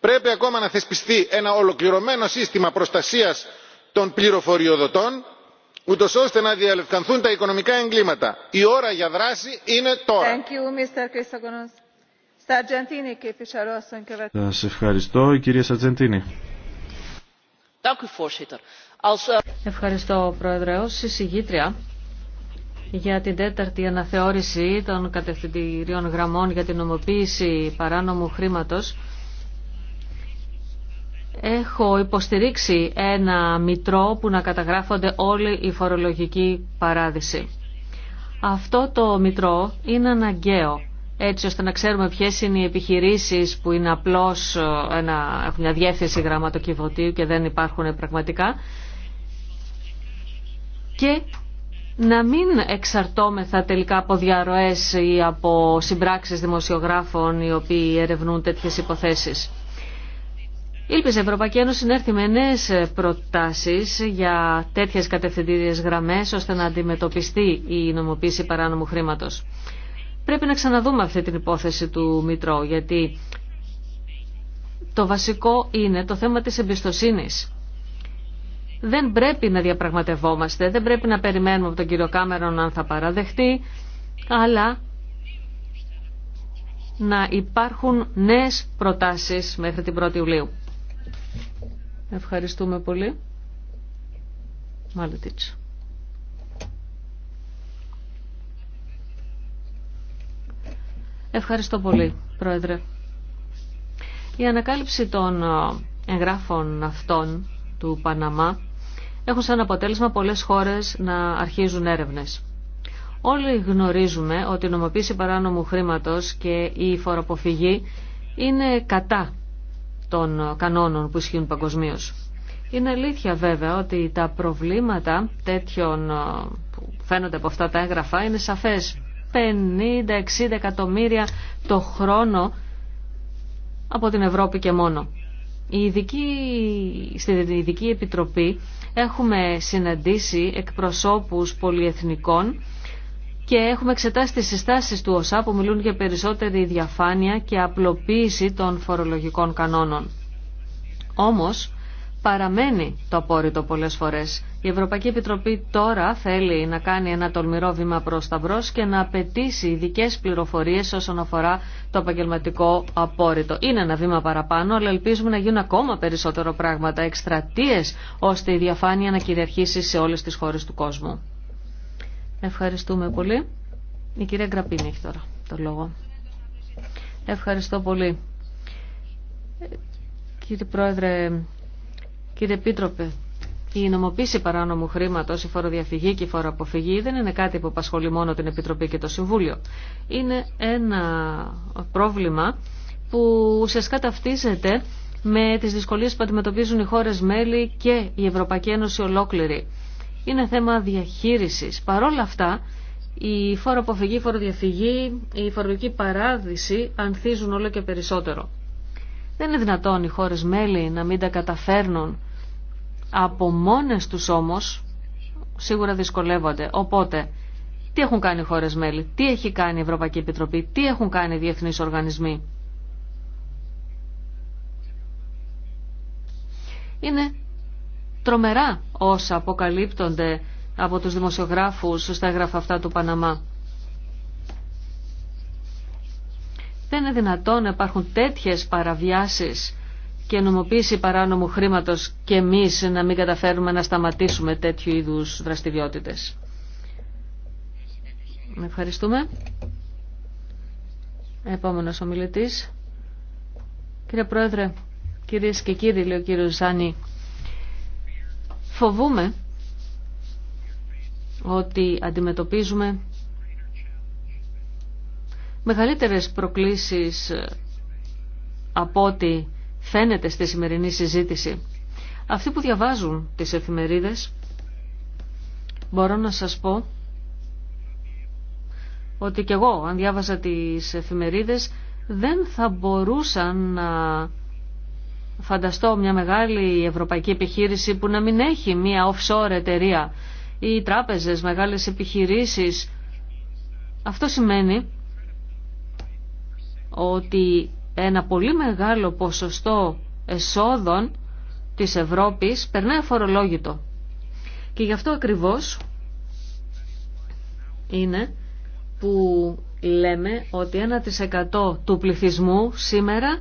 πρέπει ακόμα να θεσπιστεί ένα ολοκληρωμένο σύστημα προστασίας των πληροφοριοδοτών ούτω ώστε να διαλευκανθούν τα οικονομικά εγκλήματα. η ώρα για δράση είναι τώρα. Eh, Ευχαριστώ, Πρόεδρε. Ως εισηγήτρια για την τέταρτη αναθεώρηση των κατευθυντηριών γραμμών για την νομοποίηση παράνομου χρήματος, έχω υποστηρίξει ένα μητρό που να καταγράφονται όλοι οι φορολογικοί παράδεισοι. Αυτό το μητρό είναι αναγκαίο έτσι ώστε να ξέρουμε ποιες είναι οι επιχειρήσεις που είναι απλώς ε, ένα, έχουν μια διεύθυνση γραμματοκιβωτίου και δεν υπάρχουν πραγματικά και να μην εξαρτώμεθα τελικά από διαρροές ή από συμπράξεις δημοσιογράφων οι οποίοι ερευνούν τέτοιες υποθέσεις. Ήλπιζε η Ευρωπαϊκή Ένωση να έρθει με νέε προτάσει για τέτοιε κατευθυντήριε γραμμέ ώστε να αντιμετωπιστεί η νομοποίηση παράνομου χρήματο. Πρέπει να ξαναδούμε αυτή την υπόθεση του Μητρό, γιατί το βασικό είναι το θέμα της εμπιστοσύνης. Δεν πρέπει να διαπραγματευόμαστε, δεν πρέπει να περιμένουμε από τον κύριο Κάμερον αν θα παραδεχτεί, αλλά να υπάρχουν νέες προτάσεις μέχρι την 1η Ιουλίου. Ευχαριστούμε πολύ. Μάλιστα. Ευχαριστώ πολύ, Πρόεδρε. Η ανακάλυψη των ε, εγγράφων αυτών του Παναμά έχουν σαν αποτέλεσμα πολλές χώρες να αρχίζουν έρευνες. Όλοι γνωρίζουμε ότι η νομοποίηση παράνομου χρήματος και η φοροποφυγή είναι κατά των κανόνων που ισχύουν παγκοσμίω. Είναι αλήθεια βέβαια ότι τα προβλήματα τέτοιων ε, που φαίνονται από αυτά τα έγγραφα είναι σαφές. 50-60 εκατομμύρια το χρόνο από την Ευρώπη και μόνο. Η ειδική, στην Ειδική Επιτροπή έχουμε συναντήσει εκπροσώπους πολυεθνικών και έχουμε εξετάσει τις συστάσεις του ΟΣΑ που μιλούν για περισσότερη διαφάνεια και απλοποίηση των φορολογικών κανόνων. Όμως, παραμένει το απόρριτο πολλές φορές. Η Ευρωπαϊκή Επιτροπή τώρα θέλει να κάνει ένα τολμηρό βήμα προς τα μπρος και να απαιτήσει ειδικέ πληροφορίες όσον αφορά το επαγγελματικό απόρριτο. Είναι ένα βήμα παραπάνω, αλλά ελπίζουμε να γίνουν ακόμα περισσότερο πράγματα, εκστρατείε ώστε η διαφάνεια να κυριαρχήσει σε όλες τις χώρες του κόσμου. Ευχαριστούμε πολύ. Η κυρία Γκραπίνη έχει τώρα το λόγο. Ευχαριστώ πολύ. Ε, κύριε Πρόεδρε, Κύριε Επίτροπε, η νομοποίηση παράνομου χρήματο, η φοροδιαφυγή και η φοροαποφυγή δεν είναι κάτι που απασχολεί μόνο την Επιτροπή και το Συμβούλιο. Είναι ένα πρόβλημα που ουσιαστικά ταυτίζεται με τι δυσκολίε που αντιμετωπίζουν οι χώρε μέλη και η Ευρωπαϊκή Ένωση ολόκληρη. Είναι θέμα διαχείρισης. Παρόλα αυτά, η φοροαποφυγή, η φοροδιαφυγή, η φορολογική παράδειση ανθίζουν όλο και περισσότερο. Δεν είναι δυνατόν οι χώρε μέλη να μην τα καταφέρνουν από μόνες τους όμως σίγουρα δυσκολεύονται. Οπότε, τι έχουν κάνει οι χώρες μέλη, τι έχει κάνει η Ευρωπαϊκή Επιτροπή, τι έχουν κάνει οι διεθνείς οργανισμοί. Είναι τρομερά όσα αποκαλύπτονται από τους δημοσιογράφους στα έγγραφα αυτά του Παναμά. Δεν είναι δυνατόν να υπάρχουν τέτοιες παραβιάσεις και νομοποίηση παράνομου χρήματος και εμείς να μην καταφέρουμε να σταματήσουμε τέτοιου είδους δραστηριότητες. Ευχαριστούμε. Επόμενος ομιλητής. Κύριε Πρόεδρε, κυρίες και κύριοι, λέει ο κύριος Ζάνη, φοβούμε ότι αντιμετωπίζουμε μεγαλύτερες προκλήσεις από ό,τι φαίνεται στη σημερινή συζήτηση. Αυτοί που διαβάζουν τις εφημερίδες, μπορώ να σας πω ότι κι εγώ, αν διάβαζα τις εφημερίδες, δεν θα μπορούσα να φανταστώ μια μεγάλη ευρωπαϊκή επιχείρηση που να μην έχει μια offshore εταιρεία ή τράπεζες, μεγάλες επιχειρήσεις. Αυτό σημαίνει ότι ένα πολύ μεγάλο ποσοστό εσόδων της Ευρώπης περνάει αφορολόγητο. Και γι' αυτό ακριβώς είναι που λέμε ότι ένα 1% του πληθυσμού σήμερα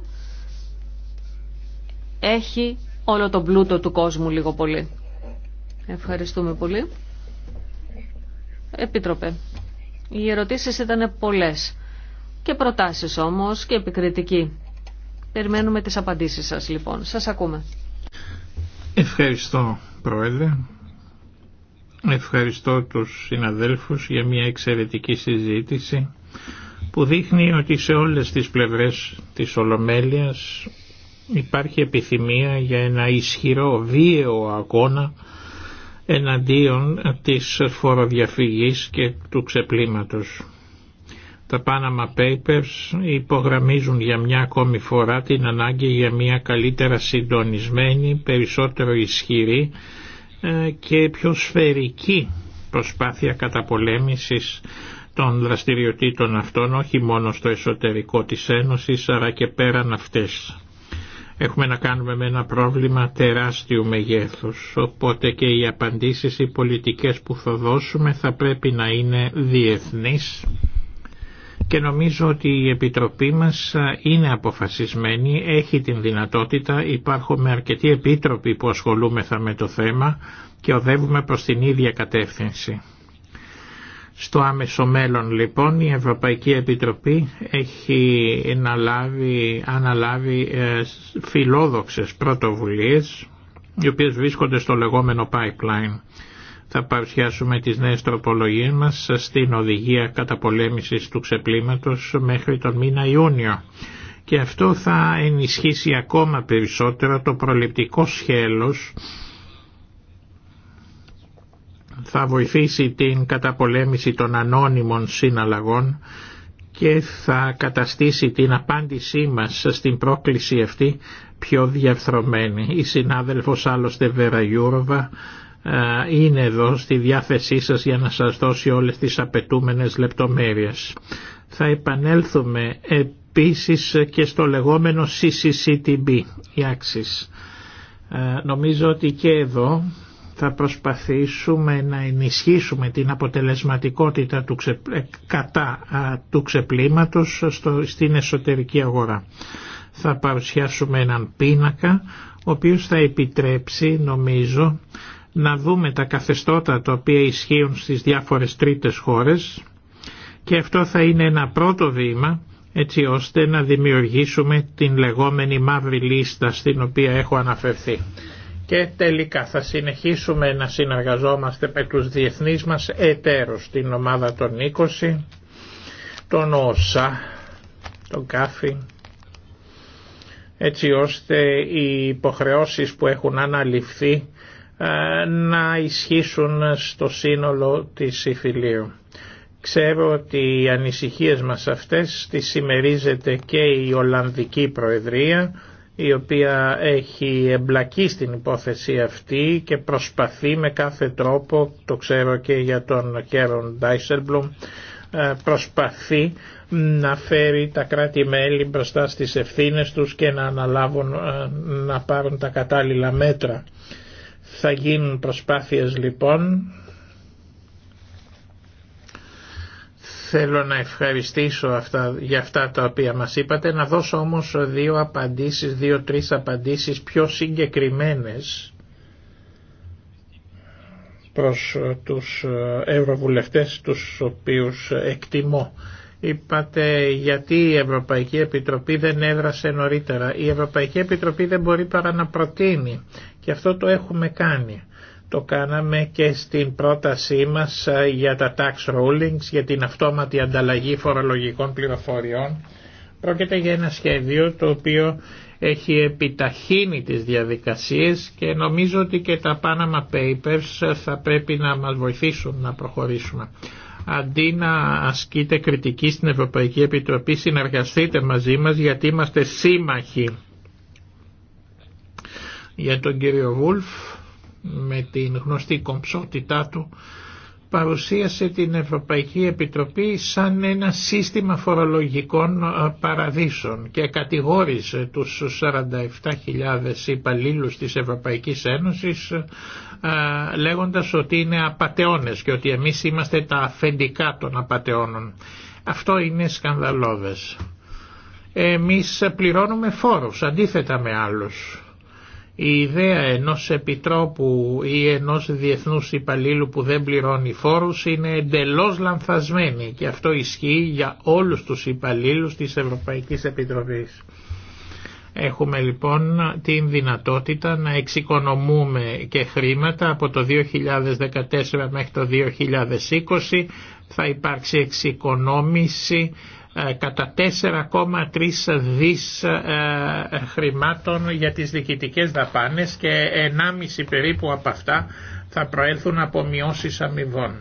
έχει όλο τον πλούτο του κόσμου λίγο πολύ. Ευχαριστούμε πολύ. Επίτροπε, οι ερωτήσεις ήταν πολλές και προτάσεις όμως και επικριτική. Περιμένουμε τις απαντήσεις σας λοιπόν. Σας ακούμε. Ευχαριστώ Πρόεδρε. Ευχαριστώ τους συναδέλφους για μια εξαιρετική συζήτηση που δείχνει ότι σε όλες τις πλευρές της Ολομέλειας υπάρχει επιθυμία για ένα ισχυρό βίαιο αγώνα εναντίον της φοροδιαφυγής και του ξεπλήματος. Τα Panama Papers υπογραμμίζουν για μια ακόμη φορά την ανάγκη για μια καλύτερα συντονισμένη, περισσότερο ισχυρή ε, και πιο σφαιρική προσπάθεια καταπολέμησης των δραστηριοτήτων αυτών όχι μόνο στο εσωτερικό της Ένωσης αλλά και πέραν αυτές. Έχουμε να κάνουμε με ένα πρόβλημα τεράστιου μεγέθους, οπότε και οι απαντήσεις οι πολιτικές που θα δώσουμε θα πρέπει να είναι διεθνείς και νομίζω ότι η Επιτροπή μας είναι αποφασισμένη, έχει την δυνατότητα, υπάρχουμε αρκετοί επίτροποι που ασχολούμεθα με το θέμα και οδεύουμε προς την ίδια κατεύθυνση. Στο άμεσο μέλλον λοιπόν η Ευρωπαϊκή Επιτροπή έχει αναλάβει, αναλάβει ε, φιλόδοξες πρωτοβουλίες οι οποίες βρίσκονται στο λεγόμενο pipeline θα παρουσιάσουμε τις νέες τροπολογίες μας στην οδηγία καταπολέμησης του ξεπλήματος μέχρι τον μήνα Ιούνιο. Και αυτό θα ενισχύσει ακόμα περισσότερο το προληπτικό σχέλος θα βοηθήσει την καταπολέμηση των ανώνυμων συναλλαγών και θα καταστήσει την απάντησή μας στην πρόκληση αυτή πιο διαφθρωμένη. Η συνάδελφος άλλωστε Βεραγιούροβα είναι εδώ στη διάθεσή σας για να σας δώσει όλες τις απαιτούμενες λεπτομέρειες. Θα επανέλθουμε επίσης και στο λεγόμενο CCCTB, η άξις. Νομίζω ότι και εδώ θα προσπαθήσουμε να ενισχύσουμε την αποτελεσματικότητα του ε, κατά του ξεπλήματος στο, στην εσωτερική αγορά. Θα παρουσιάσουμε έναν πίνακα ο οποίος θα επιτρέψει νομίζω να δούμε τα καθεστώτα τα οποία ισχύουν στις διάφορες τρίτες χώρες και αυτό θα είναι ένα πρώτο βήμα έτσι ώστε να δημιουργήσουμε την λεγόμενη μαύρη λίστα στην οποία έχω αναφερθεί. Και τελικά θα συνεχίσουμε να συνεργαζόμαστε με τους διεθνείς μας εταίρους, την ομάδα των 20, τον ΩΣΑ, τον ΚΑΦΗ, έτσι ώστε οι υποχρεώσεις που έχουν αναλυφθεί ε, να ισχύσουν στο σύνολο της Ιφιλίου. Ξέρω ότι οι ανησυχίες μας αυτές τις σημερίζεται και η Ολλανδική Προεδρία η οποία έχει εμπλακεί στην υπόθεση αυτή και προσπαθεί με κάθε τρόπο, το ξέρω και για τον Κέρον Ντάισελμπλουμ, ε, προσπαθεί να φέρει τα κράτη-μέλη μπροστά στις ευθύνες τους και να αναλάβουν ε, να πάρουν τα κατάλληλα μέτρα. Θα γίνουν προσπάθειες λοιπόν. Θέλω να ευχαριστήσω αυτά, για αυτά τα οποία μας είπατε, να δώσω όμως δύο απαντήσεις, δύο-τρεις απαντήσεις πιο συγκεκριμένες προς τους ευρωβουλευτές τους οποίους εκτιμώ. Είπατε γιατί η Ευρωπαϊκή Επιτροπή δεν έδρασε νωρίτερα. Η Ευρωπαϊκή Επιτροπή δεν μπορεί παρά να προτείνει και αυτό το έχουμε κάνει. Το κάναμε και στην πρότασή μας ε, για τα tax rulings, για την αυτόματη ανταλλαγή φορολογικών πληροφοριών. Πρόκειται για ένα σχέδιο το οποίο έχει επιταχύνει τις διαδικασίες και νομίζω ότι και τα Panama Papers ε, θα πρέπει να μας βοηθήσουν να προχωρήσουμε. Αντί να ασκείτε κριτική στην Ευρωπαϊκή Επιτροπή, συνεργαστείτε μαζί μας γιατί είμαστε σύμμαχοι για τον κύριο Βούλφ με την γνωστή κομψότητά του παρουσίασε την Ευρωπαϊκή Επιτροπή σαν ένα σύστημα φορολογικών ε, παραδείσων και κατηγόρησε τους 47.000 υπαλλήλους της Ευρωπαϊκής Ένωσης ε, λέγοντας ότι είναι απατεώνες και ότι εμείς είμαστε τα αφεντικά των απατεώνων. Αυτό είναι σκανδαλώδες. Εμείς πληρώνουμε φόρους αντίθετα με άλλους η ιδέα ενός επιτρόπου ή ενός διεθνούς υπαλλήλου που δεν πληρώνει φόρους είναι εντελώς λανθασμένη και αυτό ισχύει για όλους τους υπαλλήλους της Ευρωπαϊκής Επιτροπής. Έχουμε λοιπόν την δυνατότητα να εξοικονομούμε και χρήματα από το 2014 μέχρι το 2020 θα υπάρξει εξοικονόμηση ε, κατά 4,3 δις ε, ε, χρημάτων για τις διοικητικές δαπάνες και 1,5 περίπου από αυτά θα προέλθουν από μειώσεις αμοιβών.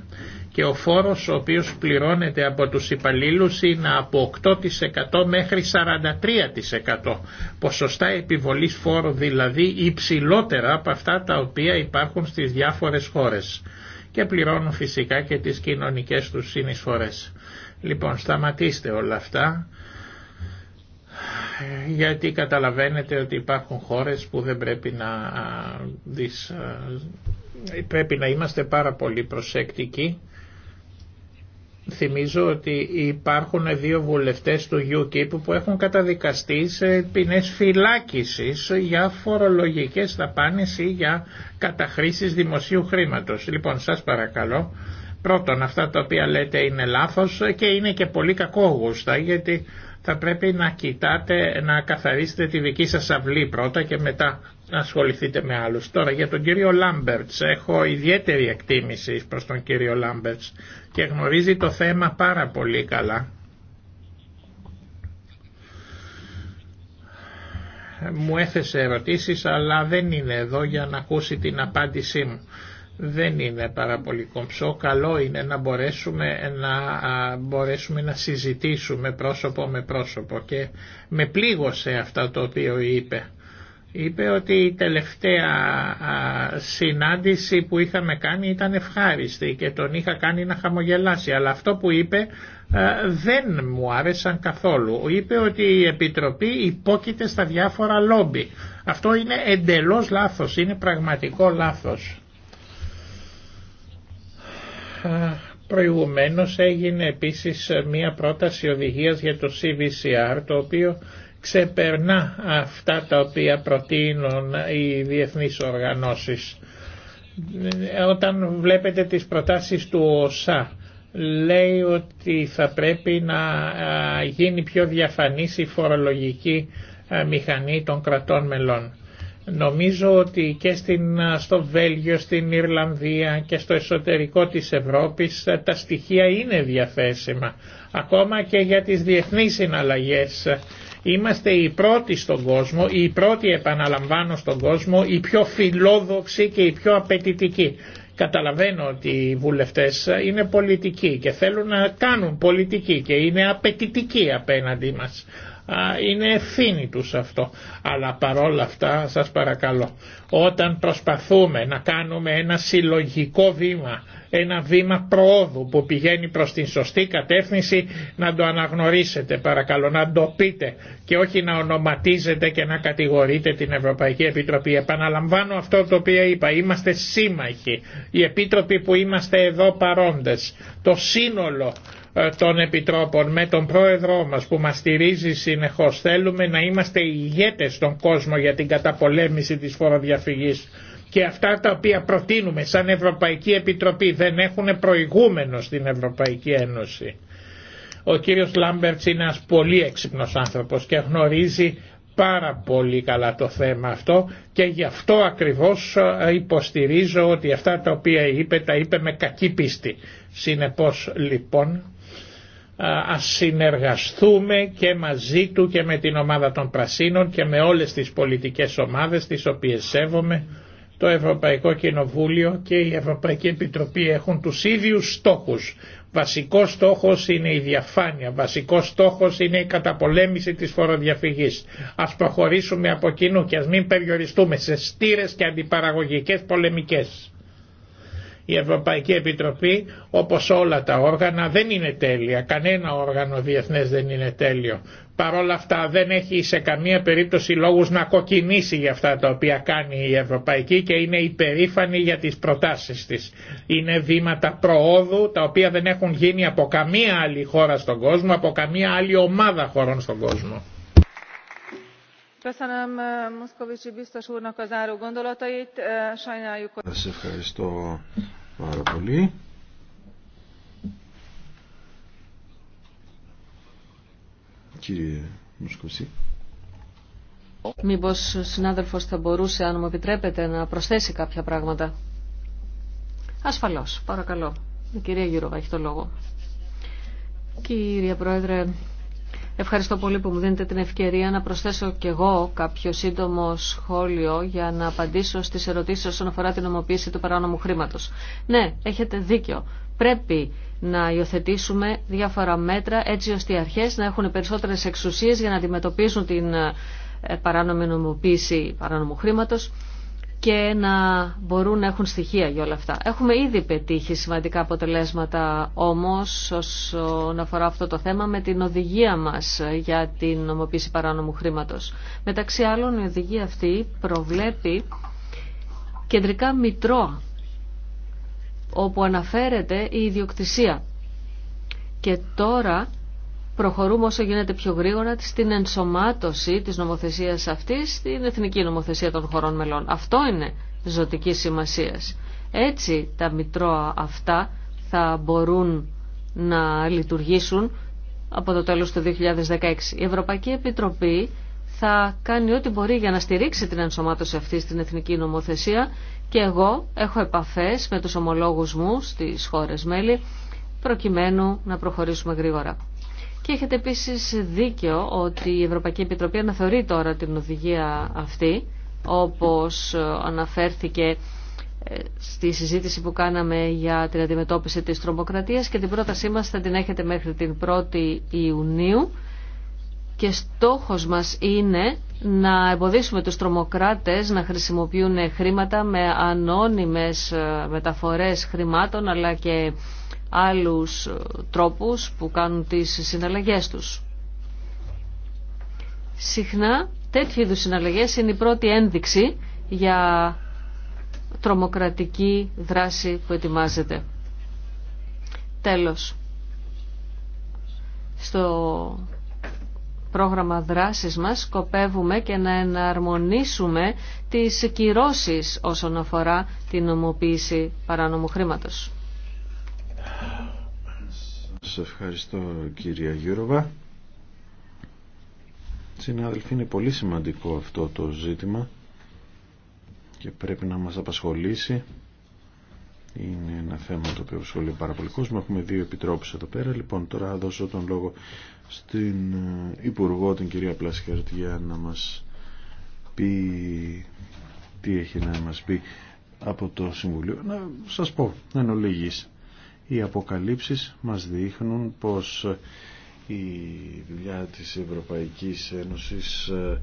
Και ο φόρος ο οποίος πληρώνεται από τους υπαλλήλους είναι από 8% μέχρι 43%. Ποσοστά επιβολής φόρου δηλαδή υψηλότερα από αυτά τα οποία υπάρχουν στις διάφορες χώρες. Και πληρώνουν φυσικά και τις κοινωνικές τους συνεισφορές. Λοιπόν, σταματήστε όλα αυτά, γιατί καταλαβαίνετε ότι υπάρχουν χώρες που δεν πρέπει να πρέπει να είμαστε πάρα πολύ προσεκτικοί. Θυμίζω ότι υπάρχουν δύο βουλευτές του UKIP που έχουν καταδικαστεί σε ποινές φυλάκισης για φορολογικές δαπάνες ή για καταχρήσεις δημοσίου χρήματος. Λοιπόν, σας παρακαλώ Πρώτον, αυτά τα οποία λέτε είναι λάθος και είναι και πολύ κακόγουστα γιατί θα πρέπει να κοιτάτε να καθαρίσετε τη δική σας αυλή πρώτα και μετά να ασχοληθείτε με άλλους. Τώρα για τον κύριο Λάμπερτς έχω ιδιαίτερη εκτίμηση προς τον κύριο Λάμπερτς και γνωρίζει το θέμα πάρα πολύ καλά. Μου έθεσε ερωτήσεις αλλά δεν είναι εδώ για να ακούσει την απάντησή μου δεν είναι πάρα πολύ κομψό. Καλό είναι να μπορέσουμε να, μπορέσουμε να συζητήσουμε πρόσωπο με πρόσωπο και με πλήγωσε αυτά το οποίο είπε. Είπε ότι η τελευταία συνάντηση που είχαμε κάνει ήταν ευχάριστη και τον είχα κάνει να χαμογελάσει. Αλλά αυτό που είπε δεν μου άρεσαν καθόλου. Είπε ότι η Επιτροπή υπόκειται στα διάφορα λόμπι. Αυτό είναι εντελώς λάθος, είναι πραγματικό λάθος. Ε, προηγουμένως έγινε επίσης μία πρόταση οδηγίας για το CVCR το οποίο ξεπερνά αυτά τα οποία προτείνουν οι διεθνείς οργανώσεις. Όταν βλέπετε τις προτάσεις του ΟΣΑ λέει ότι θα πρέπει να ε, γίνει πιο διαφανής η φορολογική ε, μηχανή των κρατών μελών. Νομίζω ότι και στην, στο Βέλγιο, στην Ιρλανδία και στο εσωτερικό της Ευρώπης τα στοιχεία είναι διαθέσιμα. Ακόμα και για τις διεθνείς συναλλαγές. Είμαστε οι πρώτοι στον κόσμο, οι πρώτοι επαναλαμβάνω στον κόσμο, οι πιο φιλόδοξοι και οι πιο απαιτητικοί. Καταλαβαίνω ότι οι βουλευτές είναι πολιτικοί και θέλουν να κάνουν πολιτική και είναι απαιτητικοί απέναντί μας είναι ευθύνη τους αυτό. Αλλά παρόλα αυτά σας παρακαλώ όταν προσπαθούμε να κάνουμε ένα συλλογικό βήμα, ένα βήμα προόδου που πηγαίνει προς την σωστή κατεύθυνση να το αναγνωρίσετε παρακαλώ, να το πείτε και όχι να ονοματίζετε και να κατηγορείτε την Ευρωπαϊκή Επιτροπή. Επαναλαμβάνω αυτό το οποίο είπα, είμαστε σύμμαχοι, οι επίτροποι που είμαστε εδώ παρόντες, το σύνολο ε, των Επιτρόπων με τον Πρόεδρό μας που μας στηρίζει συνεχώς. Θέλουμε να είμαστε ηγέτες στον κόσμο για την καταπολέμηση της φοροδιαφυγής και αυτά τα οποία προτείνουμε σαν Ευρωπαϊκή Επιτροπή δεν έχουν προηγούμενο στην Ευρωπαϊκή Ένωση. Ο κύριος Λάμπερτς είναι ένας πολύ έξυπνος άνθρωπος και γνωρίζει πάρα πολύ καλά το θέμα αυτό και γι' αυτό ακριβώς ε, υποστηρίζω ότι αυτά τα οποία είπε τα είπε με κακή πίστη. Συνεπώς λοιπόν ας συνεργαστούμε και μαζί του και με την ομάδα των Πρασίνων και με όλες τις πολιτικές ομάδες τις οποίες σέβομαι το Ευρωπαϊκό Κοινοβούλιο και η Ευρωπαϊκή Επιτροπή έχουν τους ίδιους στόχους. Βασικός στόχος είναι η διαφάνεια, βασικός στόχος είναι η καταπολέμηση της φοροδιαφυγής. Ας προχωρήσουμε από κοινού και ας μην περιοριστούμε σε στήρες και αντιπαραγωγικές πολεμικές. Η Ευρωπαϊκή Επιτροπή όπως όλα τα όργανα δεν είναι τέλεια, κανένα όργανο διεθνές δεν είναι τέλειο. Παρ' όλα αυτά δεν έχει σε καμία περίπτωση λόγους να κοκκινήσει για αυτά τα οποία κάνει η Ευρωπαϊκή και είναι υπερήφανη για τις προτάσεις της. Είναι βήματα προόδου τα οποία δεν έχουν γίνει από καμία άλλη χώρα στον κόσμο, από καμία άλλη ομάδα χωρών στον κόσμο. Σας eh, eh, ευχαριστώ πάρα πολύ. Κύριε Μήπως ο συνάδελφο θα μπορούσε, αν μου επιτρέπετε, να προσθέσει κάποια πράγματα. Ασφαλώ, Παρακαλώ. Η κυρία Γιουροβα έχει το λόγο. Κύριε Πρόεδρε, Ευχαριστώ πολύ που μου δίνετε την ευκαιρία να προσθέσω κι εγώ κάποιο σύντομο σχόλιο για να απαντήσω στις ερωτήσεις όσον αφορά την νομοποίηση του παράνομου χρήματος. Ναι, έχετε δίκιο. Πρέπει να υιοθετήσουμε διάφορα μέτρα έτσι ώστε οι αρχές να έχουν περισσότερες εξουσίες για να αντιμετωπίσουν την ε, παράνομη νομοποίηση παράνομου χρήματος και να μπορούν να έχουν στοιχεία για όλα αυτά. Έχουμε ήδη πετύχει σημαντικά αποτελέσματα όμως όσον αφορά αυτό το θέμα με την οδηγία μας για την νομοποίηση παράνομου χρήματος. Μεταξύ άλλων η οδηγία αυτή προβλέπει κεντρικά μητρώα όπου αναφέρεται η ιδιοκτησία. Και τώρα προχωρούμε όσο γίνεται πιο γρήγορα στην ενσωμάτωση της νομοθεσίας αυτής στην εθνική νομοθεσία των χωρών μελών. Αυτό είναι ζωτική σημασία. Έτσι τα μητρώα αυτά θα μπορούν να λειτουργήσουν από το τέλος του 2016. Η Ευρωπαϊκή Επιτροπή θα κάνει ό,τι μπορεί για να στηρίξει την ενσωμάτωση αυτή στην εθνική νομοθεσία και εγώ έχω επαφές με τους ομολόγους μου στις χώρες μέλη προκειμένου να προχωρήσουμε γρήγορα. Και έχετε επίση δίκιο ότι η Ευρωπαϊκή Επιτροπή αναθεωρεί τώρα την οδηγία αυτή, όπως αναφέρθηκε ε, στη συζήτηση που κάναμε για την αντιμετώπιση της τρομοκρατίας και την πρότασή μας θα την έχετε μέχρι την 1η Ιουνίου και στόχος μας είναι να εμποδίσουμε τους τρομοκράτες να χρησιμοποιούν χρήματα με ανώνυμες ε, μεταφορές χρημάτων αλλά και άλλους τρόπους που κάνουν τις συναλλαγές τους. Συχνά τέτοιου είδους συναλλαγές είναι η πρώτη ένδειξη για τρομοκρατική δράση που ετοιμάζεται. Τέλος. Στο πρόγραμμα δράσης μας σκοπεύουμε και να εναρμονίσουμε τις κυρώσεις όσον αφορά την νομοποίηση παράνομου χρήματος. Σας ευχαριστώ κυρία Γιούροβα. Συνάδελφοι, είναι πολύ σημαντικό αυτό το ζήτημα και πρέπει να μας απασχολήσει. Είναι ένα θέμα το οποίο απασχολεί πάρα πολύ κόσμο. Έχουμε δύο επιτρόπους εδώ πέρα. Λοιπόν, τώρα θα δώσω τον λόγο στην ε, Υπουργό, την κυρία Πλασχέρτ, για να μας πει τι έχει να μας πει από το Συμβουλίο. Να σας πω, εν ολίγης, οι αποκαλύψεις μας δείχνουν πως η δουλειά της Ευρωπαϊκής Ένωσης ε,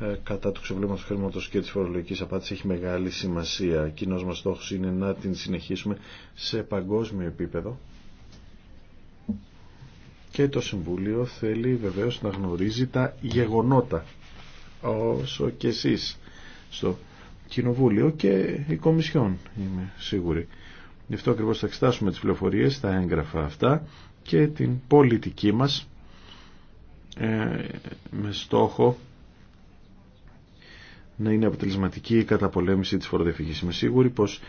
ε, κατά του ξεβλήματος χρήματος και της φορολογικής απάτης έχει μεγάλη σημασία. Κοινός μας στόχος είναι να την συνεχίσουμε σε παγκόσμιο επίπεδο και το Συμβούλιο θέλει βεβαίως να γνωρίζει τα γεγονότα όσο και εσείς στο Κοινοβούλιο και η Κομισιόν είμαι σίγουρη. Γι' αυτό ακριβώ θα εξετάσουμε τις πληροφορίες, τα έγγραφα αυτά και την πολιτική μας ε, με στόχο να είναι αποτελεσματική η καταπολέμηση της φοροδιαφυγής. Είμαι σίγουρη πως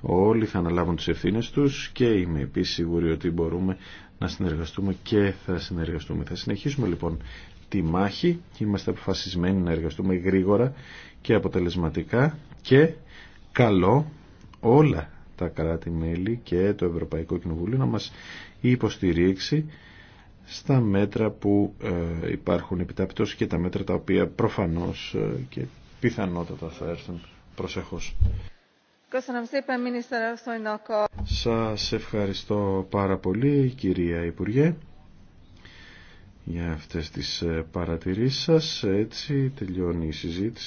όλοι θα αναλάβουν τις ευθύνες τους και είμαι επίσης σίγουρη ότι μπορούμε να συνεργαστούμε και θα συνεργαστούμε. Θα συνεχίσουμε λοιπόν τη μάχη και είμαστε αποφασισμένοι να εργαστούμε γρήγορα και αποτελεσματικά και καλό όλα τα κράτη-μέλη και το Ευρωπαϊκό Κοινοβούλιο να μας υποστηρίξει στα μέτρα που ε, υπάρχουν επιτάπητος και τα μέτρα τα οποία προφανώς ε, και πιθανότατα θα έρθουν προσεχώς. Σας ευχαριστώ πάρα πολύ κυρία Υπουργέ για αυτές τις ε, παρατηρήσεις σας. Έτσι τελειώνει η συζήτηση.